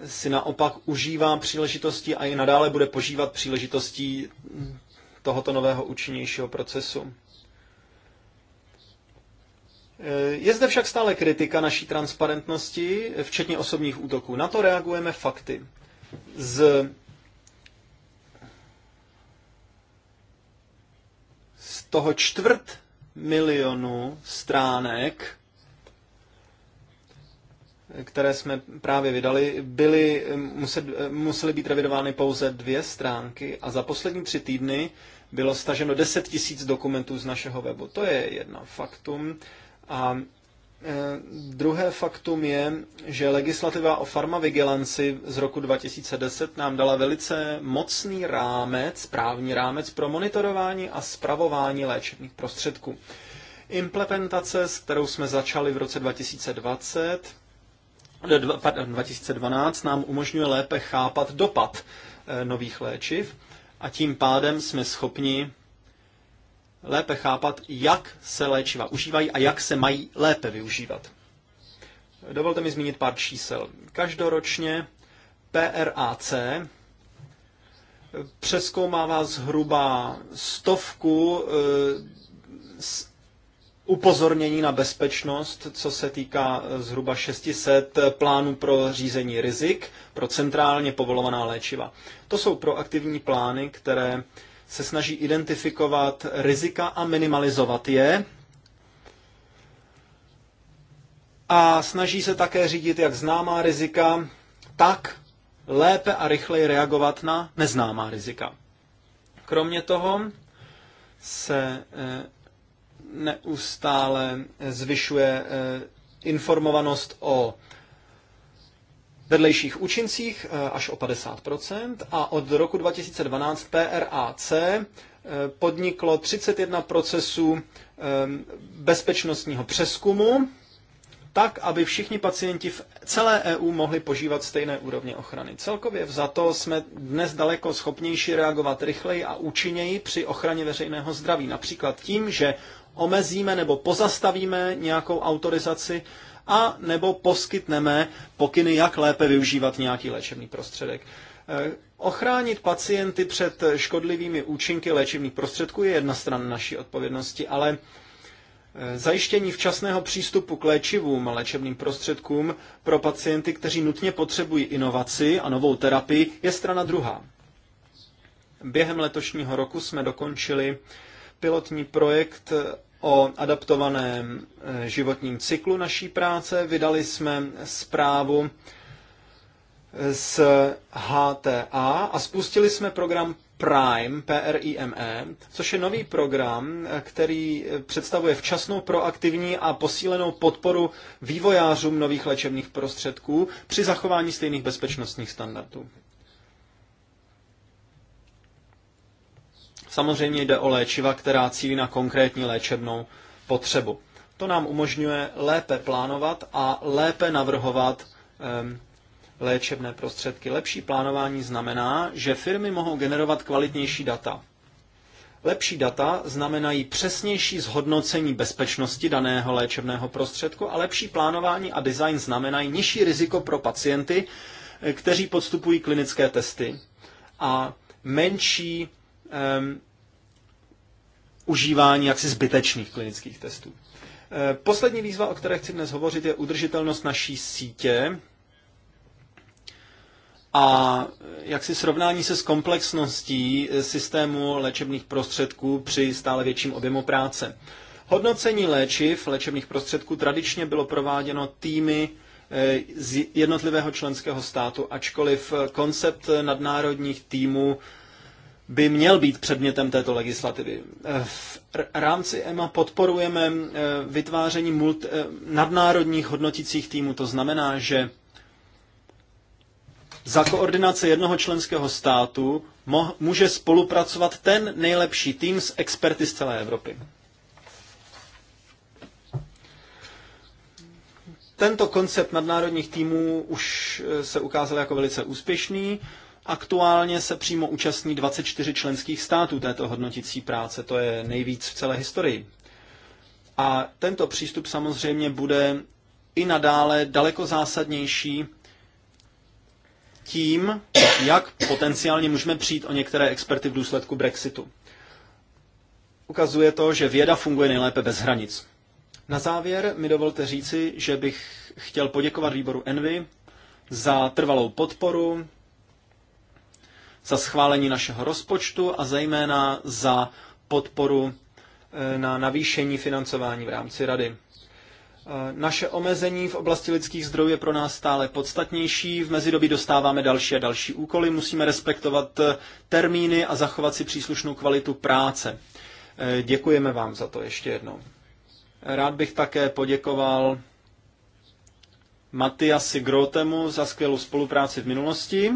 si naopak užívá příležitosti a i nadále bude požívat příležitostí tohoto nového účinnějšího procesu. Eh, je zde však stále kritika naší transparentnosti, eh, včetně osobních útoků. Na to reagujeme fakty. Z z toho čtvrt milionu stránek které jsme právě vydali, byly, muset, musely být revidovány pouze dvě stránky a za poslední tři týdny bylo staženo 10 tisíc dokumentů z našeho webu. To je jedno faktum. A e, Druhé faktum je, že legislativa o farmavigilanci z roku 2010 nám dala velice mocný rámec, právní rámec pro monitorování a spravování léčebných prostředků. Implementace, s kterou jsme začali v roce 2020, 2012 nám umožňuje lépe chápat dopad eh, nových léčiv a tím pádem jsme schopni lépe chápat, jak se léčiva užívají a jak se mají lépe využívat. Dovolte mi zmínit pár čísel. Každoročně PRAC přeskoumává zhruba stovku eh, upozornění na bezpečnost, co se týká e, zhruba 600 plánů pro řízení rizik pro centrálně povolovaná léčiva. To jsou proaktivní plány, které se snaží identifikovat rizika a minimalizovat je. A snaží se také řídit jak známá rizika, tak lépe a rychleji reagovat na neznámá rizika. Kromě toho se e, neustále zvyšuje eh, informovanost o vedlejších účincích eh, až o 50% a od roku 2012 PRAC eh, podniklo 31 procesů bezpečnostního přeskumu, tak, aby všichni pacienti v celé EU mohli požívat stejné úrovně ochrany. Celkově za to jsme dnes daleko schopnější reagovat rychleji a účinněji při ochraně veřejného zdraví. Například tím, že omezíme nebo pozastavíme nějakou autorizaci a nebo poskytneme pokyny, jak lépe využívat nějaký léčebný prostředek. Eh, ochránit pacienty před škodlivými účinky léčebných prostředků je jedna strana naší odpovědnosti, ale eh, Zajištění včasného přístupu k léčivům a léčebným prostředkům pro pacienty, kteří nutně potřebují inovaci a novou terapii, je strana druhá. Během letošního roku jsme dokončili pilotní projekt o adaptovaném eh, životním cyklu naší práce. Vydali jsme zprávu z eh, HTA a spustili jsme program Prime, PRIME, což je nový program, eh, který představuje včasnou proaktivní a posílenou podporu vývojářům nových léčebných prostředků při zachování stejných bezpečnostních standardů. Samozřejmě jde o léčiva, která cílí na konkrétní léčebnou potřebu. To nám umožňuje lépe plánovat a lépe navrhovat um, léčebné prostředky. Lepší plánování znamená, že firmy mohou generovat kvalitnější data. Lepší data znamenají přesnější zhodnocení bezpečnosti daného léčebného prostředku a lepší plánování a design znamenají nižší riziko pro pacienty, eh, kteří podstupují klinické testy a menší um, užívání jaksi zbytečných klinických testů. Ehm, poslední výzva, o které chci dnes hovořit, je udržitelnost naší sítě a eh, jaksi srovnání se s komplexností eh, systému léčebných prostředků při stále větším objemu práce. Hodnocení léčiv léčebných prostředků tradičně bylo prováděno týmy eh, z jednotlivého členského státu, ačkoliv koncept nadnárodních týmů by měl být předmětem této legislativy. Eh, v rámci EMA podporujeme eh, vytváření multi, eh, nadnárodních hodnotících týmů. To znamená, že za koordinace jednoho členského státu může spolupracovat ten nejlepší tým s experty z celé Evropy. Tento koncept nadnárodních týmů už se ukázal jako velice úspěšný. Aktuálně se přímo účastní 24 členských států této hodnotící práce, to je nejvíc v celé historii. A tento přístup samozřejmě bude i nadále daleko zásadnější tím, jak potenciálně můžeme přijít o některé experty v důsledku Brexitu. Ukazuje to, že věda funguje nejlépe bez hranic. Na závěr mi dovolte říci, že bych chtěl poděkovat výboru Envy za trvalou podporu, za schválení našeho rozpočtu a zejména za podporu e, na navýšení financování v rámci Rady. E, naše omezení v oblasti lidských zdrojů je pro nás stále podstatnější. V mezidobí dostáváme další a další úkoly. Musíme respektovat e, termíny a zachovat si příslušnou kvalitu práce. Děkujeme vám za to ještě jednou. Rád bych také poděkoval Matiasi Grotemu za skvělou spolupráci v minulosti.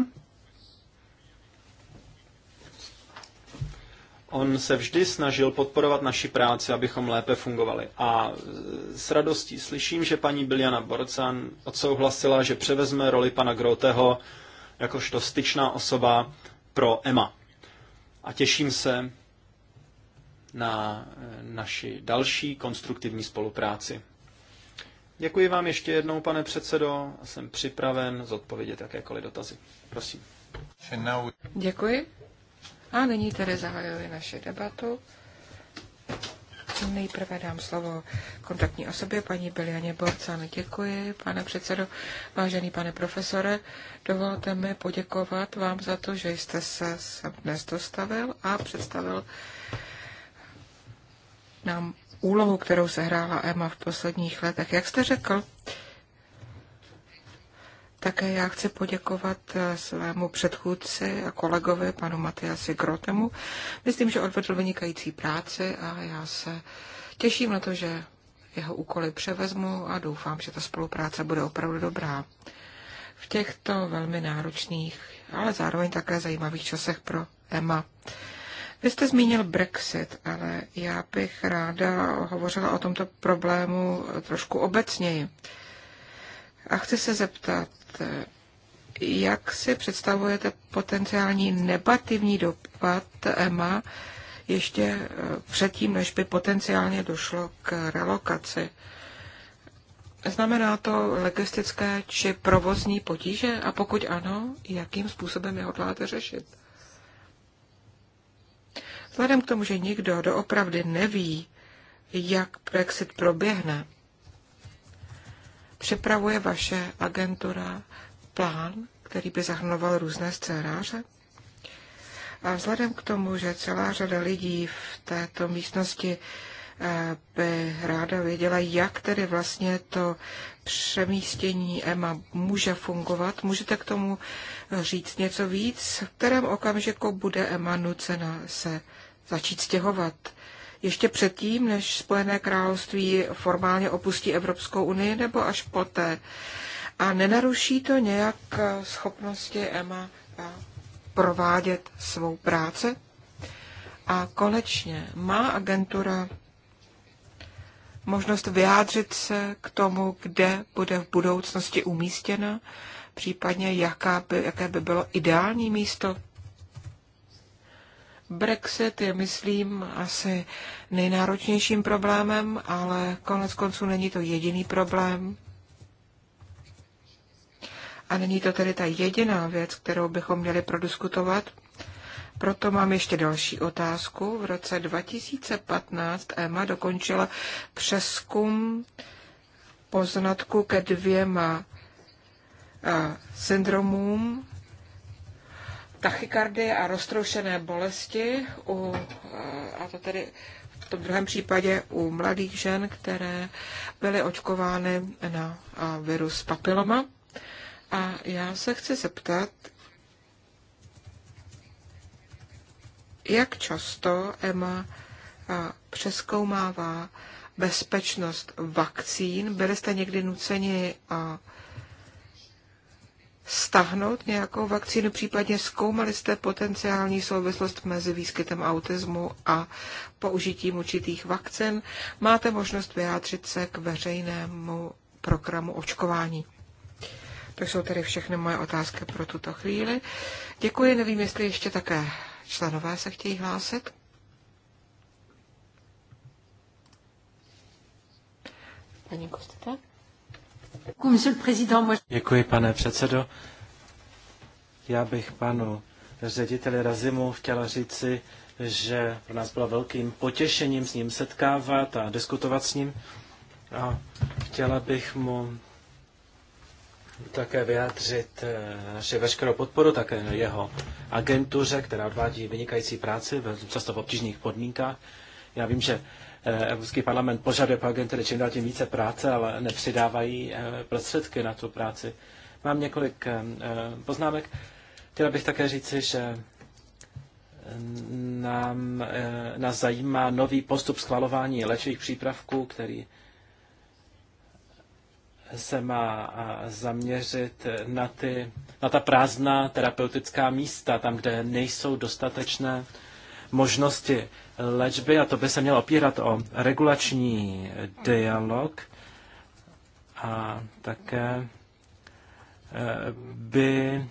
On se vždy snažil podporovat naši práci, abychom lépe fungovali. A e, s radostí slyším, že paní Biljana Borcan odsouhlasila, že převezme roli pana Groteho jakožto styčná osoba pro EMA. A těším se na e, naši další konstruktivní spolupráci. Děkuji vám ještě jednou, pane předsedo, a jsem připraven zodpovědět jakékoliv dotazy. Prosím. Děkuji. A nyní tedy zahajuji naši debatu. Nejprve dám slovo kontaktní osobě, paní Bilianě Borcan. Děkuji, pane předsedo, vážený pane profesore. Dovolte mi poděkovat vám za to, že jste se sem dnes dostavil a představil nám úlohu, kterou se hrála EMA v posledních letech. Jak jste řekl, také já chci poděkovat eh, svému předchůdci a kolegovi, panu Matiasi Grotemu. Myslím, že odvedl vynikající práci a já se těším na to, že jeho úkoly převezmu a doufám, že ta spolupráce bude opravdu dobrá. V těchto velmi náročných, ale zároveň také zajímavých časech pro Emma. Vy jste zmínil Brexit, ale já bych ráda hovořila o tomto problému trošku obecněji. A chci se zeptat, jak si představujete potenciální negativní dopad EMA ještě eh, předtím, než by potenciálně došlo k relokaci? Znamená to logistické či provozní potíže? A pokud ano, jakým způsobem je hodláte řešit? Vzhledem k tomu, že nikdo doopravdy neví, jak Brexit proběhne, Připravuje vaše agentura plán, který by zahrnoval různé scénáře? A vzhledem k tomu, že celá řada lidí v této místnosti eh, by ráda věděla, jak tedy vlastně to přemístění EMA může fungovat. Můžete k tomu říct něco víc? V kterém okamžiku bude EMA nucena se začít stěhovat? ještě předtím, než Spojené království formálně opustí Evropskou unii, nebo až poté? A nenaruší to nějak eh, schopnosti EMA eh, provádět svou práci? A konečně, má agentura možnost vyjádřit se k tomu, kde bude v budoucnosti umístěna, případně jaká by, jaké by bylo ideální místo Brexit je, myslím, asi nejnáročnějším problémem, ale konec konců není to jediný problém. A není to tedy ta jediná věc, kterou bychom měli prodiskutovat. Proto mám ještě další otázku. V roce 2015 EMA dokončila přeskum poznatku ke dvěma eh, syndromům tachykardie a roztroušené bolesti, u, eh, a to tedy v tom druhém případě u mladých žen, které byly očkovány na eh, virus papiloma. A já se chci zeptat, jak často EMA eh, přeskoumává bezpečnost vakcín. Byli jste někdy nuceni stahnout nějakou vakcínu, případně zkoumali jste potenciální souvislost mezi výskytem autismu a použitím určitých vakcin, máte možnost vyjádřit se k veřejnému programu očkování. To jsou tedy všechny moje otázky pro tuto chvíli. Děkuji, nevím, jestli ještě také členové se chtějí hlásit. Paní Kostita? Děkuji, pane předsedo. Já bych panu řediteli Razimu chtěla říci, že pro nás bylo velkým potěšením s ním setkávat a diskutovat s ním. A chtěla bych mu také vyjádřit eh, naše veškerou podporu, také jeho agentuře, která odvádí vynikající práci, často v obtížných podmínkách. Já vím, že Eh, Evropský parlament požaduje po agentury čím dál tím více práce, ale nepřidávají eh, prostředky na tu práci. Mám několik eh, poznámek. Chtěla bych také říci, že nám, nás zajímá nový postup schvalování léčivých přípravků, který se má zaměřit na, ty, na ta prázdná terapeutická místa, tam, kde nejsou dostatečné možnosti léčby a to by se mělo opírat o regulační dialog a také eh, by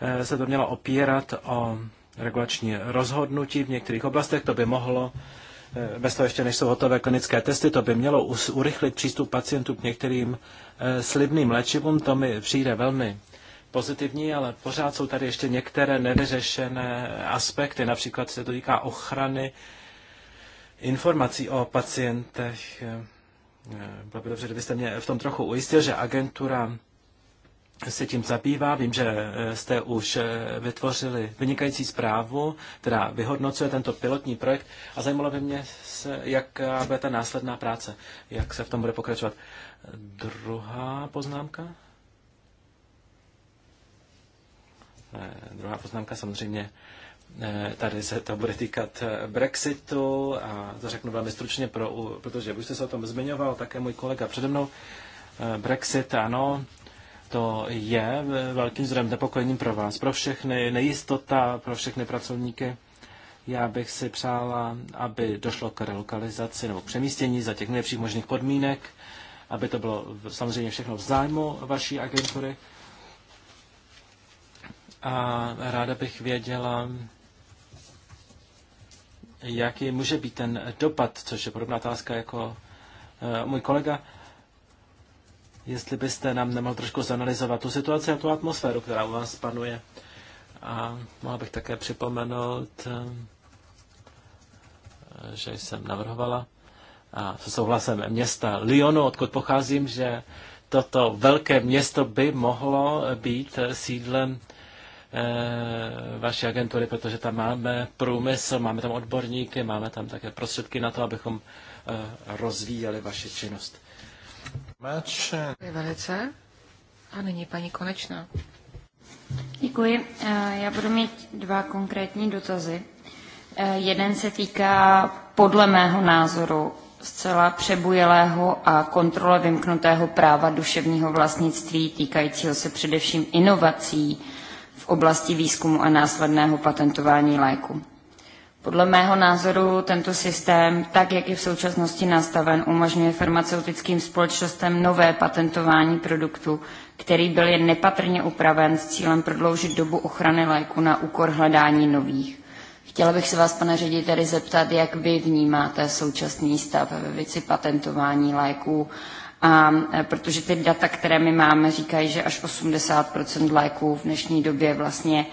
eh, se to mělo opírat o regulační rozhodnutí v některých oblastech. To by mohlo, eh, bez toho ještě než jsou hotové klinické testy, to by mělo urychlit přístup pacientů k některým slibným léčivům. To mi přijde velmi pozitivní, ale pořád jsou tady ještě některé nevyřešené aspekty. Například se to týká ochrany informací o pacientech. Bylo by dobře, kdybyste mě v tom trochu ujistil, že agentura se tím zabývá. Vím, že jste už vytvořili vynikající zprávu, která vyhodnocuje tento pilotní projekt a zajímalo by mě, se, jak bude ta následná práce, jak se v tom bude pokračovat. Druhá poznámka. Eh, druhá poznámka samozřejmě. Eh, tady se to bude týkat eh, Brexitu a to řeknu velmi stručně, pro, protože už jste se o tom zmiňoval, také můj kolega přede mnou. Brexit, ano, to je velkým zdrojem nepokojením pro vás, pro všechny, nejistota pro všechny pracovníky. Já bych si přála, aby došlo k relokalizaci nebo k přemístění za těch nejlepších možných podmínek, aby to bylo samozřejmě všechno v zájmu vaší agentury a ráda bych věděla, jaký může být ten dopad, což je podobná otázka jako eh, můj kolega. Jestli byste nám nemohl trošku zanalizovat tu situaci a tu atmosféru, která u vás panuje. A mohl bych také připomenout, eh, že jsem navrhovala a se souhlasem města Lyonu, odkud pocházím, že toto velké město by mohlo být sídlem Eh, vaší agentury, protože tam máme průmysl, máme tam odborníky, máme tam také prostředky na to, abychom eh, rozvíjeli vaši činnost. Velice. A nyní paní Konečná. Děkuji. Eh, já budu mít dva konkrétní dotazy. Jeden se týká podle mého názoru zcela přebujelého a kontrole vymknutého práva duševního vlastnictví týkajícího se především inovací, oblasti výzkumu a následného patentování léku. Podle mého názoru tento systém, tak jak je v současnosti nastaven, umožňuje farmaceutickým společnostem nové patentování produktu, který byl jen nepatrně upraven s cílem prodloužit dobu ochrany léku na úkor hledání nových. Chtěla bych se vás, pane řediteli, zeptat, jak vy vnímáte současný stav ve věci patentování léků a, e, protože ty data, které my máme, říkají, že až 80% léků v dnešní době vlastně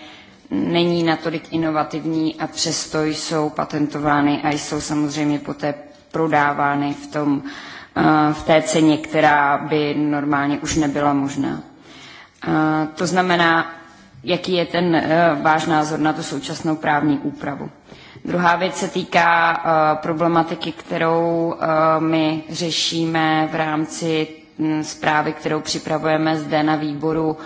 není natolik inovativní a přesto jsou patentovány a jsou samozřejmě poté prodávány v, tom, e, v té ceně, která by normálně už nebyla možná. E, to znamená, jaký je ten váš názor na tu současnou právní úpravu. Druhá věc se týká eh, problematiky, kterou eh, my řešíme v rámci hm, zprávy, kterou připravujeme zde na výboru,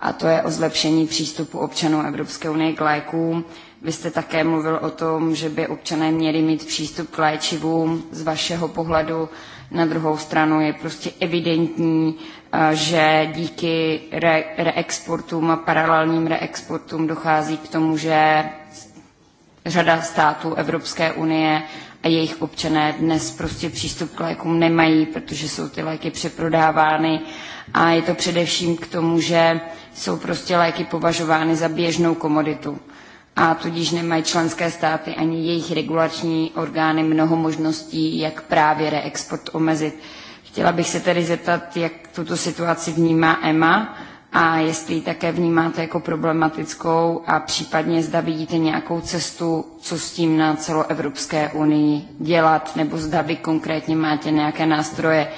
a to je o zlepšení přístupu občanů Evropské unie k lékům. Vy jste také mluvil o tom, že by občané měli mít přístup k léčivům z vašeho pohledu. Na druhou stranu je prostě evidentní, eh, že díky re- reexportům a paralelním reexportům dochází k tomu, že řada států Evropské unie a jejich občané dnes prostě přístup k lékům nemají, protože jsou ty léky přeprodávány a je to především k tomu, že jsou prostě léky považovány za běžnou komoditu a tudíž nemají členské státy ani jejich regulační orgány mnoho možností, jak právě reexport omezit. Chtěla bych se tedy zeptat, jak tuto situaci vnímá EMA a jestli ji také vnímáte jako problematickou a případně zda vidíte nějakou cestu, co s tím na celoevropské unii dělat, nebo zda vy konkrétně máte nějaké nástroje,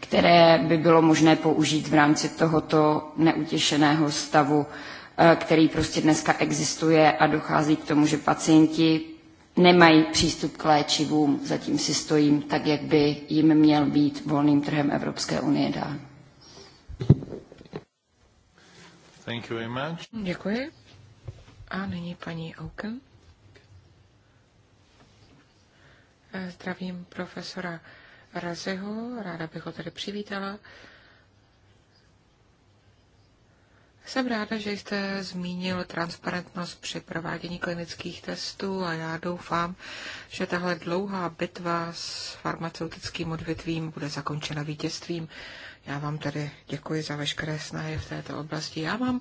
které by bylo možné použít v rámci tohoto neutěšeného stavu, eh, který prostě dneska existuje a dochází k tomu, že pacienti nemají přístup k léčivům, zatím si stojím tak, jak by jim měl být volným trhem Evropské unie dán. Thank you very much. Děkuji. A nyní paní Auken. Eh, zdravím profesora Razeho, ráda bych ho tady přivítala. Jsem ráda, že jste zmínil transparentnost při provádění klinických testů a já doufám, že tahle dlouhá bitva s farmaceutickým odvětvím bude zakončena vítězstvím. Já vám tedy děkuji za veškeré snahy v této oblasti. Já mám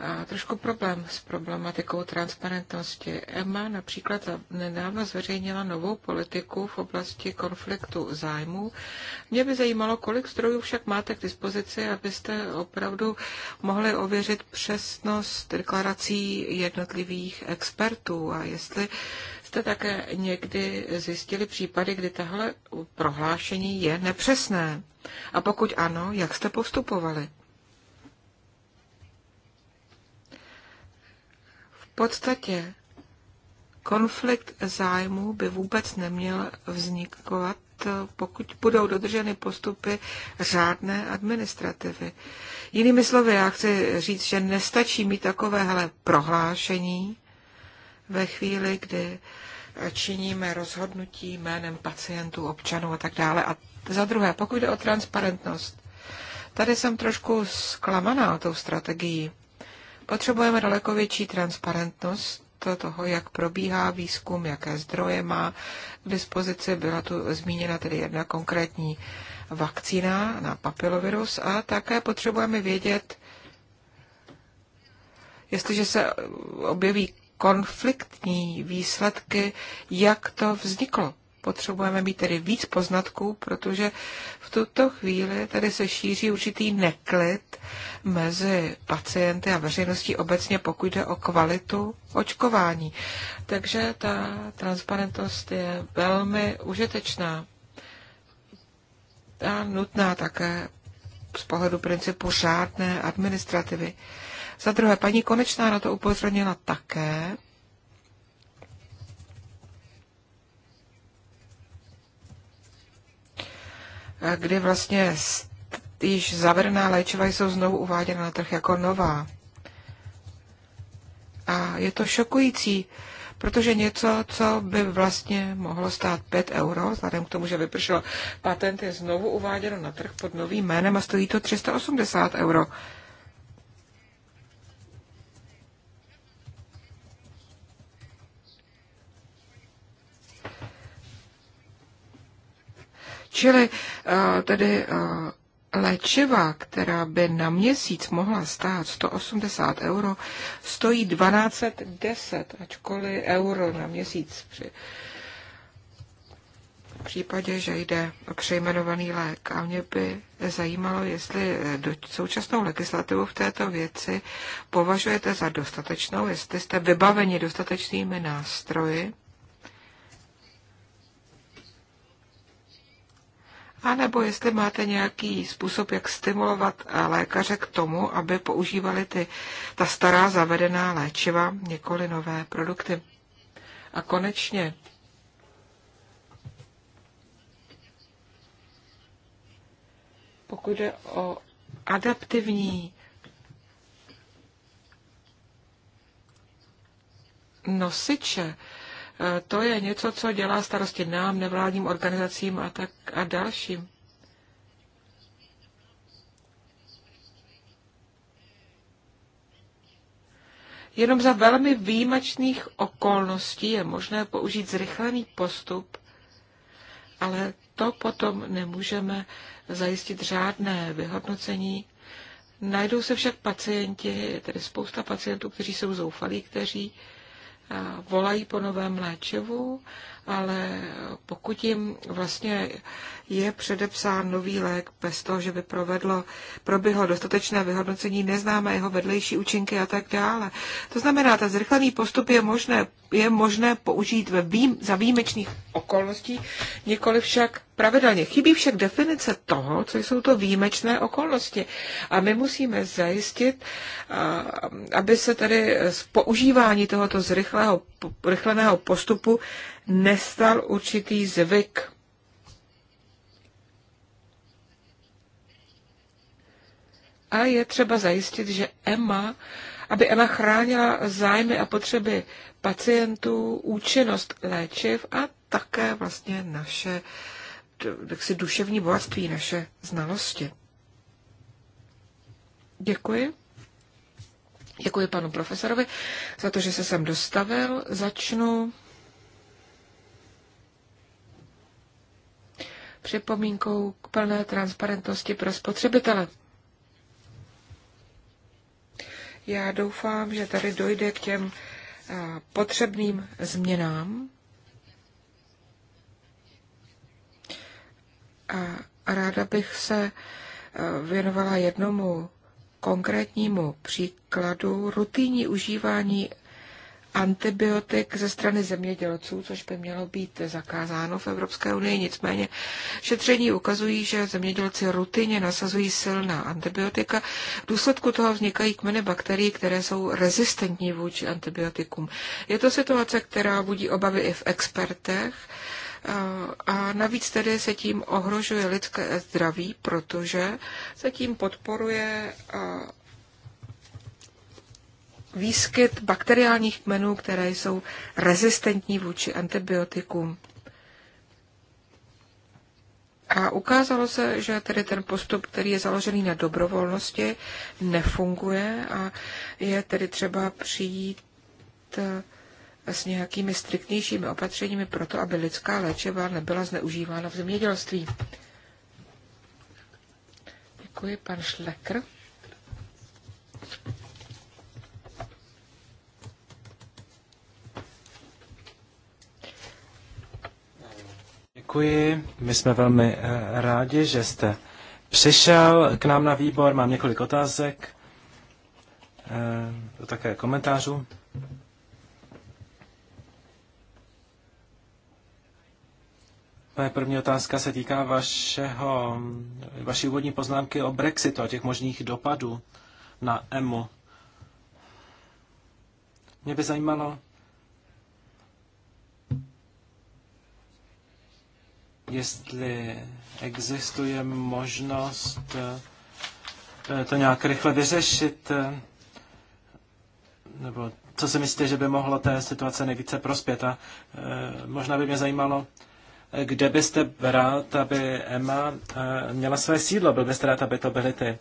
a trošku problém s problematikou transparentnosti. EMA například nedávno zveřejnila novou politiku v oblasti konfliktu zájmů. Mě by zajímalo, kolik strojů však máte k dispozici, abyste opravdu mohli ověřit přesnost deklarací jednotlivých expertů a jestli jste také někdy zjistili případy, kdy tahle prohlášení je nepřesné? A pokud ano, jak jste postupovali? V podstatě konflikt zájmu by vůbec neměl vznikovat, pokud budou dodrženy postupy řádné administrativy. Jinými slovy, já chci říct, že nestačí mít takovéhle prohlášení, ve chvíli, kdy činíme rozhodnutí jménem pacientů, občanů a tak dále. A za druhé, pokud jde o transparentnost, tady jsem trošku zklamaná tou strategií. Potřebujeme daleko větší transparentnost toho, jak probíhá výzkum, jaké zdroje má k dispozici. Byla tu zmíněna tedy jedna konkrétní vakcína na papilovirus a také potřebujeme vědět, jestliže se objeví konfliktní výsledky, jak to vzniklo. Potřebujeme mít tedy víc poznatků, protože v tuto chvíli tady se šíří určitý neklid mezi pacienty a veřejností obecně, pokud jde o kvalitu očkování. Takže ta transparentnost je velmi užitečná a nutná také z pohledu principu řádné administrativy. Za druhé, paní Konečná na to upozornila také. kdy vlastně již zavedená léčiva jsou znovu uváděna na trh jako nová. A je to šokující, protože něco, co by vlastně mohlo stát 5 euro, vzhledem k tomu, že vypršel patent, je znovu uváděno na trh pod novým jménem a stojí to 380 euro. Čili eh, tedy eh, léčiva, která by na měsíc mohla stát 180 euro, stojí 1210, ačkoliv euro na měsíc při v případě, že jde o přejmenovaný lék. A mě by zajímalo, jestli eh, do současnou legislativu v této věci považujete za dostatečnou, jestli jste vybaveni dostatečnými nástroji, anebo jestli máte nějaký způsob, jak stimulovat lékaře k tomu, aby používali ty, ta stará zavedená léčiva, několik nové produkty. A konečně pokud jde o adaptivní nosiče, E, to je něco, co dělá starosti nám, nevládním organizacím a, tak, a dalším. Jenom za velmi výjimečných okolností je možné použít zrychlený postup, ale to potom nemůžeme zajistit řádné vyhodnocení. Najdou se však pacienti, tedy spousta pacientů, kteří jsou zoufalí, kteří volají po novém léčivu ale pokud jim vlastně je předepsán nový lék bez toho, že by provedlo, proběhlo dostatečné vyhodnocení, neznáme jeho vedlejší účinky a tak dále. To znamená, ten zrychlený postup je možné, je možné použít ve vým, za výjimečných okolností, nikoli však pravidelně. Chybí však definice toho, co jsou to výjimečné okolnosti. A my musíme zajistit, aby se tady z používání tohoto zrychleného, rychleného postupu nestal určitý zvyk. A je třeba zajistit, že Emma, aby Emma chránila zájmy a potřeby pacientů, účinnost léčiv a také vlastně naše si duševní bohatství, naše znalosti. Děkuji. Děkuji panu profesorovi za to, že se sem dostavil. Začnu připomínkou k plné transparentnosti pro spotřebitele. Já doufám, že tady dojde k těm potřebným změnám. A ráda bych se věnovala jednomu konkrétnímu příkladu rutinní užívání antibiotik ze strany zemědělců, což by mělo být zakázáno v Evropské unii. Nicméně šetření ukazují, že zemědělci rutině nasazují silná antibiotika. V důsledku toho vznikají kmeny bakterií, které jsou rezistentní vůči antibiotikům. Je to situace, která budí obavy i v expertech. A navíc tedy se tím ohrožuje lidské zdraví, protože se tím podporuje výskyt bakteriálních kmenů, které jsou rezistentní vůči antibiotikům. A ukázalo se, že tedy ten postup, který je založený na dobrovolnosti, nefunguje a je tedy třeba přijít eh, s nějakými striktnějšími opatřeními pro to, aby lidská léčeva nebyla zneužívána v zemědělství. Děkuji, pan Šlekr. Děkuji. My jsme velmi eh, rádi, že jste přišel k nám na výbor. Mám několik otázek, do eh, také komentářů. Moje první otázka se týká vašeho, vaší úvodní poznámky o Brexitu a těch možných dopadů na EMU. Mě by zajímalo, jestli existuje možnost eh, to nějak rychle vyřešit, eh, nebo co si myslíte, že by mohlo té situace nejvíce prospět. A eh, možná by mě zajímalo, kde byste rád, aby Emma měla své sídlo? Byl byste rád, aby to byly ty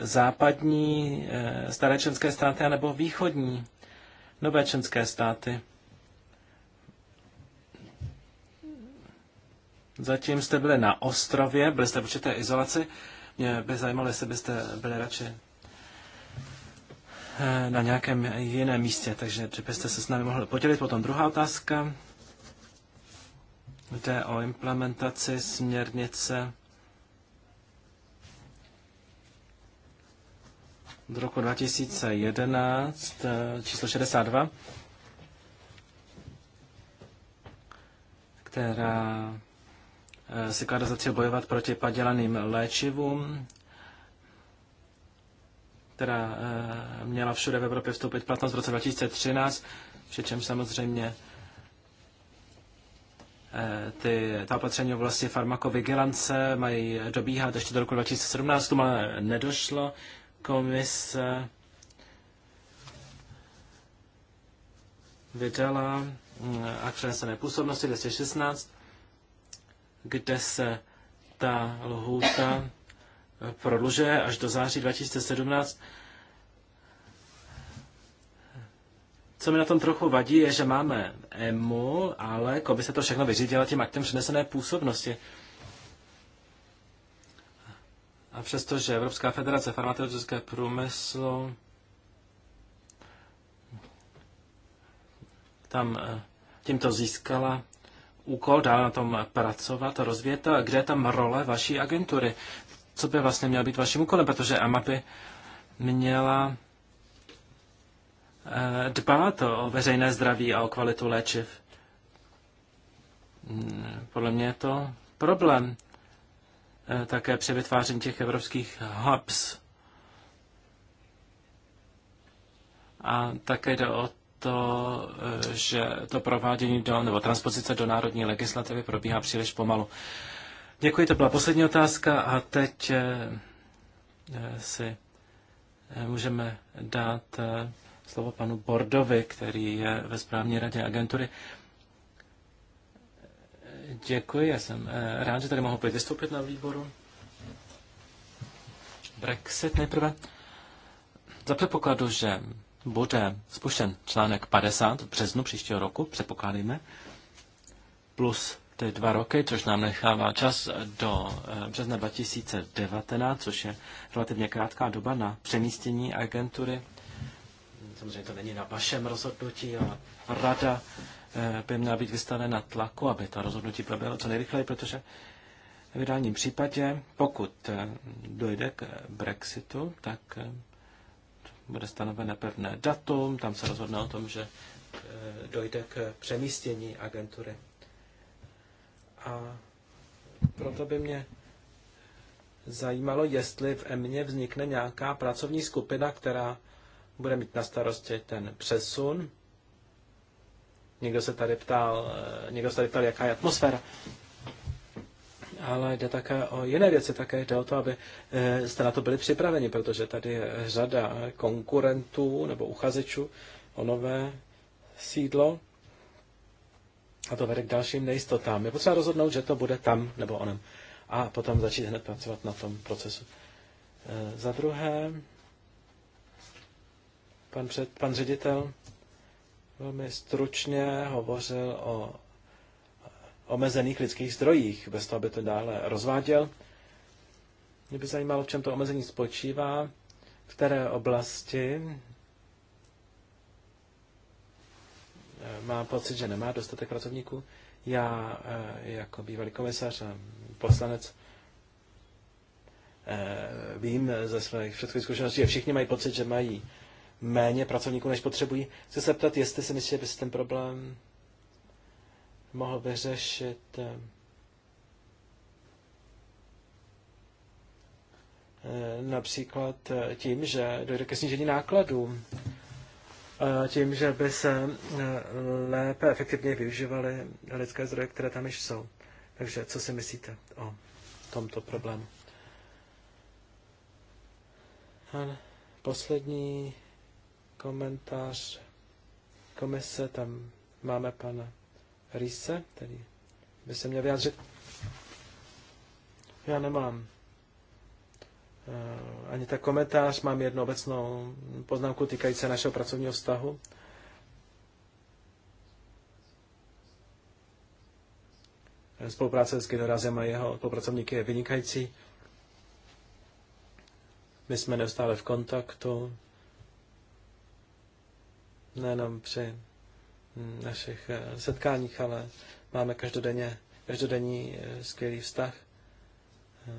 západní staré členské státy anebo východní nové členské státy? Zatím jste byli na ostrově, byli jste v určité izolaci. Mě by zajímalo, jestli byste byli radši eh, na nějakém jiném místě, takže byste se s námi mohli podělit. Potom druhá otázka. Jde o implementaci směrnice z roku 2011 eh, číslo 62, která Eh, si klade za cíl bojovat proti padělaným léčivům, která eh, měla všude v Evropě vstoupit platnost v roce 2013, přičemž samozřejmě eh, ty, ta opatření v oblasti farmakovigilance mají dobíhat ještě do roku 2017, ale nedošlo. Komise vydala mm, akt přenesené působnosti 216 kde se ta lhůta prodlužuje až do září 2017. Co mi na tom trochu vadí, je, že máme EMU, ale jako se to všechno vyřídilo tím aktem přenesené působnosti. A přestože Evropská federace farmaceutické průmyslu tam eh, tímto získala úkol dál na tom pracovat a rozvíjet, a kde je tam role vaší agentury? Co by vlastně mělo být vaším úkolem? Protože AMAPy měla eh, dbát o veřejné zdraví a o kvalitu léčiv. Hmm, podle mě je to problém eh, také při vytváření těch evropských hubs. A také jde o to, eh, že to provádění do, nebo transpozice do národní legislativy probíhá příliš pomalu. Děkuji, to byla poslední otázka a teď eh, eh, si můžeme dát slovo panu Bordovi, který je ve správní radě agentury. Děkuji, já jsem rád, že tady mohu opět vystoupit na výboru. Brexit nejprve. Za předpokladu, že bude spuštěn článek 50 v březnu příštího roku, předpokládejme, plus ty dva roky, což nám nechává čas do eh, března 2019, což je relativně krátká doba na přemístění agentury. Samozřejmě to není na vašem rozhodnutí, ale rada eh, by měla být vystavena tlaku, aby to rozhodnutí proběhlo co nejrychleji, protože v ideálním případě, pokud eh, dojde k Brexitu, tak bude stanovené pevné datum, tam se rozhodne o tom, že eh, dojde k přemístění agentury. A proto by mě zajímalo, jestli v EMně vznikne nějaká pracovní skupina, která bude mít na starosti ten přesun. Někdo se tady ptal, eh, někdo se tady ptal, jaká je atmosféra ale jde také o jiné věci, také jde o to, aby eh, jste na to byli připraveni, protože tady je řada konkurentů nebo uchazečů o nové sídlo a to vede k dalším nejistotám. Je potřeba rozhodnout, že to bude tam nebo onem a potom začít hned pracovat na tom procesu. Eh, za druhé, pan, před, pan ředitel velmi stručně hovořil o omezených lidských zdrojích, bez toho, aby to dále rozváděl. Mě by zajímalo, v čem to omezení spočívá, v které oblasti eh, má pocit, že nemá dostatek pracovníků. Já eh, jako bývalý komisař a poslanec eh, vím ze svých předchozích zkušeností, že všichni mají pocit, že mají méně pracovníků, než potřebují. Chci se ptat, jestli si myslíte, že by se ten problém mohl vyřešit eh, například eh, tím, že dojde ke snížení nákladů, tím, že by se eh, lépe, efektivně využívaly lidské zdroje, které tam již jsou. Takže co si myslíte o tomto problému? poslední komentář komise, tam máme pana Rýse, tedy. by se měl vyjádřit. Já nemám eh, ani tak komentář, mám jednu obecnou poznámku týkající našeho pracovního vztahu. Spolupráce s Gedorazem a jeho spolupracovníky je vynikající. My jsme neustále v kontaktu, nejenom při našich eh, setkáních, ale máme každodenně, každodenní eh, skvělý vztah. Eh,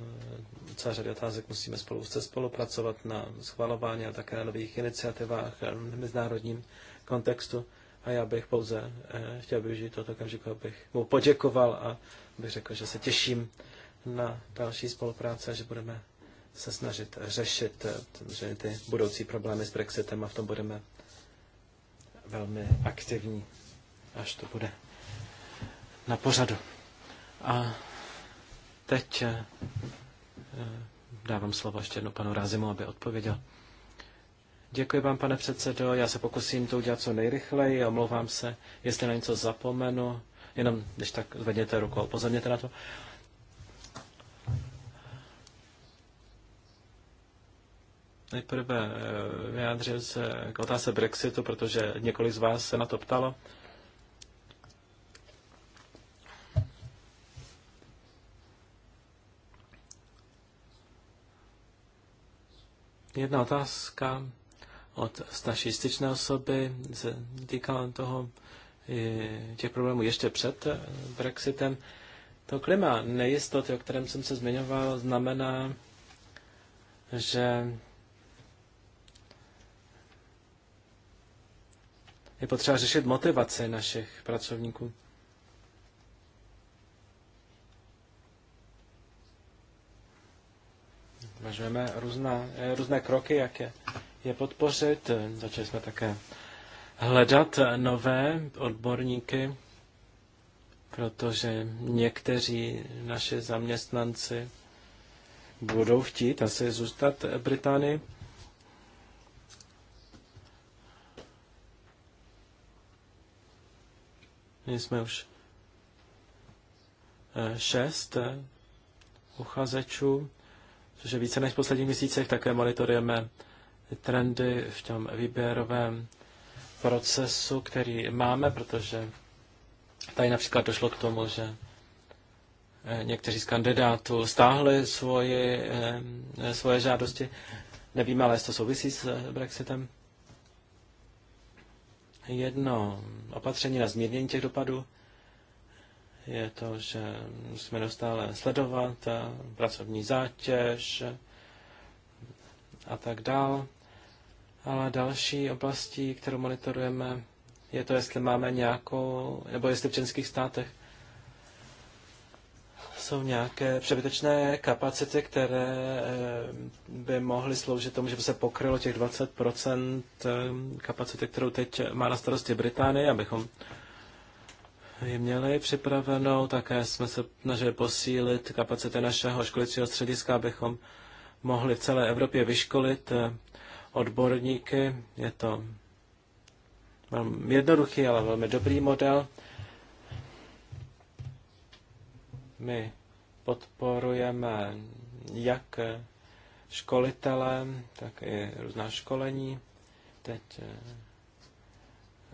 celá řady otázek musíme spolu se spolupracovat na schvalování a také na nových iniciativách v mezinárodním kontextu. A já bych pouze chtěl využít toto okamžiku, abych mu poděkoval a bych řekl, že se těším na další spolupráce, že budeme se snažit řešit ty budoucí problémy s Brexitem a v tom budeme velmi aktivní, až to bude na pořadu. A teď eh, eh, dávám slovo ještě jednou panu Razimu, aby odpověděl. Děkuji vám, pane předsedo. Já se pokusím to udělat co nejrychleji. Omlouvám se, jestli na něco zapomenu. Jenom když tak zvedněte ruku a upozorněte na to. Uh, Nejprve eh, vyjádřil se k otázce Brexitu, protože několik z vás se na to ptalo. Jedna otázka od starší styčné osoby se týkala toho, eh, těch problémů ještě před eh, Brexitem. To klima nejistoty, o kterém jsem se zmiňoval, znamená, že Je potřeba řešit motivace našich pracovníků. Zvažujeme různá, eh, různé kroky, jak je, je podpořit. Začali jsme také hledat nové odborníky, protože někteří naši zaměstnanci budou chtít asi zůstat v Británii. Měli jsme už eh, šest eh, uchazečů, což je více než v posledních měsících. Také monitorujeme trendy v tom výběrovém procesu, který máme, protože tady například došlo k tomu, že eh, někteří z kandidátů stáhli svoji, svoje žádosti. Nevíme, ale jestli to souvisí s Brexitem. Jedno opatření na zmírnění těch dopadů je to, že musíme dostále sledovat eh, pracovní zátěž a tak dál. Ale další oblastí, kterou monitorujeme, je to, jestli máme nějakou, nebo jestli v členských státech jsou nějaké přebytečné kapacity, které eh, by mohly sloužit tomu, že by se pokrylo těch 20% eh, kapacity, kterou teď má na starosti Británie, abychom je měli připravenou. Také jsme se snažili posílit kapacity našeho školicího střediska, abychom mohli v celé Evropě vyškolit eh, odborníky. Je to jednoduchý, ale velmi dobrý model. My podporujeme jak školitele, tak i různá školení. Teď eh,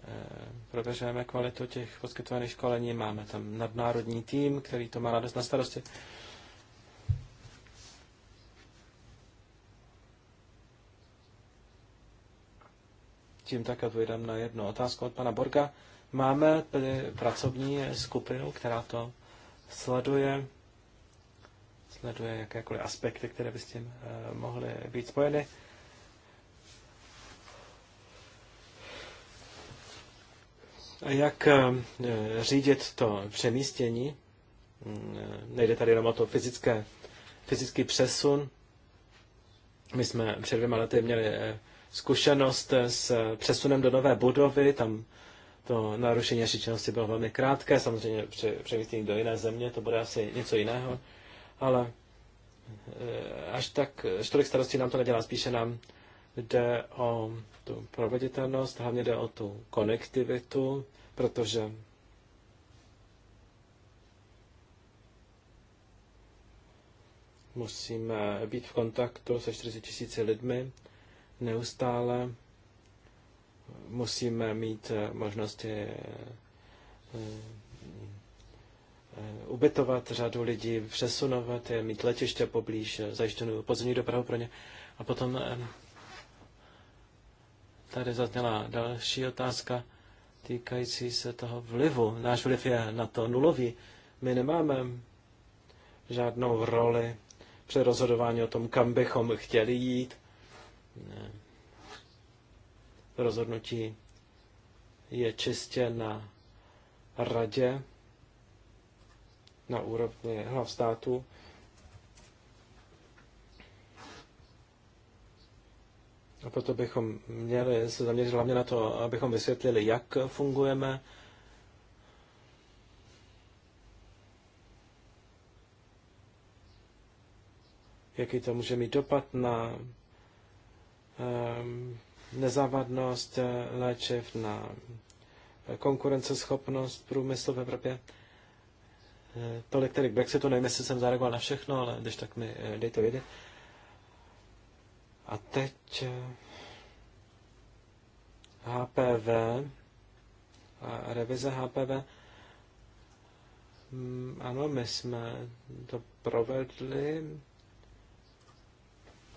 eh, prověřujeme kvalitu těch poskytovaných školení. Máme tam nadnárodní tým, který to má radost na starosti. Tím také odpovídám na jednu otázku od pana Borga. Máme tedy pracovní skupinu, která to sleduje, sleduje jakékoliv aspekty, které by s tím eh, mohly být spojeny. A jak eh, řídit to přemístění? Mm, eh, nejde tady jenom o to fyzické, fyzický přesun. My jsme před dvěma lety měli zkušenost s přesunem do nové budovy, tam to narušení naší činnosti bylo velmi krátké, samozřejmě při přemístění do jiné země to bude asi něco jiného, ale eh, až tak, až tolik starostí nám to nedělá, spíše nám jde o tu proveditelnost, hlavně jde o tu konektivitu, protože musíme být v kontaktu se 40 tisíci lidmi neustále musíme mít eh, možnosti eh, eh, ubytovat řadu lidí, přesunovat je, mít letiště poblíž, zajištěnou podzemní dopravu pro ně. A potom tady zazněla další otázka týkající se toho vlivu. Náš vliv je na to nulový. My nemáme žádnou roli při rozhodování o tom, kam bychom chtěli jít. Ne rozhodnutí je čistě na radě, na úrovni hlav státu. A proto bychom měli se zaměřit hlavně na to, abychom vysvětlili, jak fungujeme, jaký to může mít dopad na um, nezávadnost eh, léčiv, na konkurenceschopnost průmyslu v Evropě. Eh, tolik tedy k Brexitu, nevím, jestli jsem zareagoval na všechno, ale když tak mi eh, dejte vědět. A teď HPV a revize HPV. Hmm, ano, my jsme to provedli,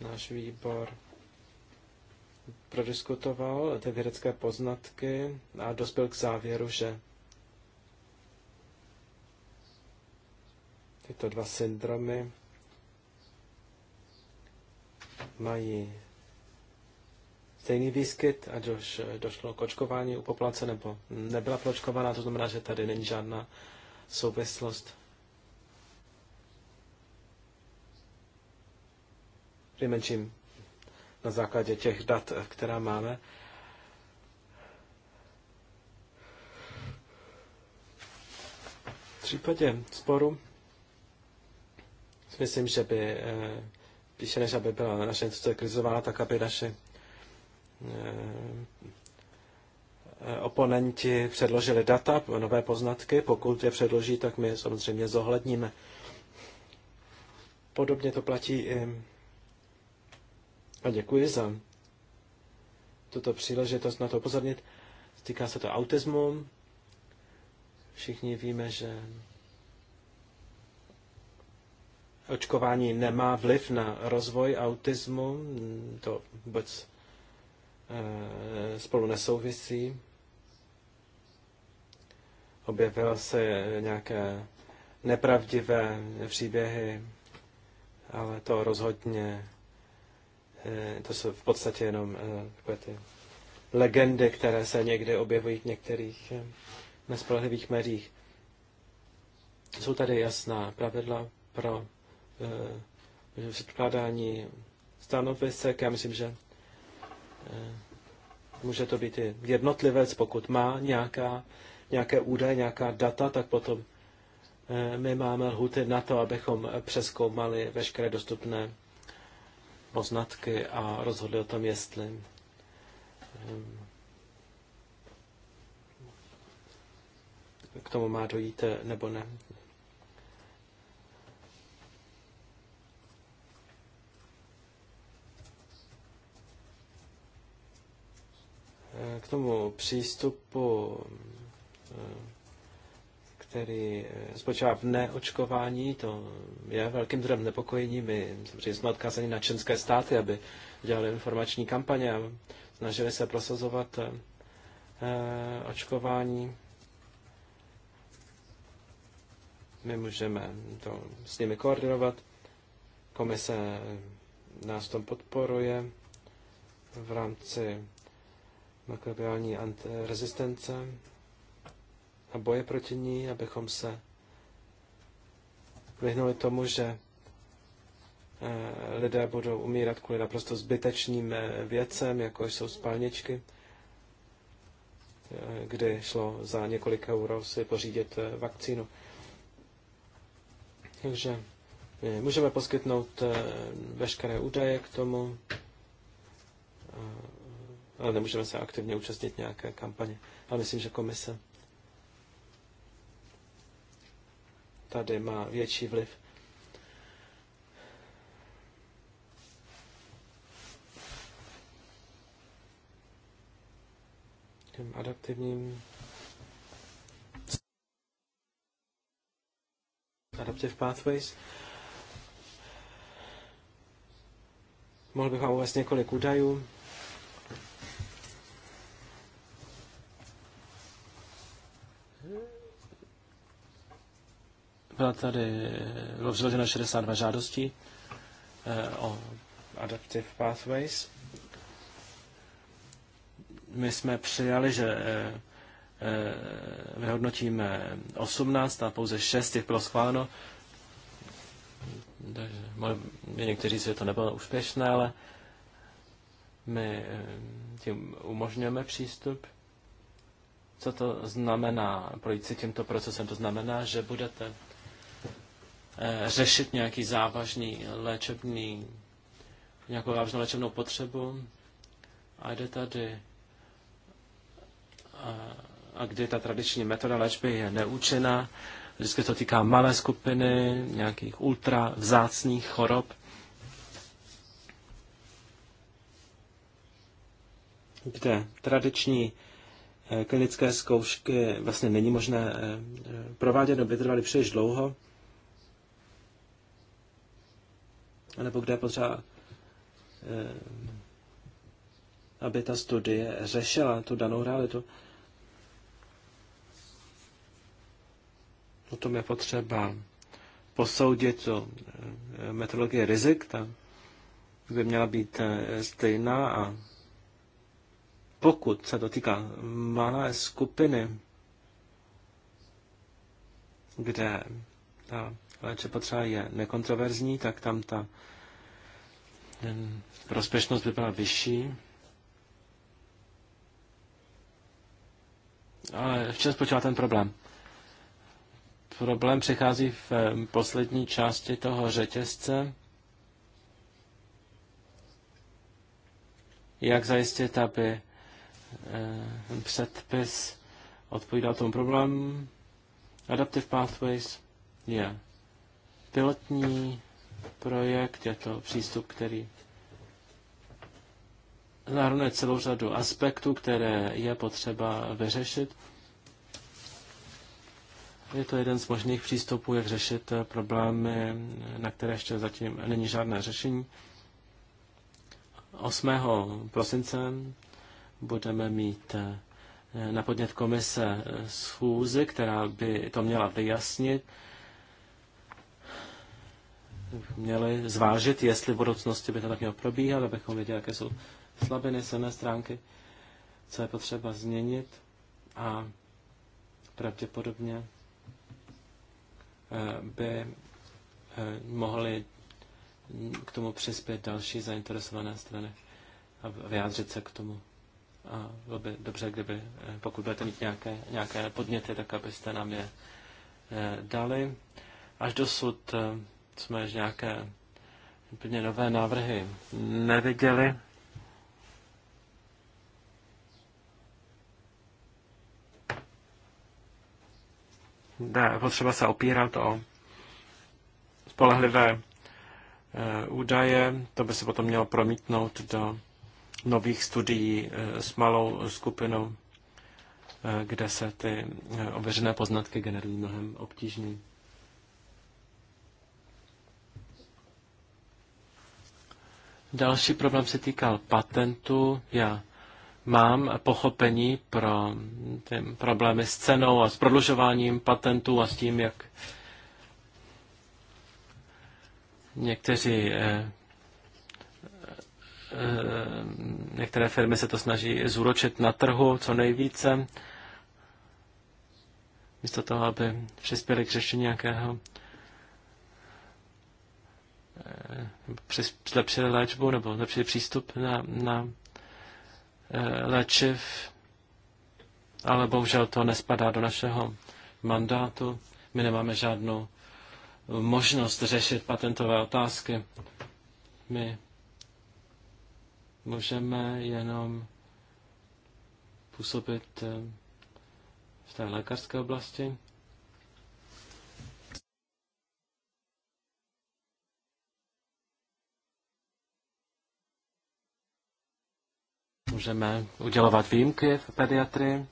náš výbor prodiskutoval ty vědecké poznatky a dospěl k závěru, že tyto dva syndromy mají stejný výskyt, ať už došlo k očkování u populace nebo nebyla pročkovaná, to znamená, že tady není žádná souvislost. Přinejmenším na základě těch dat, která máme. V případě sporu myslím, že by eh, píše, než aby byla naše instituce krizovala, tak aby naše eh, eh, oponenti předložili data, nové poznatky. Pokud je předloží, tak my samozřejmě zohledníme. Podobně to platí i a děkuji za tuto příležitost na to upozornit. Týká se to autismu. Všichni víme, že očkování nemá vliv na rozvoj autismu. To vůbec eh, spolu nesouvisí. Objevily se nějaké nepravdivé příběhy, ale to rozhodně Eh, to jsou v podstatě jenom eh, takové ty legendy, které se někdy objevují v některých eh, nespolehlivých médiích. Jsou tady jasná pravidla pro předkládání stanovisek. Já myslím, že může to být i jednotlivec, pokud má nějaká, nějaké údaje, nějaká data, tak potom my máme lhuty na to, abychom přeskoumali veškeré dostupné poznatky a rozhodli o tom, jestli k tomu má dojít eh, nebo ne. Eh, k tomu přístupu který eh, spočívá v neočkování, to je velkým zdrojem nepokojení. My samozřejmě jsme odkázaní na členské státy, aby dělali informační kampaně a snažili se prosazovat eh, eh, očkování. My můžeme to s nimi koordinovat. Komise nás v tom podporuje v rámci mikrobiální rezistence a boje proti ní, abychom se vyhnuli tomu, že eh, lidé budou umírat kvůli naprosto zbytečným eh, věcem, jako jsou spalničky, eh, kdy šlo za několik euro si pořídit vakcínu. Takže můžeme poskytnout veškeré údaje k tomu, ale nemůžeme se aktivně účastnit nějaké kampaně. Ale myslím, že komise tady má větší vliv. Tím adaptivním Adaptive Pathways. Mohl bych vám uvést několik údajů. Byla tady, bylo předloženo 62 žádostí eh, o Adaptive Pathways. My jsme přijali, že eh, eh, vyhodnotíme 18 a pouze 6 těch bylo schváleno. Takže někteří si to nebylo úspěšné, ale my tím umožňujeme přístup. Co to znamená projít si tímto procesem? To znamená, že budete Eh, řešit nějaký závažný léčebný, nějakou závažnou léčebnou potřebu. A jde tady a, eh, a kdy ta tradiční metoda léčby je neúčinná. Vždycky to týká malé skupiny, nějakých ultra vzácných chorob. Kde tradiční eh, klinické zkoušky vlastně není možné provádět, nebo by trvaly příliš dlouho. nebo kde je potřeba, eh, aby ta studie řešila tu danou realitu. Potom je potřeba posoudit tu eh, metodologii rizik, ta by měla být eh, stejná a pokud se to týká malé skupiny, kde ta léče potřeba je nekontroverzní, tak tam ta ten prospěšnost by byla vyšší. Ale v čem spočívá ten problém? Problém přichází v eh, poslední části toho řetězce. Jak zajistit, aby eh, předpis odpovídal tomu problému? Adaptive Pathways je yeah pilotní projekt, je to přístup, který zahrnuje celou řadu aspektů, které je potřeba vyřešit. Je to jeden z možných přístupů, jak řešit problémy, na které ještě zatím není žádné řešení. 8. prosince budeme mít eh, na podnět komise eh, schůzy, která by to měla vyjasnit měli zvážit, jestli v budoucnosti by to tak mělo probíhat, abychom věděli, jaké jsou slabiny, silné stránky, co je potřeba změnit a pravděpodobně eh, by eh, mohly k tomu přispět další zainteresované strany a vyjádřit se k tomu. A bylo by dobře, kdyby, eh, pokud budete mít nějaké, nějaké podněty, tak abyste nám je dali. Až dosud jsme nějaké úplně nové návrhy neviděli. Ne, potřeba se opírat o spolehlivé eh, údaje. To by se potom mělo promítnout do nových studií eh, s malou skupinou, eh, kde se ty ověřené poznatky generují mnohem obtížněji. Další problém se týkal patentu. Já mám pochopení pro ty problémy s cenou a s prodlužováním patentů a s tím, jak někteří eh, eh, některé firmy se to snaží zúročit na trhu co nejvíce, místo toho, aby přispěli k řešení nějakého zlepšili léčbu nebo zlepšili přístup na, na eh, léčiv, ale bohužel to nespadá do našeho mandátu. My nemáme žádnou možnost řešit patentové otázky. My můžeme jenom působit eh, v té lékařské oblasti. Můžeme udělovat výjimky v pediatrii.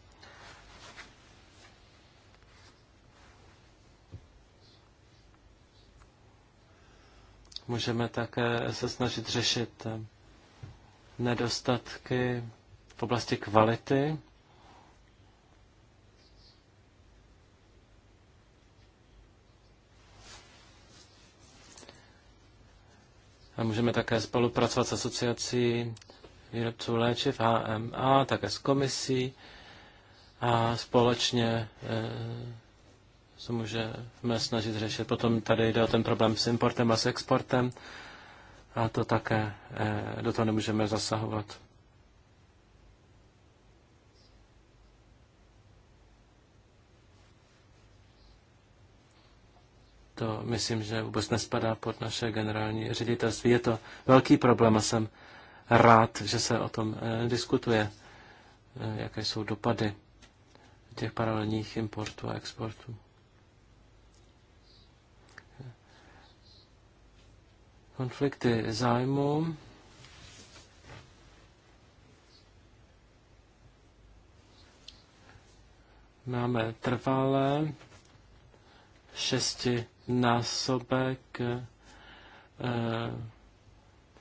Můžeme také se snažit řešit eh, nedostatky v oblasti kvality. A můžeme také spolupracovat s asociací výrobců léčiv HMA, také s komisí a společně eh, se můžeme snažit řešit. Potom tady jde o ten problém s importem a s exportem a to také eh, do toho nemůžeme zasahovat. To myslím, že vůbec nespadá pod naše generální ředitelství. Je to velký problém a jsem rád, že se o tom eh, diskutuje, eh, jaké jsou dopady těch paralelních importů a exportů. Konflikty zájmu. Máme trvalé šestinásobek násobek eh,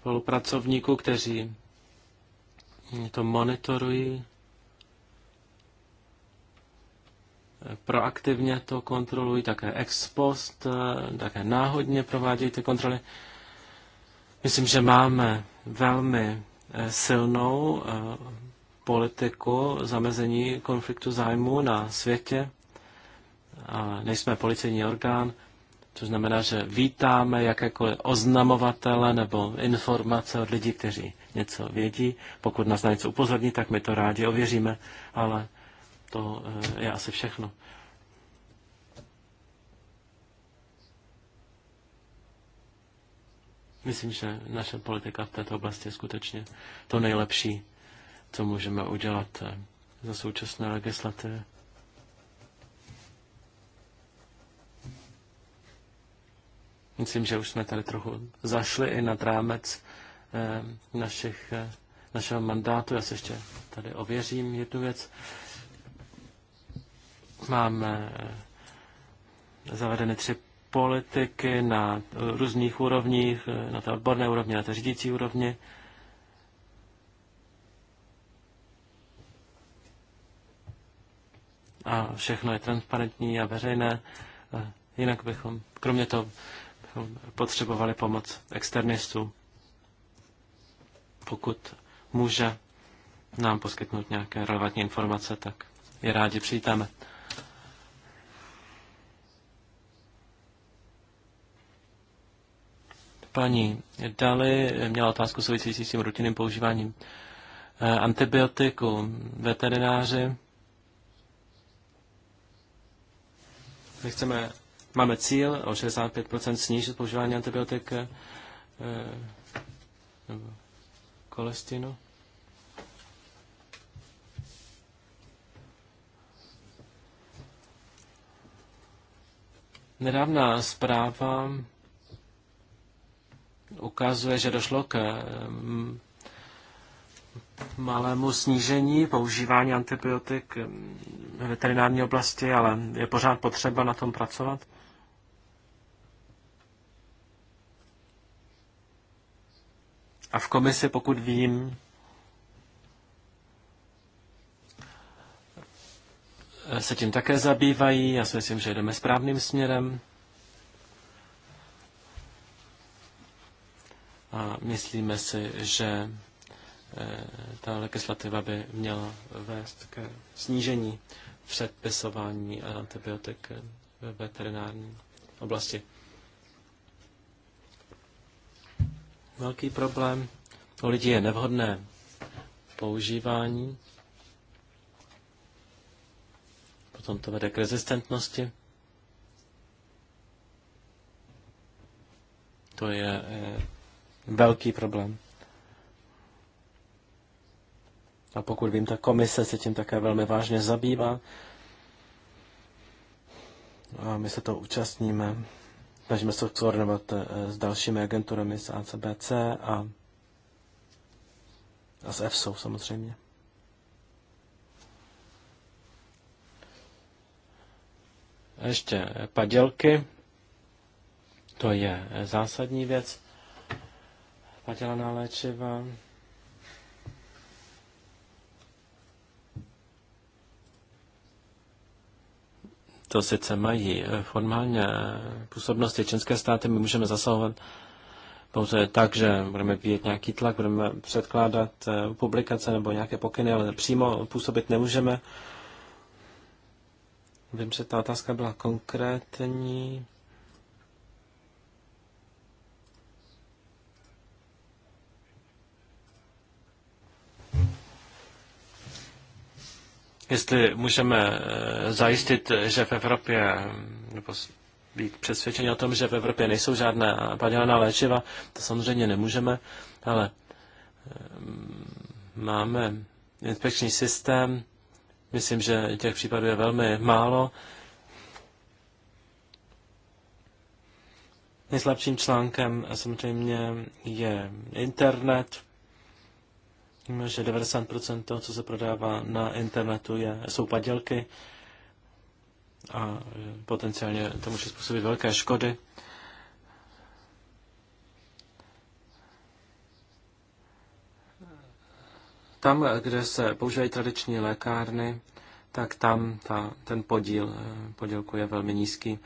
spolupracovníků, kteří to monitorují, proaktivně to kontrolují, také ex post, také náhodně provádějí ty kontroly. Myslím, že máme velmi eh, silnou eh, politiku zamezení konfliktu zájmu na světě. A nejsme policejní orgán, což znamená, že vítáme jakékoliv oznamovatele nebo informace od lidí, kteří něco vědí. Pokud nás na něco upozorní, tak my to rádi ověříme, ale to eh, je asi všechno. Myslím, že naše politika v této oblasti je skutečně to nejlepší, co můžeme udělat eh, za současné legislativy. Myslím, že už jsme tady trochu zašli i nad rámec eh, našich, eh, našeho mandátu. Já se ještě tady ověřím jednu věc. Máme eh, zavedeny tři politiky na různých úrovních, na té odborné úrovni, na té řídící úrovni. A všechno je transparentní a veřejné. Jinak bychom, kromě toho, potřebovali pomoc externistů, pokud může nám poskytnout nějaké relevantní informace, tak je rádi přijítáme. Paní Dali měla otázku související s tím rutinným používáním eh, antibiotiku. Veterináři my chceme Máme cíl o 65% snížit používání antibiotik eh, nebo kolestinu. Nedávná zpráva ukazuje, že došlo k eh, malému snížení používání antibiotik eh, v veterinární oblasti, ale je pořád potřeba na tom pracovat. A v komisi, pokud vím, se tím také zabývají. Já si myslím, že jdeme správným směrem. A myslíme si, že eh, ta legislativa by měla vést k snížení předpisování antibiotik ve veterinární oblasti. velký problém. U lidí je nevhodné používání. Potom to vede k rezistentnosti. To je eh, velký problém. A pokud vím, ta komise se tím také velmi vážně zabývá. A my se to účastníme. Snažíme se koordinovat eh, s dalšími agenturami, s ACBC a, a s EFSO samozřejmě. A ještě eh, padělky. To je eh, zásadní věc. Padělaná léčiva. to sice mají formálně působnosti čínské státy, my můžeme zasahovat pouze tak, že budeme vidět nějaký tlak, budeme předkládat eh, publikace nebo nějaké pokyny, ale přímo působit nemůžeme. Vím, že ta otázka byla konkrétní. jestli můžeme eh, zajistit, že v Evropě, nebo být přesvědčeni o tom, že v Evropě nejsou žádné padělaná léčiva, to samozřejmě nemůžeme, ale eh, máme inspekční systém, myslím, že těch případů je velmi málo. Nejslabším článkem samozřejmě je internet, Víme, že 90% toho, co se prodává na internetu, je, jsou padělky a potenciálně to může způsobit velké škody. Tam, kde se používají tradiční lékárny, tak tam ta, ten podíl, eh, podílku je velmi nízký.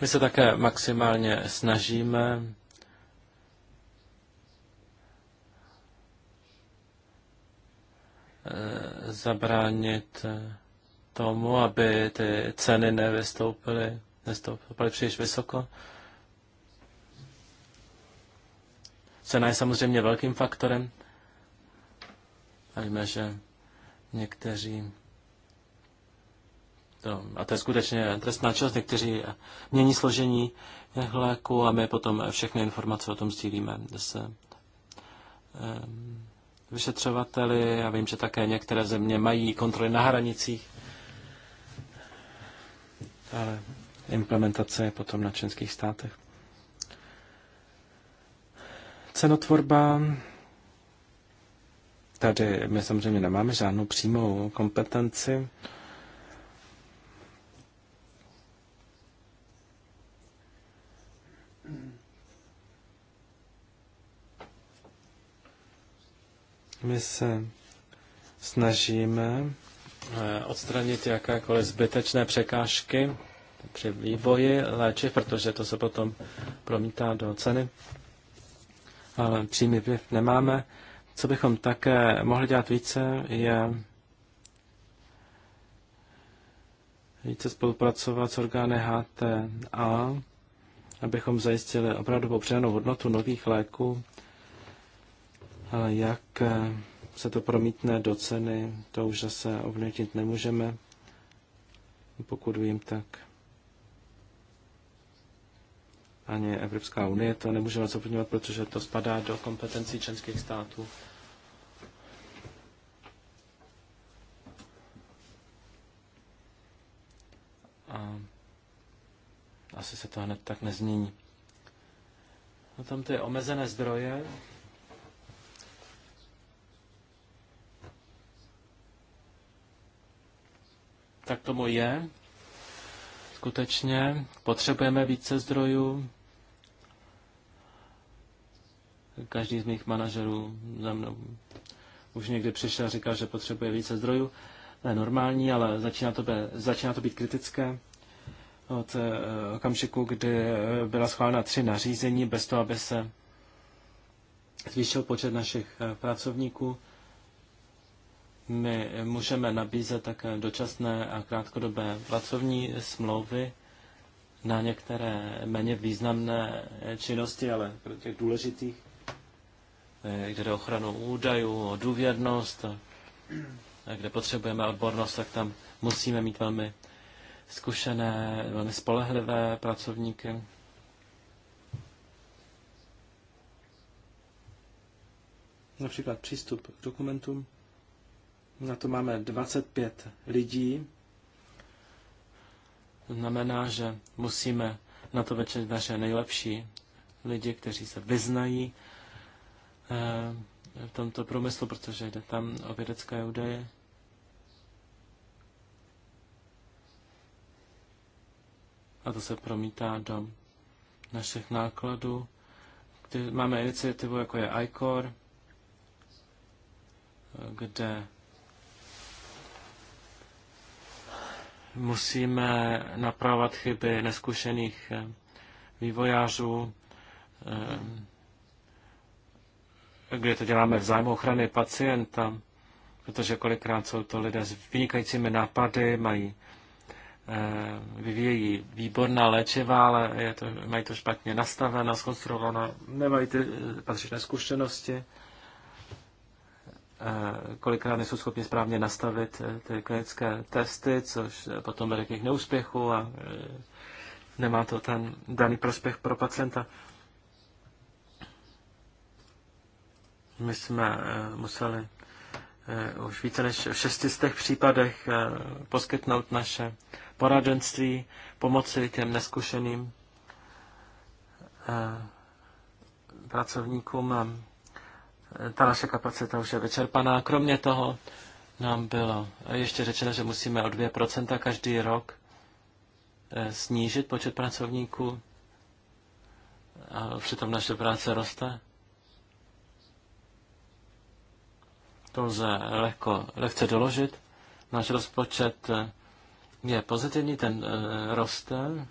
My se také maximálně snažíme eh, zabránit tomu, aby ty ceny nevystoupily, nevystoupily příliš vysoko. Cena je samozřejmě velkým faktorem. A víme, že někteří No, a to je skutečně trestná část, někteří mění složení léku a my potom všechny informace o tom sdílíme se eh, vyšetřovateli. Já vím, že také některé země mají kontroly na hranicích, ale implementace je potom na členských státech. Cenotvorba. Tady my samozřejmě nemáme žádnou přímou kompetenci. My se snažíme eh, odstranit jakékoliv zbytečné překážky při vývoji léčiv, protože to se potom promítá do ceny. Ale přímý vliv nemáme. Co bychom také mohli dělat více, je více spolupracovat s orgány HTA, abychom zajistili opravdu přidanou hodnotu nových léků ale jak eh, se to promítne do ceny, to už zase ovlivnit nemůžeme. Pokud vím, tak ani Evropská unie to nemůžeme moc protože to spadá do kompetencí členských států. A asi se to hned tak nezmění. No tam ty omezené zdroje, tak tomu je. Skutečně potřebujeme více zdrojů. Každý z mých manažerů za mnou už někdy přišel a říkal, že potřebuje více zdrojů. To je normální, ale začíná to, být, začíná to být kritické od eh, okamžiku, kdy byla schválena tři nařízení bez toho, aby se zvýšil počet našich eh, pracovníků. My můžeme nabízet také dočasné a krátkodobé pracovní smlouvy na některé méně významné činnosti, ale pro těch důležitých, kde eh, jde ochranu údajů, o důvěrnost, a kde potřebujeme odbornost, tak tam musíme mít velmi zkušené, velmi spolehlivé pracovníky. Například přístup k dokumentům. Na to máme 25 lidí. To znamená, že musíme na to večer naše nejlepší lidi, kteří se vyznají eh, v tomto průmyslu, protože jde tam o vědecké údaje. A to se promítá do našich nákladů. Máme iniciativu, jako je ICOR, kde Musíme napravovat chyby neskušených eh, vývojářů, eh, kde to děláme v zájmu ochrany pacienta, protože kolikrát jsou to lidé s vynikajícími nápady, mají eh, vyvíjejí výborná léčiva, ale je to, mají to špatně nastaveno, skonstruováno, nemají ty patřičné zkušenosti. Eh, kolikrát nejsou schopni správně nastavit eh, ty klinické testy, což eh, potom vede k jejich neúspěchu a nemá to ten daný prospěch pro pacienta. My jsme museli už více než v šestistech případech poskytnout naše poradenství, pomoci těm neskušeným pracovníkům ta naše kapacita už je vyčerpaná. Kromě toho nám bylo ještě řečeno, že musíme o 2% každý rok eh, snížit počet pracovníků a přitom naše práce roste. To lze lehko, lehce doložit. Náš rozpočet eh, je pozitivní, ten eh, roste.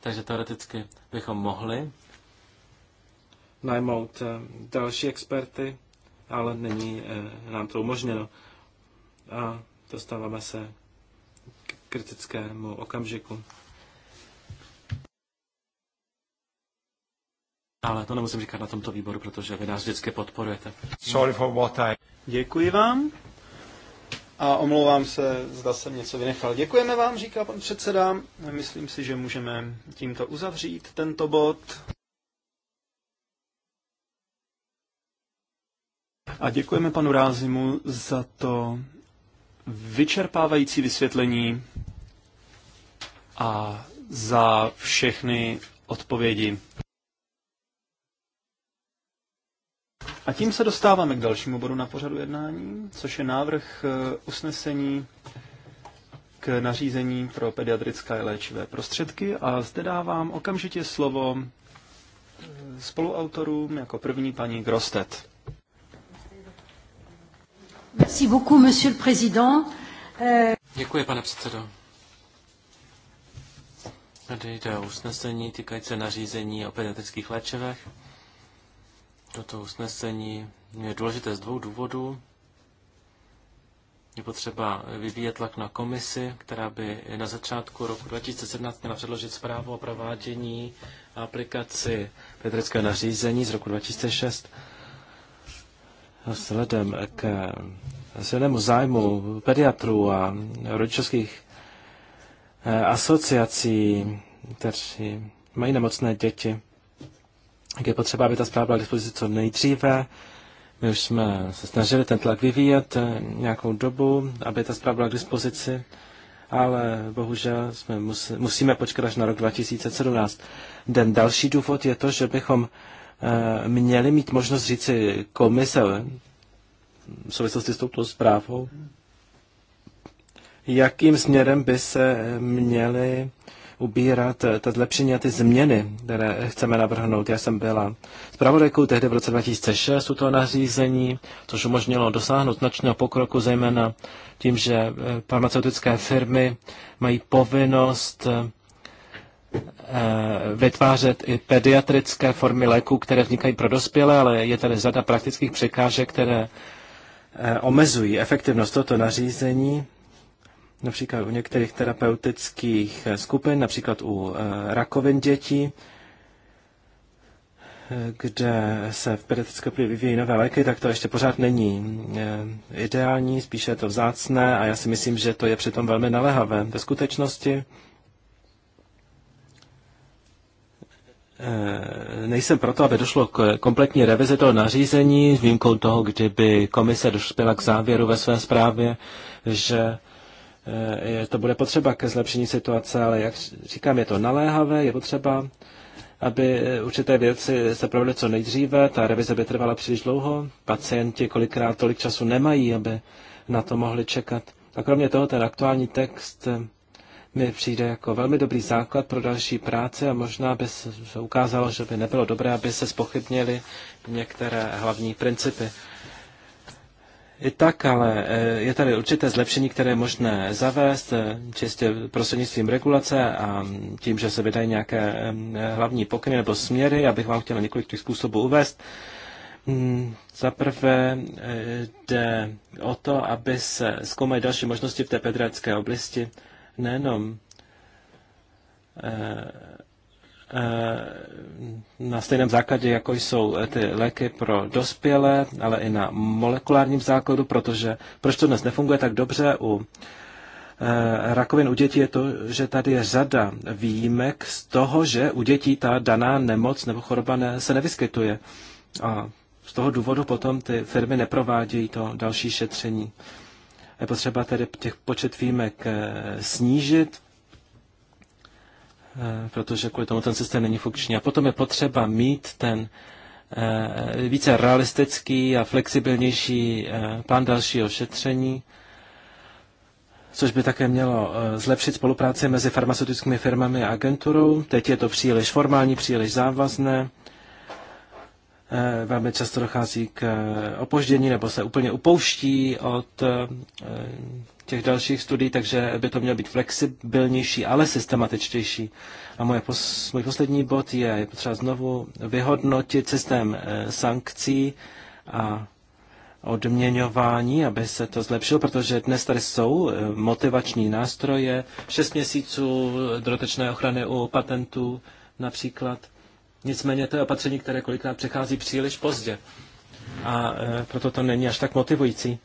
Takže teoreticky bychom mohli najmout eh, další experty, ale není eh, nám to umožněno. A dostáváme se k kritickému okamžiku. Ale to nemusím říkat na tomto výboru, protože vy nás vždycky podporujete. Sorry for what I... Děkuji vám. A omlouvám se, zda jsem něco vynechal. Děkujeme vám, říká pan předseda. Myslím si, že můžeme tímto uzavřít tento bod. A děkujeme panu Rázimu za to vyčerpávající vysvětlení a za všechny odpovědi. A tím se dostáváme k dalšímu bodu na pořadu jednání, což je návrh eh, usnesení k nařízení pro pediatrické léčivé prostředky. A zde dávám okamžitě slovo eh, spoluautorům jako první paní Grostet. Merci beaucoup, monsieur le président. Euh, Děkuji, pane předsedo. Tady jde o usnesení týkající nařízení o pediatrických léčivech. Toto usnesení je důležité z dvou důvodů. Je potřeba vyvíjet tlak na komisi, která by na začátku roku 2017 měla předložit zprávu o provádění aplikaci pediatrického nařízení z roku 2006 vzhledem k silnému zájmu pediatrů a rodičovských eh, asociací, kteří mají nemocné děti, tak je potřeba, aby ta zpráva byla k dispozici co nejdříve. My už jsme se snažili ten tlak vyvíjet eh, nějakou dobu, aby ta zpráva byla k dispozici, ale bohužel jsme musí, musíme počkat až na rok 2017. Den další důvod je to, že bychom Eh, měli mít možnost říci komise v souvislosti s touto zprávou, jakým směrem by se měly ubírat ta zlepšení a ty změny, které chceme navrhnout. Já jsem byla zpravodajkou tehdy v roce 2006 u toho nařízení, což umožnilo dosáhnout značného pokroku, zejména tím, že eh, farmaceutické firmy mají povinnost eh, Eh, vytvářet i pediatrické formy léků, které vznikají pro dospělé, ale je tady řada praktických překážek, které eh, omezují efektivnost tohoto nařízení, například u některých terapeutických eh, skupin, například u rakovin dětí, kde se v pediatrické plivě vyvíjí nové léky, tak to ještě pořád není ideální, spíše je to vzácné a já si myslím, že to je přitom velmi naléhavé. Ve skutečnosti Eh, nejsem proto, aby došlo k kompletní revizi toho nařízení, s výjimkou toho, kdyby komise dospěla k závěru ve své zprávě, že eh, to bude potřeba ke zlepšení situace, ale jak říkám, je to naléhavé, je potřeba, aby eh, určité věci se provedly co nejdříve, ta revize by trvala příliš dlouho, pacienti kolikrát tolik času nemají, aby na to mohli čekat. A kromě toho ten aktuální text mi přijde jako velmi dobrý základ pro další práce a možná by se ukázalo, že by nebylo dobré, aby se spochybnili některé hlavní principy. I tak, ale e, je tady určité zlepšení, které je možné zavést e, čistě prostřednictvím regulace a tím, že se vydají nějaké e, hlavní pokyny nebo směry. abych vám chtěl několik těch způsobů uvést. Mm, za prvé jde o to, aby se zkoumaly další možnosti v té pedrácké oblasti nejenom eh, eh, na stejném základě, jako jsou eh, ty léky pro dospělé, ale i na molekulárním základu, protože proč to dnes nefunguje tak dobře u rakovin u dětí je to, že tady je řada výjimek z toho, že u dětí ta daná nemoc nebo choroba ne, se nevyskytuje. A z toho důvodu potom ty firmy neprovádějí to další šetření. Je potřeba tedy těch počet výjimek eh, snížit, eh, protože kvůli tomu ten systém není funkční. A potom je potřeba mít ten eh, více realistický a flexibilnější plán dalšího šetření, což by také mělo zlepšit spolupráci mezi farmaceutickými firmami a agenturou. Teď je to příliš formální, příliš závazné Eh, velmi často dochází k eh, opoždění nebo se úplně upouští od eh, těch dalších studií, takže by to mělo být flexibilnější, ale systematičtější. A moje pos, můj poslední bod je, je potřeba znovu vyhodnotit systém sankcí a odměňování, aby se to zlepšilo, protože dnes tady jsou motivační nástroje, 6 měsíců dodatečné ochrany u patentů například. Nicméně to je opatření, které kolikrát přechází příliš pozdě a e, proto to není až tak motivující.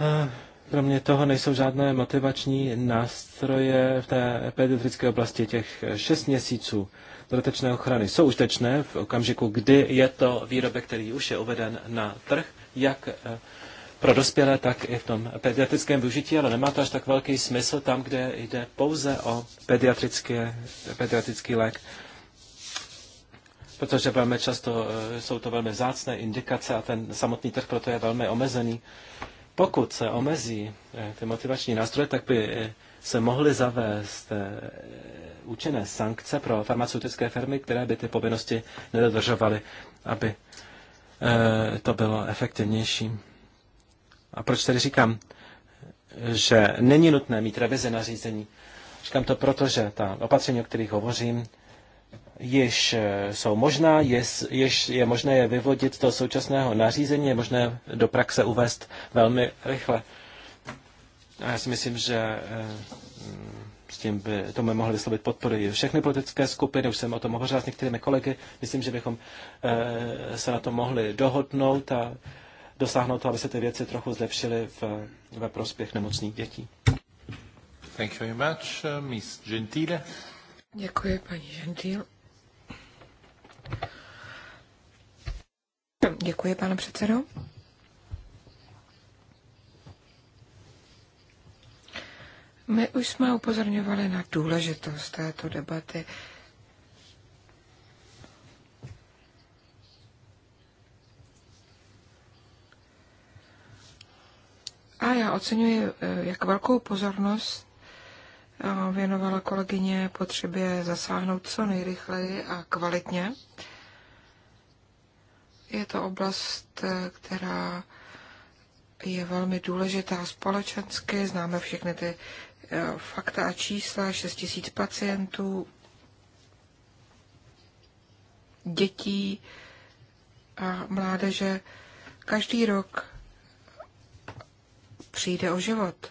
E, kromě toho nejsou žádné motivační nástroje v té pediatrické oblasti těch šest měsíců dodatečné ochrany. Jsou užtečné v okamžiku, kdy je to výrobek, který už je uveden na trh, jak e, pro dospělé, tak i v tom pediatrickém využití, ale nemá to až tak velký smysl tam, kde jde pouze o pediatrický lék protože velmi často eh, jsou to velmi vzácné indikace a ten samotný trh proto je velmi omezený. Pokud se omezí eh, ty motivační nástroje, tak by eh, se mohly zavést účinné sankce pro farmaceutické firmy, které by ty povinnosti nedodržovaly, aby to bylo efektivnější. A proč tedy říkám, že není nutné mít revizi nařízení? Říkám to proto, že ta opatření, o kterých hovořím, již eh, jsou možná, již je možné je vyvodit z toho současného nařízení, je možné do praxe uvést velmi rychle. A já si myslím, že eh, s tím by tomu mohli vyslovit podpory všechny politické skupiny, už jsem o tom hovořil s některými kolegy, myslím, že bychom eh, se na to mohli dohodnout a dosáhnout to, aby se ty věci trochu zlepšily v, ve prospěch nemocných dětí. Thank you very much, uh, Miss Gentile. Děkuji, paní Žentil. Děkuji, pane předsedo. My už jsme upozorňovali na důležitost této debaty. A já oceňuji, eh, jak velkou pozornost věnovala kolegyně potřebě zasáhnout co nejrychleji a kvalitně. Je to oblast, která je velmi důležitá společensky. Známe všechny ty eh, fakta a čísla, 6 tisíc pacientů, dětí a mládeže. Každý rok přijde o život.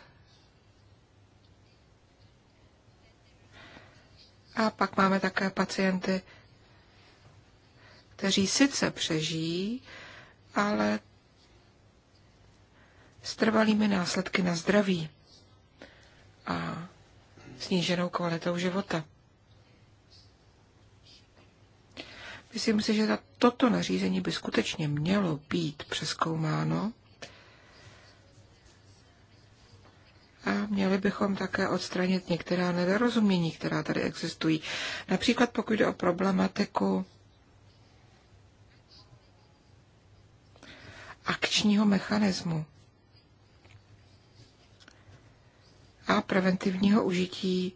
A pak máme také pacienty, kteří sice přežijí, ale s trvalými následky na zdraví a sníženou kvalitou života. Myslím si, že toto nařízení by skutečně mělo být přeskoumáno a měli bychom také odstranit některá nedorozumění, která tady existují. Například pokud jde o problematiku akčního mechanismu a preventivního užití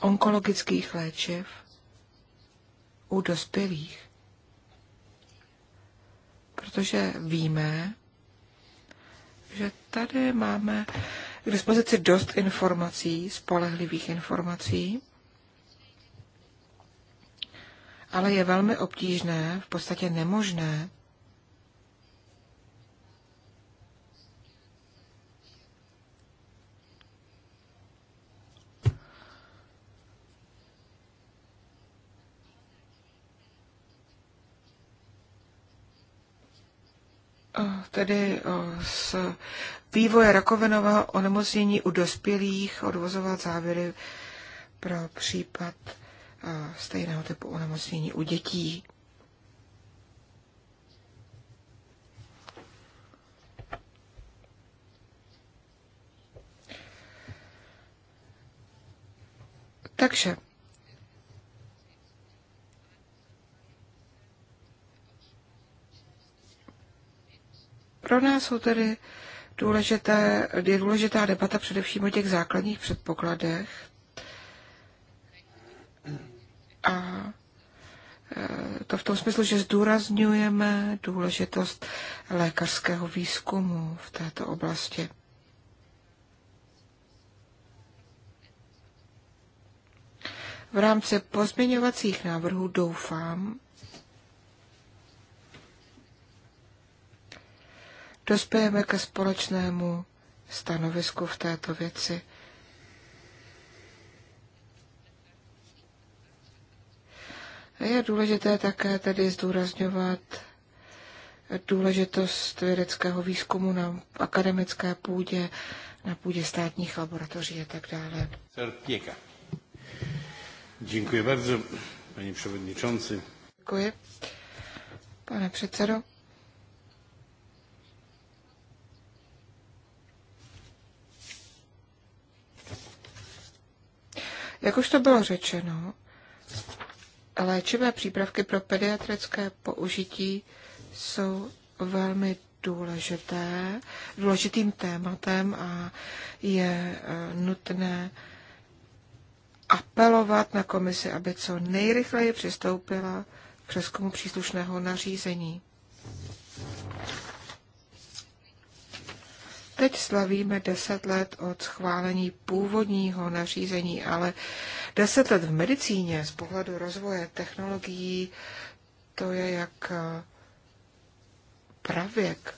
onkologických léčiv u dospělých. Protože víme, že tady máme k dispozici dost informací, spolehlivých informací, ale je velmi obtížné, v podstatě nemožné, tedy z vývoje rakovinového onemocnění u dospělých odvozovat závěry pro případ stejného typu onemocnění u dětí. Takže Pro nás jsou tedy důležité, je důležitá debata především o těch základních předpokladech a e, to v tom smyslu, že zdůrazňujeme důležitost lékařského výzkumu v této oblasti. V rámci pozměňovacích návrhů doufám, dospějeme ke společnému stanovisku v této věci. Je důležité také tedy zdůrazňovat důležitost vědeckého výzkumu na akademické půdě, na půdě státních laboratoří a tak dále. Pěka. Děkuji bardzo, paní předsedající. Děkuji, pane předsedo. Jak už to bylo řečeno, léčivé přípravky pro pediatrické použití jsou velmi důležité, důležitým tématem a je eh, nutné apelovat na komisi, aby co nejrychleji přistoupila k přeskumu příslušného nařízení. Teď slavíme deset let od schválení původního nařízení, ale deset let v medicíně z pohledu rozvoje technologií, to je jak eh, pravěk.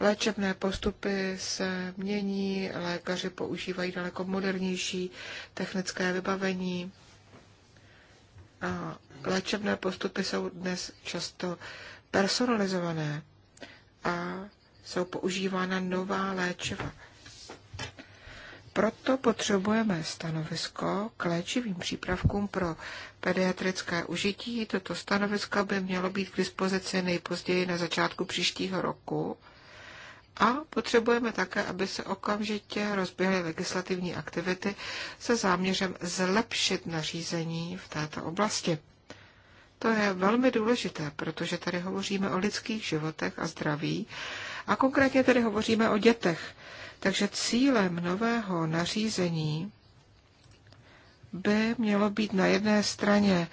Léčebné postupy se mění, lékaři používají daleko modernější technické vybavení. A léčebné postupy jsou dnes často personalizované a jsou používána nová léčiva. Proto potřebujeme stanovisko k léčivým přípravkům pro pediatrické užití. Toto stanovisko by mělo být k dispozici nejpozději na začátku příštího roku. A potřebujeme také, aby se okamžitě rozběhly legislativní aktivity se záměrem zlepšit nařízení v této oblasti. To je velmi důležité, protože tady hovoříme o lidských životech a zdraví a konkrétně tedy hovoříme o dětech. Takže cílem nového nařízení by mělo být na jedné straně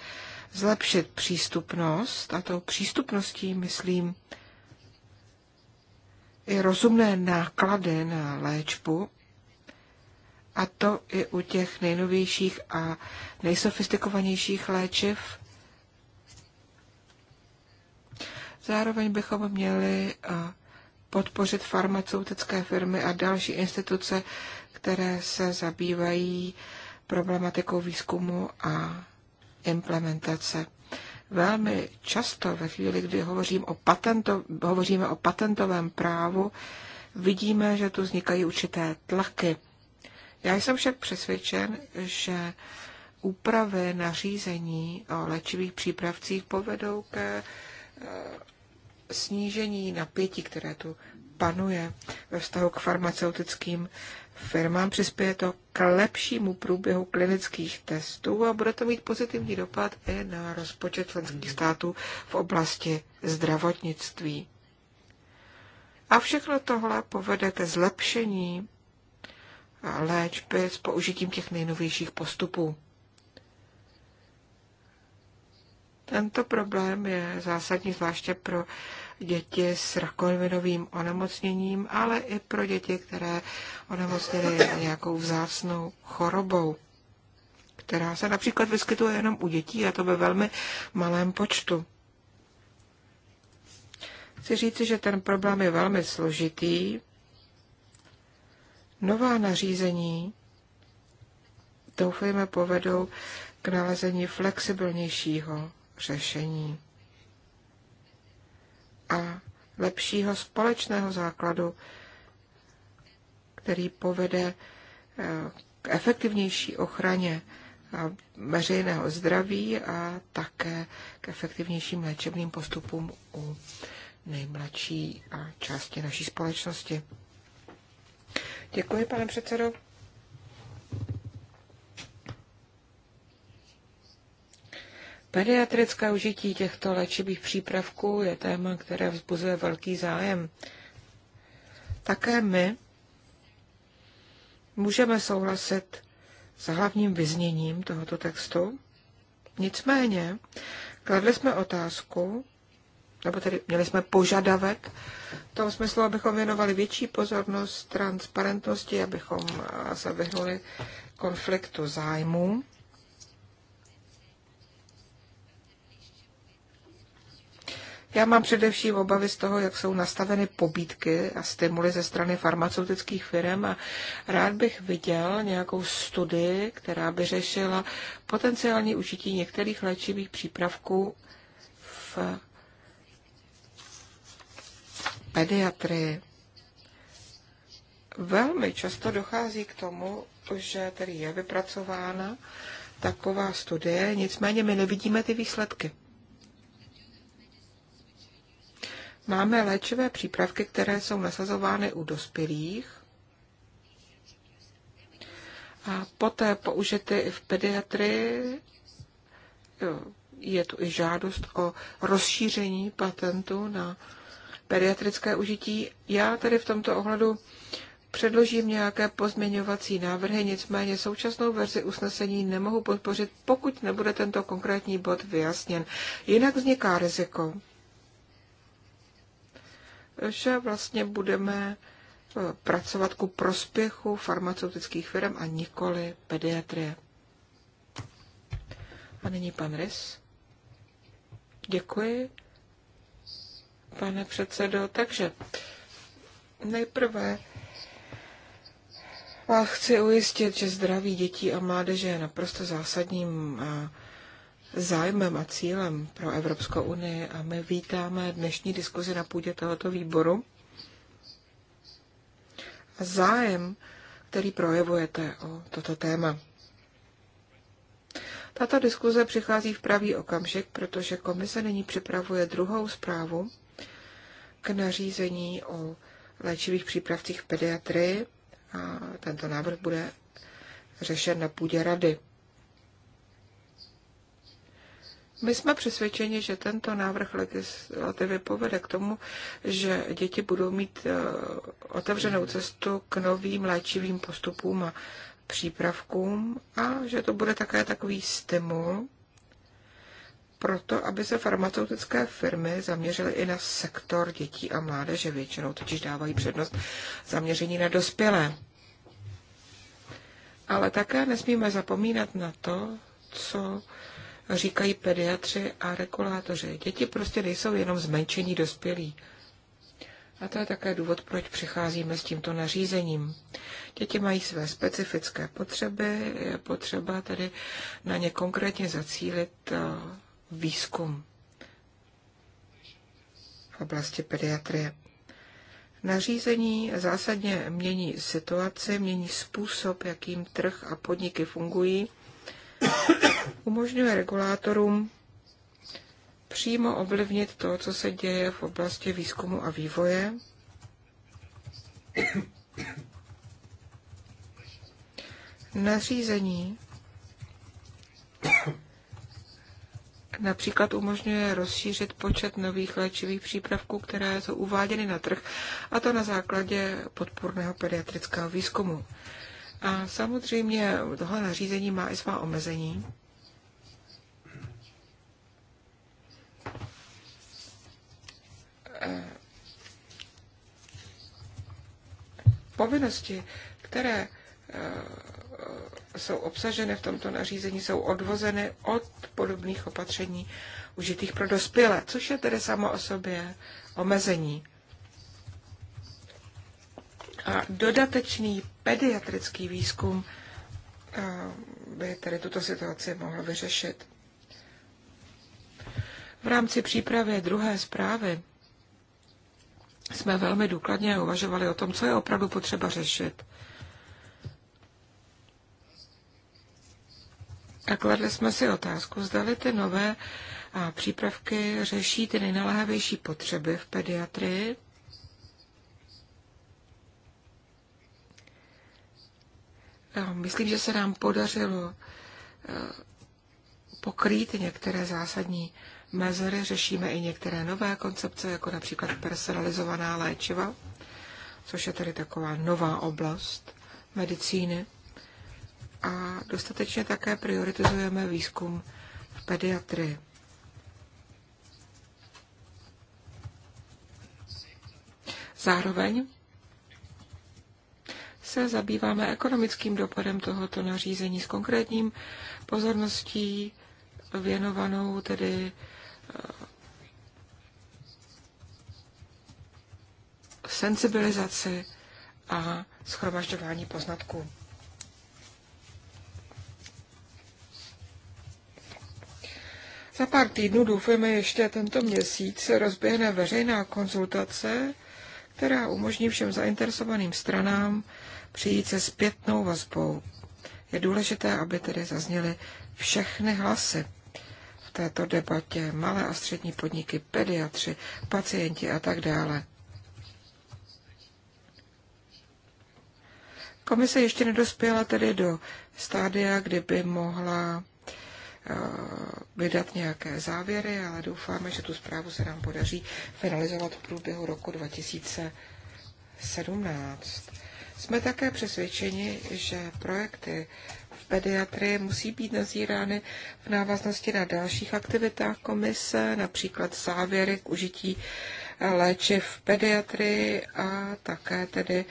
zlepšit přístupnost, a tou přístupností myslím i rozumné náklady na léčbu, a to i u těch nejnovějších a nejsofistikovanějších léčiv. Zároveň bychom měli podpořit farmaceutické firmy a další instituce, které se zabývají problematikou výzkumu a implementace. Velmi často ve chvíli, kdy hovořím o patento, hovoříme o patentovém právu, vidíme, že tu vznikají určité tlaky. Já jsem však přesvědčen, že úpravy nařízení o léčivých přípravcích povedou ke eh, snížení napětí, které tu panuje ve vztahu k farmaceutickým firmám, přispěje to k lepšímu průběhu klinických testů a bude to mít pozitivní dopad i na rozpočet členských států v oblasti zdravotnictví. A všechno tohle povede ke zlepšení léčby s použitím těch nejnovějších postupů. Tento problém je zásadní zvláště pro děti s rakovinovým onemocněním, ale i pro děti, které onemocněly nějakou vzácnou chorobou, která se například vyskytuje jenom u dětí a to ve velmi malém počtu. Chci říci, že ten problém je velmi složitý. Nová nařízení doufejme povedou k nalezení flexibilnějšího řešení a lepšího společného základu, který povede eh, k efektivnější ochraně eh, veřejného zdraví a také k efektivnějším léčebným postupům u nejmladší části naší společnosti. Děkuji, pane předsedo. Pediatrické užití těchto léčivých přípravků je téma, které vzbuzuje velký zájem. Také my můžeme souhlasit s hlavním vyzněním tohoto textu. Nicméně kladli jsme otázku, nebo tedy měli jsme požadavek v tom smyslu, abychom věnovali větší pozornost transparentnosti, abychom eh, se vyhnuli konfliktu zájmů. Já mám především obavy z toho, jak jsou nastaveny pobídky a stimuly ze strany farmaceutických firm a rád bych viděl nějakou studii, která by řešila potenciální užití některých léčivých přípravků v pediatrii. Velmi často dochází k tomu, že tedy je vypracována taková studie, nicméně my nevidíme ty výsledky. Máme léčivé přípravky, které jsou nasazovány u dospělých a poté použity i v pediatrii. Je tu i žádost o rozšíření patentu na pediatrické užití. Já tedy v tomto ohledu Předložím nějaké pozměňovací návrhy, nicméně současnou verzi usnesení nemohu podpořit, pokud nebude tento konkrétní bod vyjasněn. Jinak vzniká riziko, že vlastně budeme eh, pracovat ku prospěchu farmaceutických firm a nikoli pediatrie. A nyní pan Rys. Děkuji, pane předsedo. Takže nejprve vás chci ujistit, že zdraví dětí a mládeže je naprosto zásadním eh, zájmem a cílem pro Evropskou unii a my vítáme dnešní diskuzi na půdě tohoto výboru. A zájem, který projevujete o toto téma. Tato diskuze přichází v pravý okamžik, protože komise nyní připravuje druhou zprávu k nařízení o léčivých přípravcích v pediatrii a tento návrh bude řešen na půdě rady. My jsme přesvědčeni, že tento návrh legislativy povede k tomu, že děti budou mít eh, otevřenou cestu k novým léčivým postupům a přípravkům a že to bude také takový stimul pro to, aby se farmaceutické firmy zaměřily i na sektor dětí a mládeže. Většinou totiž dávají přednost zaměření na dospělé. Ale také nesmíme zapomínat na to, co říkají pediatři a regulátoři. Děti prostě nejsou jenom zmenšení dospělí. A to je také důvod, proč přicházíme s tímto nařízením. Děti mají své specifické potřeby, je potřeba tedy na ně konkrétně zacílit eh, výzkum v oblasti pediatrie. Nařízení zásadně mění situaci, mění způsob, jakým trh a podniky fungují umožňuje regulátorům přímo ovlivnit to, co se děje v oblasti výzkumu a vývoje. Nařízení například umožňuje rozšířit počet nových léčivých přípravků, které jsou uváděny na trh, a to na základě podpůrného pediatrického výzkumu. A samozřejmě tohle nařízení má i svá omezení. Eh, povinnosti, které eh, jsou obsaženy v tomto nařízení, jsou odvozeny od podobných opatření užitých pro dospělé, což je tedy samo o sobě omezení. A dodatečný pediatrický výzkum eh, by tedy tuto situaci mohl vyřešit. V rámci přípravy druhé zprávy jsme velmi důkladně uvažovali o tom, co je opravdu potřeba řešit. A kladli jsme si otázku, zdali ty nové přípravky řeší ty nejnaléhavější potřeby v pediatrii, Myslím, že se nám podařilo pokrýt některé zásadní mezery, řešíme i některé nové koncepce, jako například personalizovaná léčiva, což je tedy taková nová oblast medicíny. A dostatečně také prioritizujeme výzkum v pediatrii. Zároveň se zabýváme ekonomickým dopadem tohoto nařízení s konkrétním pozorností věnovanou tedy sensibilizaci a schromažďování poznatků. Za pár týdnů doufujeme ještě tento měsíc se rozběhne veřejná konzultace, která umožní všem zainteresovaným stranám přijít se zpětnou vazbou. Je důležité, aby tedy zazněly všechny hlasy této debatě, malé a střední podniky, pediatři, pacienti a tak dále. Komise ještě nedospěla tedy do stádia, kdyby mohla eh, vydat nějaké závěry, ale doufáme, že tu zprávu se nám podaří finalizovat v průběhu roku 2017. Jsme také přesvědčeni, že projekty pediatrie musí být nazírány v návaznosti na dalších aktivitách komise, například závěry k užití eh, léčiv v pediatrii a také tedy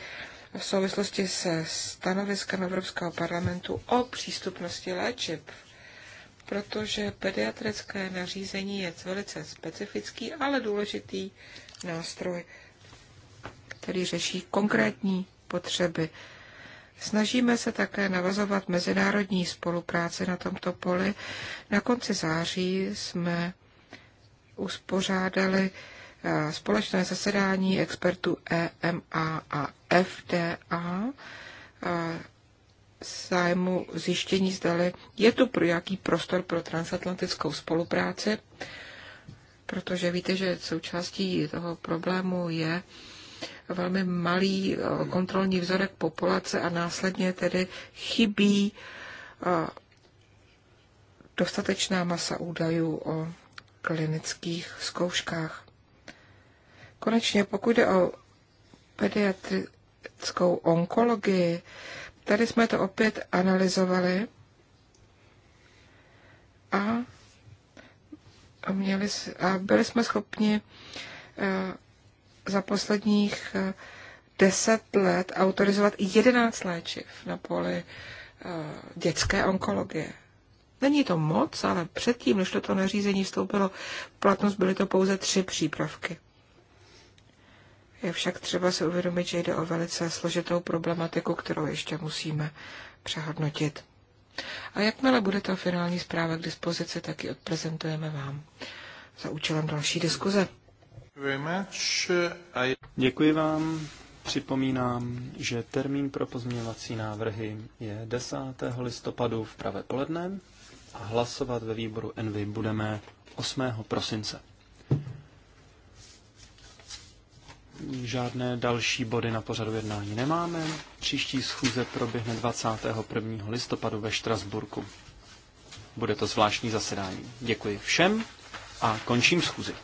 v souvislosti se stanoviskem Evropského parlamentu o přístupnosti léčiv protože pediatrické nařízení je velice specifický, ale důležitý nástroj, který řeší konkrétní potřeby Snažíme se také navazovat mezinárodní spolupráci na tomto poli. Na konci září jsme uspořádali eh, společné zasedání expertů EMA a FDA eh, zájmu zjištění zdali, je tu pro jaký prostor pro transatlantickou spolupráci, protože víte, že součástí toho problému je velmi malý eh, kontrolní vzorek populace a následně tedy chybí eh, dostatečná masa údajů o klinických zkouškách. Konečně, pokud jde o pediatrickou onkologii, tady jsme to opět analyzovali a, měli, a byli jsme schopni eh, za posledních eh, deset let autorizovat jedenáct léčiv na poli eh, dětské onkologie. Není to moc, ale předtím, než toto nařízení vstoupilo v platnost, byly to pouze tři přípravky. Je však třeba si uvědomit, že jde o velice složitou problematiku, kterou ještě musíme přehodnotit. A jakmile bude ta finální zpráva k dispozici, tak ji odprezentujeme vám za účelem další diskuze. Děkuji vám. Připomínám, že termín pro pozměňovací návrhy je 10. listopadu v pravé poledne a hlasovat ve výboru Envy budeme 8. prosince. Žádné další body na pořadu jednání nemáme. Příští schůze proběhne 21. listopadu ve Štrasburku. Bude to zvláštní zasedání. Děkuji všem a končím schůzi.